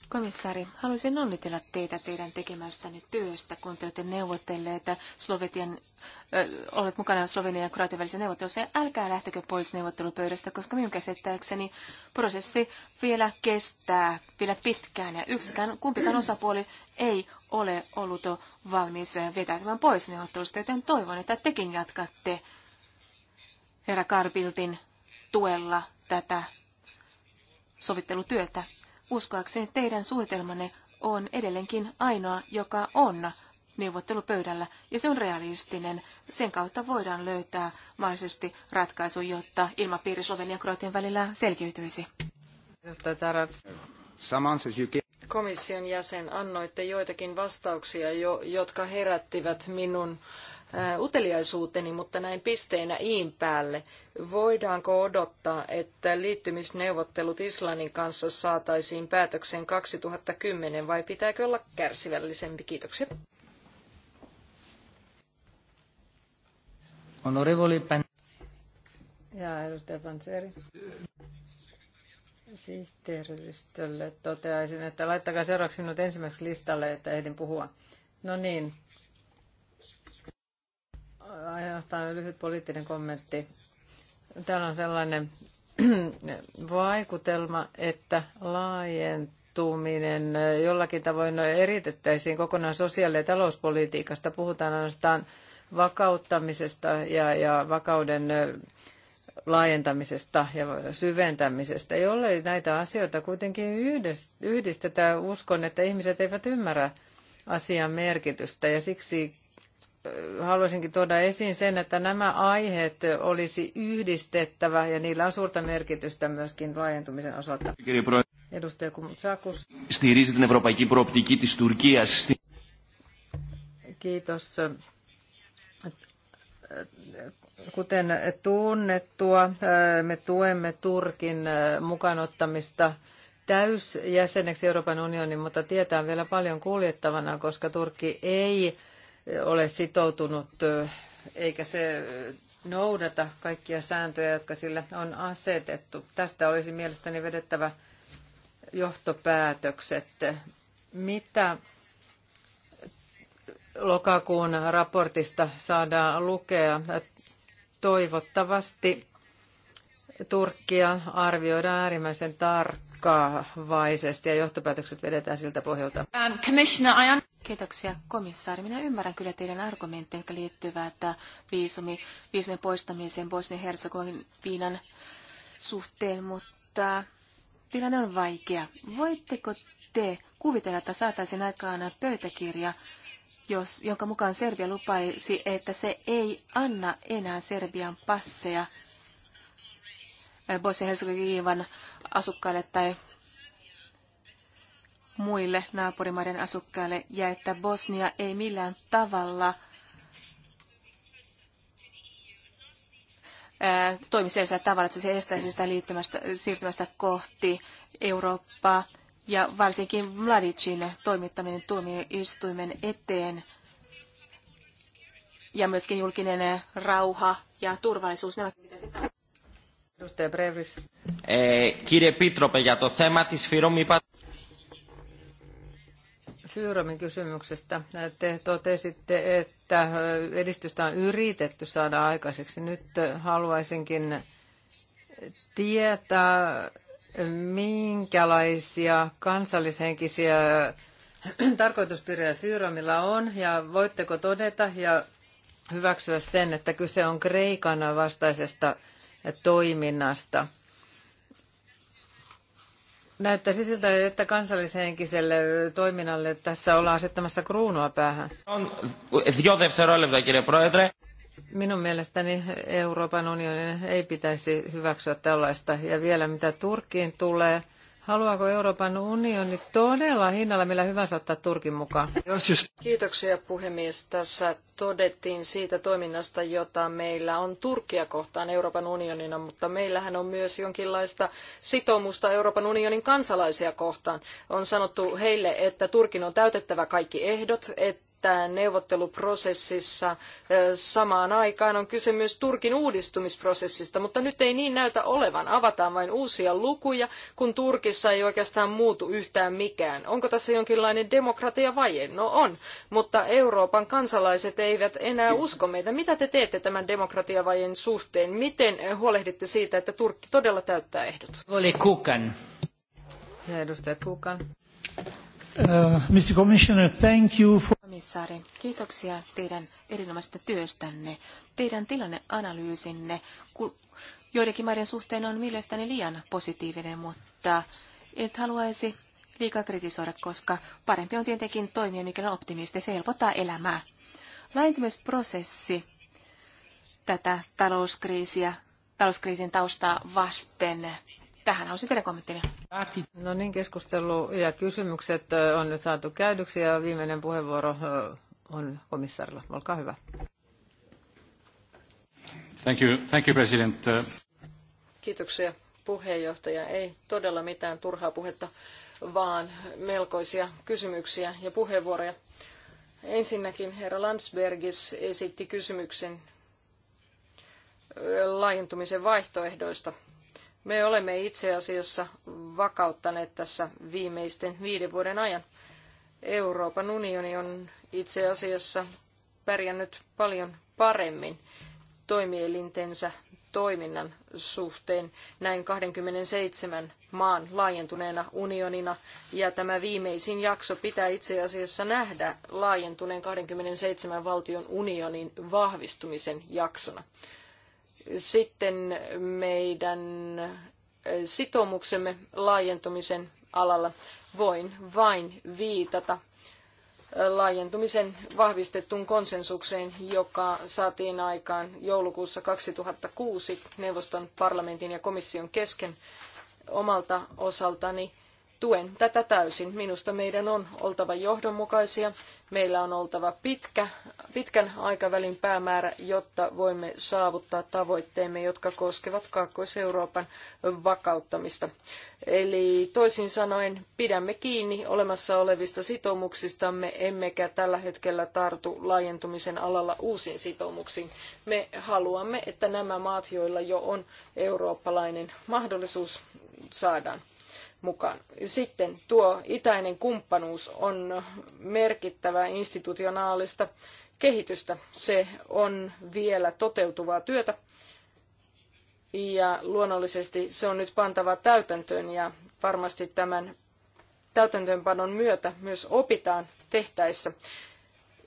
Komissaari, haluaisin onnitella teitä teidän tekemästänne työstä, kun te olette neuvotelleet Slovetian, äh, olet mukana Slovenian ja Kroatian välisessä neuvottelussa. Älkää lähtekö pois neuvottelupöydästä, koska minun käsittääkseni prosessi vielä kestää vielä pitkään ja yksikään, kumpikaan osapuoli ei ole ollut valmis vetämään pois neuvottelusta, joten toivon, että tekin jatkatte herra Karpiltin tuella tätä sovittelutyötä. Uskoakseni teidän suunnitelmanne on edelleenkin ainoa, joka on neuvottelupöydällä, ja se on realistinen. Sen kautta voidaan löytää mahdollisesti ratkaisu, jotta ilmapiiri Slovenian ja Kroatian välillä selkiytyisi. Komission jäsen, annoitte joitakin vastauksia, jo, jotka herättivät minun uteliaisuuteni, mutta näin pisteenä iin päälle. Voidaanko odottaa, että liittymisneuvottelut Islannin kanssa saataisiin päätökseen 2010 vai pitääkö olla kärsivällisempi? Kiitoksia. Onorevoli Pan... Ja edustaja Panseri. Sihteeristölle toteaisin, että laittakaa seuraavaksi minut ensimmäiseksi listalle, että ehdin puhua. No niin, ainoastaan lyhyt poliittinen kommentti. Täällä on sellainen [CLEARS THROAT] vaikutelma, että laajentuminen jollakin tavoin eritettäisiin kokonaan sosiaali- ja talouspolitiikasta. Puhutaan ainoastaan vakauttamisesta ja, ja vakauden laajentamisesta ja syventämisestä. Jollei näitä asioita kuitenkin yhdistetä, uskon, että ihmiset eivät ymmärrä asian merkitystä ja siksi haluaisinkin tuoda esiin sen, että nämä aiheet olisi yhdistettävä ja niillä on suurta merkitystä myöskin laajentumisen osalta. Edustaja Kumutsakus. Στηρίζει Euroopan ευρωπαϊκή προοπτική Kiitos. Kuten tunnettua, me tuemme Turkin mukanottamista täysjäseneksi Euroopan unionin, mutta tietää vielä paljon kuljettavana, koska Turkki ei ole sitoutunut eikä se noudata kaikkia sääntöjä, jotka sille on asetettu. Tästä olisi mielestäni vedettävä johtopäätökset. Mitä lokakuun raportista saadaan lukea? Toivottavasti Turkkia arvioidaan äärimmäisen tarkkaavaisesti ja johtopäätökset vedetään siltä pohjalta. Um, Kiitoksia komissaari. Minä ymmärrän kyllä teidän argumentteja, jotka liittyvät äh, viisumi, viisumin poistamiseen Bosnia-Herzegovinan suhteen, mutta äh, tilanne on vaikea. Voitteko te kuvitella, että saataisiin aikaan pöytäkirja, jos, jonka mukaan Serbia lupaisi, että se ei anna enää Serbian passeja äh, Bosnia-Herzegovinan asukkaille tai muille naapurimaiden asukkaille ja että Bosnia ei millään tavalla toimi sellaisella tavalla, että se estäisi sitä liittymästä, siirtymästä kohti Eurooppaa ja varsinkin Mladicin toimittaminen tuomioistuimen eteen ja myöskin julkinen rauha ja turvallisuus. Nämä, mitä Edustaja Brevis. Eh, kire Pitrope, ja to thema tis Fyyromin kysymyksestä. Te totesitte, että edistystä on yritetty saada aikaiseksi. Nyt haluaisinkin tietää, minkälaisia kansallishenkisiä tarkoituspiirejä Fyyromilla on, ja voitteko todeta ja hyväksyä sen, että kyse on Kreikan vastaisesta toiminnasta – Näyttäisi siltä, että kansallishenkiselle toiminnalle tässä ollaan asettamassa kruunua päähän. On Minun mielestäni Euroopan unionin ei pitäisi hyväksyä tällaista. Ja vielä mitä Turkkiin tulee, Haluaako Euroopan unioni todella hinnalla millä hyvänsä ottaa Turkin mukaan? Kiitoksia puhemies. Tässä todettiin siitä toiminnasta, jota meillä on Turkia kohtaan Euroopan unionina, mutta meillähän on myös jonkinlaista sitoumusta Euroopan unionin kansalaisia kohtaan. On sanottu heille, että Turkin on täytettävä kaikki ehdot, että neuvotteluprosessissa samaan aikaan on kyse myös Turkin uudistumisprosessista, mutta nyt ei niin näytä olevan. Avataan vain uusia lukuja, kun Turkissa ei oikeastaan muutu yhtään mikään. Onko tässä jonkinlainen demokratia vai ei? No on, mutta Euroopan kansalaiset eivät enää usko meitä. Mitä te teette tämän demokratiavajien suhteen? Miten huolehditte siitä, että Turkki todella täyttää ehdot? Oli Kukan. Ja edustaja Kukan. Uh, Mr. Commissioner, thank you for... Komissaari, kiitoksia teidän erinomaisesta työstänne. Teidän tilanneanalyysinne ku, joidenkin maiden suhteen on mielestäni liian positiivinen, mutta et haluaisi liikaa kritisoida, koska parempi on tietenkin toimia, mikä on optimisti. Se helpottaa elämää. Laintamisprosessi tätä talouskriisiä, talouskriisin taustaa vasten. Tähän haluaisin teidän kommenttini. No niin, keskustelu ja kysymykset äh, on nyt saatu käydyksi ja viimeinen puheenvuoro äh, on komissaarilla. Olkaa hyvä. Thank you, thank you president. Äh, Kiitoksia puheenjohtaja. Ei todella mitään turhaa puhetta, vaan melkoisia kysymyksiä ja puheenvuoroja. Ensinnäkin herra Landsbergis esitti kysymyksen laajentumisen vaihtoehdoista. Me olemme itse asiassa vakauttaneet tässä viimeisten viiden vuoden ajan. Euroopan unioni on itse asiassa pärjännyt paljon paremmin toimielintensä toiminnan suhteen näin 27 maan laajentuneena unionina. Ja tämä viimeisin jakso pitää itse asiassa nähdä laajentuneen 27 valtion unionin vahvistumisen jaksona. Sitten meidän eh, sitoumuksemme laajentumisen alalla voin vain viitata eh, laajentumisen vahvistettuun konsensukseen, joka saatiin aikaan joulukuussa 2006 neuvoston, parlamentin ja komission kesken omalta osaltani tuen tätä täysin. Minusta meidän on oltava johdonmukaisia, meillä on oltava pitkä, pitkän aikavälin päämäärä, jotta voimme saavuttaa tavoitteemme, jotka koskevat Kaakkois-Euroopan vakauttamista. Eli toisin sanoen pidämme kiinni olemassa olevista sitoumuksistamme, emmekä tällä hetkellä tartu laajentumisen alalla uusiin sitoumuksiin. Me haluamme, että nämä maat, joilla jo on eurooppalainen mahdollisuus, saadaan mukaan. Sitten tuo itäinen kumppanuus on merkittävää institutionaalista kehitystä. Se on vielä toteutuvaa työtä ja luonnollisesti se on nyt pantava täytäntöön ja varmasti tämän täytäntöönpanon myötä myös opitaan tehtäessä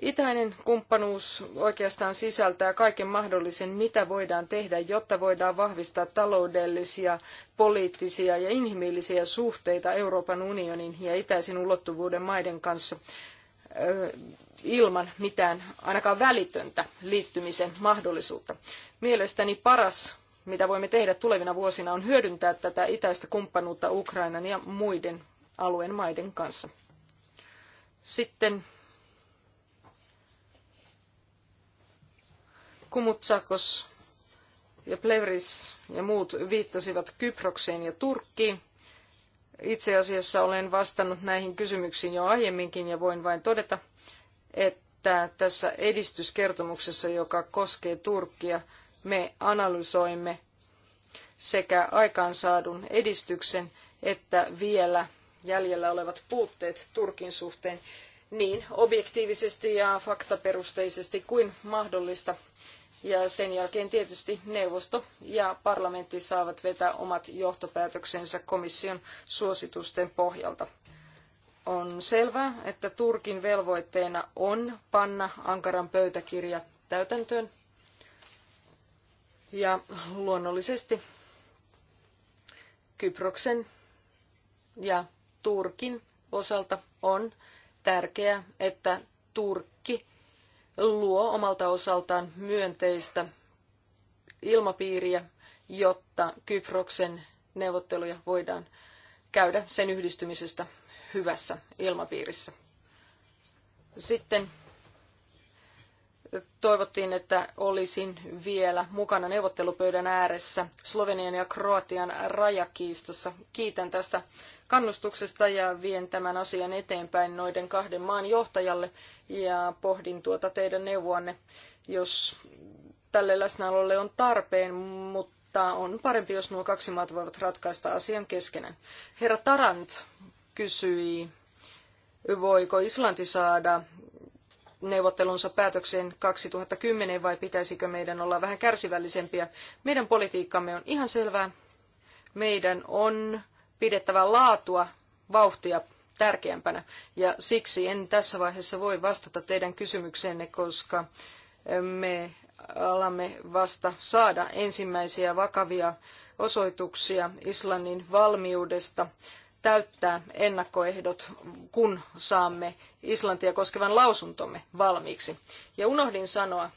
Itäinen kumppanuus oikeastaan sisältää kaiken mahdollisen, mitä voidaan tehdä, jotta voidaan vahvistaa taloudellisia, poliittisia ja inhimillisiä suhteita Euroopan unionin ja itäisen ulottuvuuden maiden kanssa ilman mitään ainakaan välitöntä liittymisen mahdollisuutta. Mielestäni paras, mitä voimme tehdä tulevina vuosina, on hyödyntää tätä itäistä kumppanuutta Ukrainan ja muiden alueen maiden kanssa. Sitten Kumutsakos ja Plevris ja muut viittasivat Kyprokseen ja Turkkiin. Itse asiassa olen vastannut näihin kysymyksiin jo aiemminkin ja voin vain todeta, että tässä edistyskertomuksessa, joka koskee Turkkia, me analysoimme sekä aikaansaadun edistyksen että vielä jäljellä olevat puutteet Turkin suhteen niin objektiivisesti ja faktaperusteisesti kuin mahdollista. Ja sen jälkeen tietysti neuvosto ja parlamentti saavat vetää omat johtopäätöksensä komission suositusten pohjalta. On selvää, että Turkin velvoitteena on panna Ankaran pöytäkirja täytäntöön. Ja luonnollisesti Kyproksen ja Turkin osalta on tärkeää, että Turkki luo omalta osaltaan myönteistä ilmapiiriä, jotta Kyproksen neuvotteluja voidaan käydä sen yhdistymisestä hyvässä ilmapiirissä. Sitten toivottiin, että olisin vielä mukana neuvottelupöydän ääressä Slovenian ja Kroatian rajakiistossa. Kiitän tästä kannustuksesta ja vien tämän asian eteenpäin noiden kahden maan johtajalle ja pohdin tuota teidän neuvoanne, jos tälle läsnäololle on tarpeen, mutta on parempi, jos nuo kaksi maata voivat ratkaista asian keskenään. Herra Tarant kysyi, voiko Islanti saada neuvottelunsa päätökseen 2010 vai pitäisikö meidän olla vähän kärsivällisempiä? Meidän politiikkamme on ihan selvää. Meidän on pidettävä laatua, vauhtia tärkeämpänä. Ja siksi en tässä vaiheessa voi vastata teidän kysymykseenne, koska me alamme vasta saada ensimmäisiä vakavia osoituksia Islannin valmiudesta täyttää ennakkoehdot, kun saamme Islantia koskevan lausuntomme valmiiksi. Ja unohdin sanoa,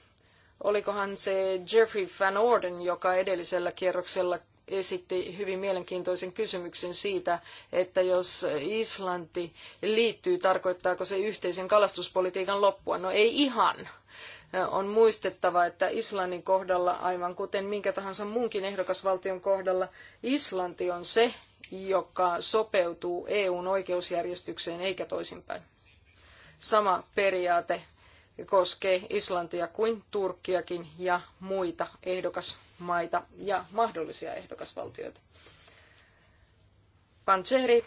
olikohan se Jeffrey Van Orden, joka edellisellä kierroksella esitti hyvin mielenkiintoisen kysymyksen siitä, että jos Islanti liittyy, tarkoittaako se yhteisen kalastuspolitiikan loppua? No ei ihan. On muistettava, että Islannin kohdalla, aivan kuten minkä tahansa muunkin ehdokasvaltion kohdalla, Islanti on se joka sopeutuu EUn oikeusjärjestykseen eikä toisinpäin. Sama periaate koskee Islantia kuin Turkkiakin ja muita ehdokasmaita ja mahdollisia ehdokasvaltioita. Pancheri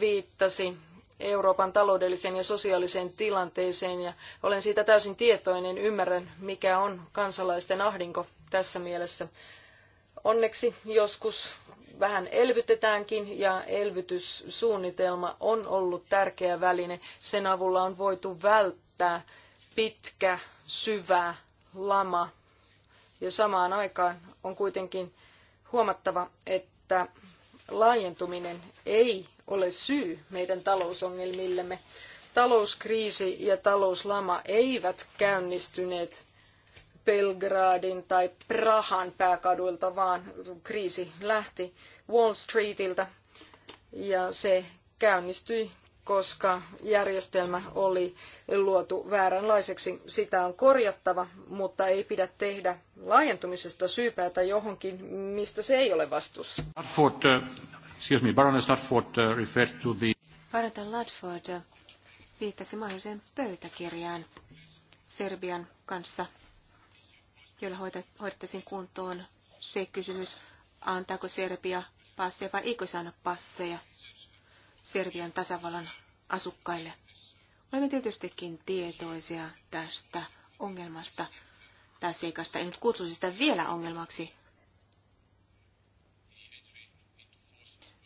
viittasi Euroopan taloudelliseen ja sosiaaliseen tilanteeseen ja olen siitä täysin tietoinen, ymmärrän mikä on kansalaisten ahdinko tässä mielessä. Onneksi joskus vähän elvytetäänkin ja elvytyssuunnitelma on ollut tärkeä väline. Sen avulla on voitu välttää pitkä, syvä lama. Ja samaan aikaan on kuitenkin huomattava, että laajentuminen ei ole syy meidän talousongelmillemme. Talouskriisi ja talouslama eivät käynnistyneet Belgradin tai Prahan pääkaduilta, vaan kriisi lähti Wall Streetiltä ja se käynnistyi, koska järjestelmä oli luotu vääränlaiseksi. Sitä on korjattava, mutta ei pidä tehdä laajentumisesta syypäätä johonkin, mistä se ei ole vastuussa. Äh, excuse me, Baroness Hartford äh, referred to the... Baroness Ludford äh, viittasi mahdolliseen pöytäkirjaan Serbian kanssa joilla hoidettaisiin kuntoon se kysymys, antaako Serbia passeja vai eikö se anna passeja Serbian tasavallan asukkaille. Olemme tietystikin tietoisia tästä ongelmasta tai seikasta. En nyt kutsuisi sitä vielä ongelmaksi,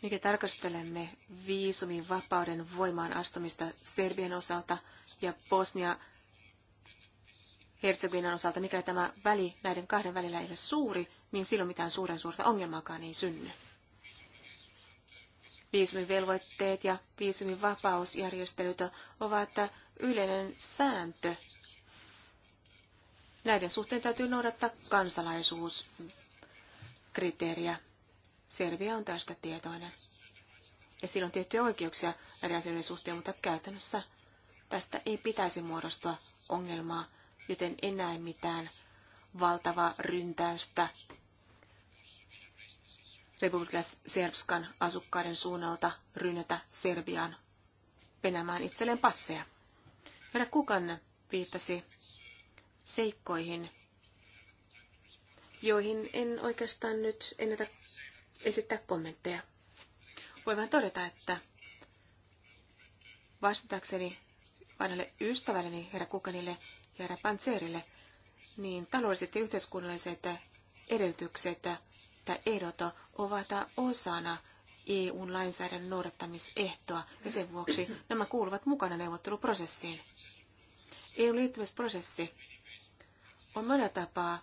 mikä tarkastelemme viisumin vapauden voimaan astumista Serbian osalta ja Bosnia Herzegovinan osalta, mikäli tämä väli näiden kahden välillä ei ole suuri, niin silloin mitään suuren suurta ongelmaakaan ei synny. Viisumivelvoitteet ja viisumivapausjärjestelyt ovat yleinen sääntö. Näiden suhteen täytyy noudattaa kansalaisuuskriteeriä. Serbia on tästä tietoinen. Ja sillä on tiettyjä oikeuksia näiden asioiden suhteen, mutta käytännössä tästä ei pitäisi muodostua ongelmaa joten en näe mitään valtavaa ryntäystä Republika Serbskan asukkaiden suunnalta rynnätä Serbiaan penämään itselleen passeja. Herra Kukan viittasi seikkoihin, joihin en oikeastaan nyt ennätä esittää kommentteja. Voin vain todeta, että vastatakseni vanhalle ystävälleni herra Kukanille – herra Pantserille, niin taloudelliset ja yhteiskunnalliset edellytykset tai ehdot ovat osana eu lainsäädännön noudattamisehtoa ja sen vuoksi nämä kuuluvat mukana neuvotteluprosessiin. EU-liittymisprosessi on monella tapaa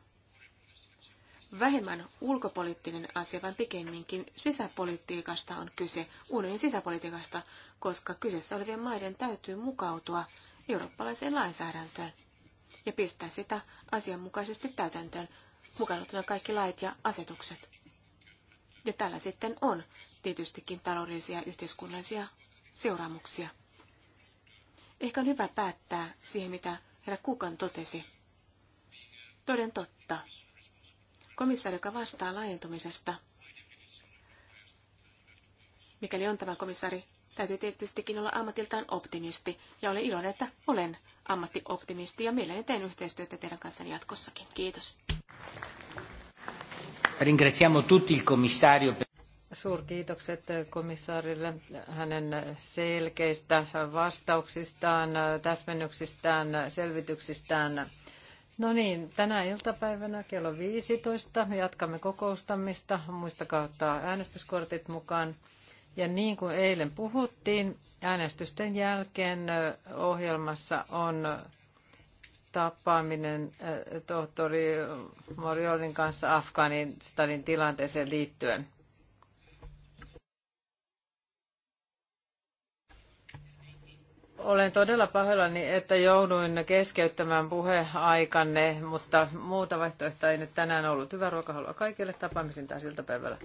vähemmän ulkopoliittinen asia, vaan pikemminkin sisäpolitiikasta on kyse, unionin sisäpolitiikasta, koska kyseessä olevien maiden täytyy mukautua eurooppalaiseen lainsäädäntöön ja pistää sitä asianmukaisesti täytäntöön, mukaan kaikki lait ja asetukset. Ja tällä sitten on tietystikin taloudellisia ja yhteiskunnallisia seuraamuksia. Ehkä on hyvä päättää siihen, mitä herra Kukan totesi. Toden totta. Komissaari, joka vastaa laajentumisesta, mikäli on tämä komissaari, täytyy tietystikin olla ammatiltaan optimisti, ja olen iloinen, että olen ammattioptimisti ja mielelläni teen yhteistyötä teidän kanssanne jatkossakin. Kiitos. Ringraziamo tutti il commissario Suurkiitokset komissaarille hänen selkeistä vastauksistaan, täsmennyksistään, selvityksistään. No niin, tänä iltapäivänä kello 15 jatkamme kokoustamista. Muistakaa ottaa äänestyskortit mukaan. Ja niin kuin eilen puhuttiin, äänestysten jälkeen ohjelmassa on tapaaminen tohtori Moriolin kanssa Afganistanin tilanteeseen liittyen. Olen todella pahoillani, että jouduin keskeyttämään puheaikanne, mutta muuta vaihtoehtoa ei nyt tänään ollut. Hyvää ruokahalua kaikille. Tapaamisen taas iltapäivällä.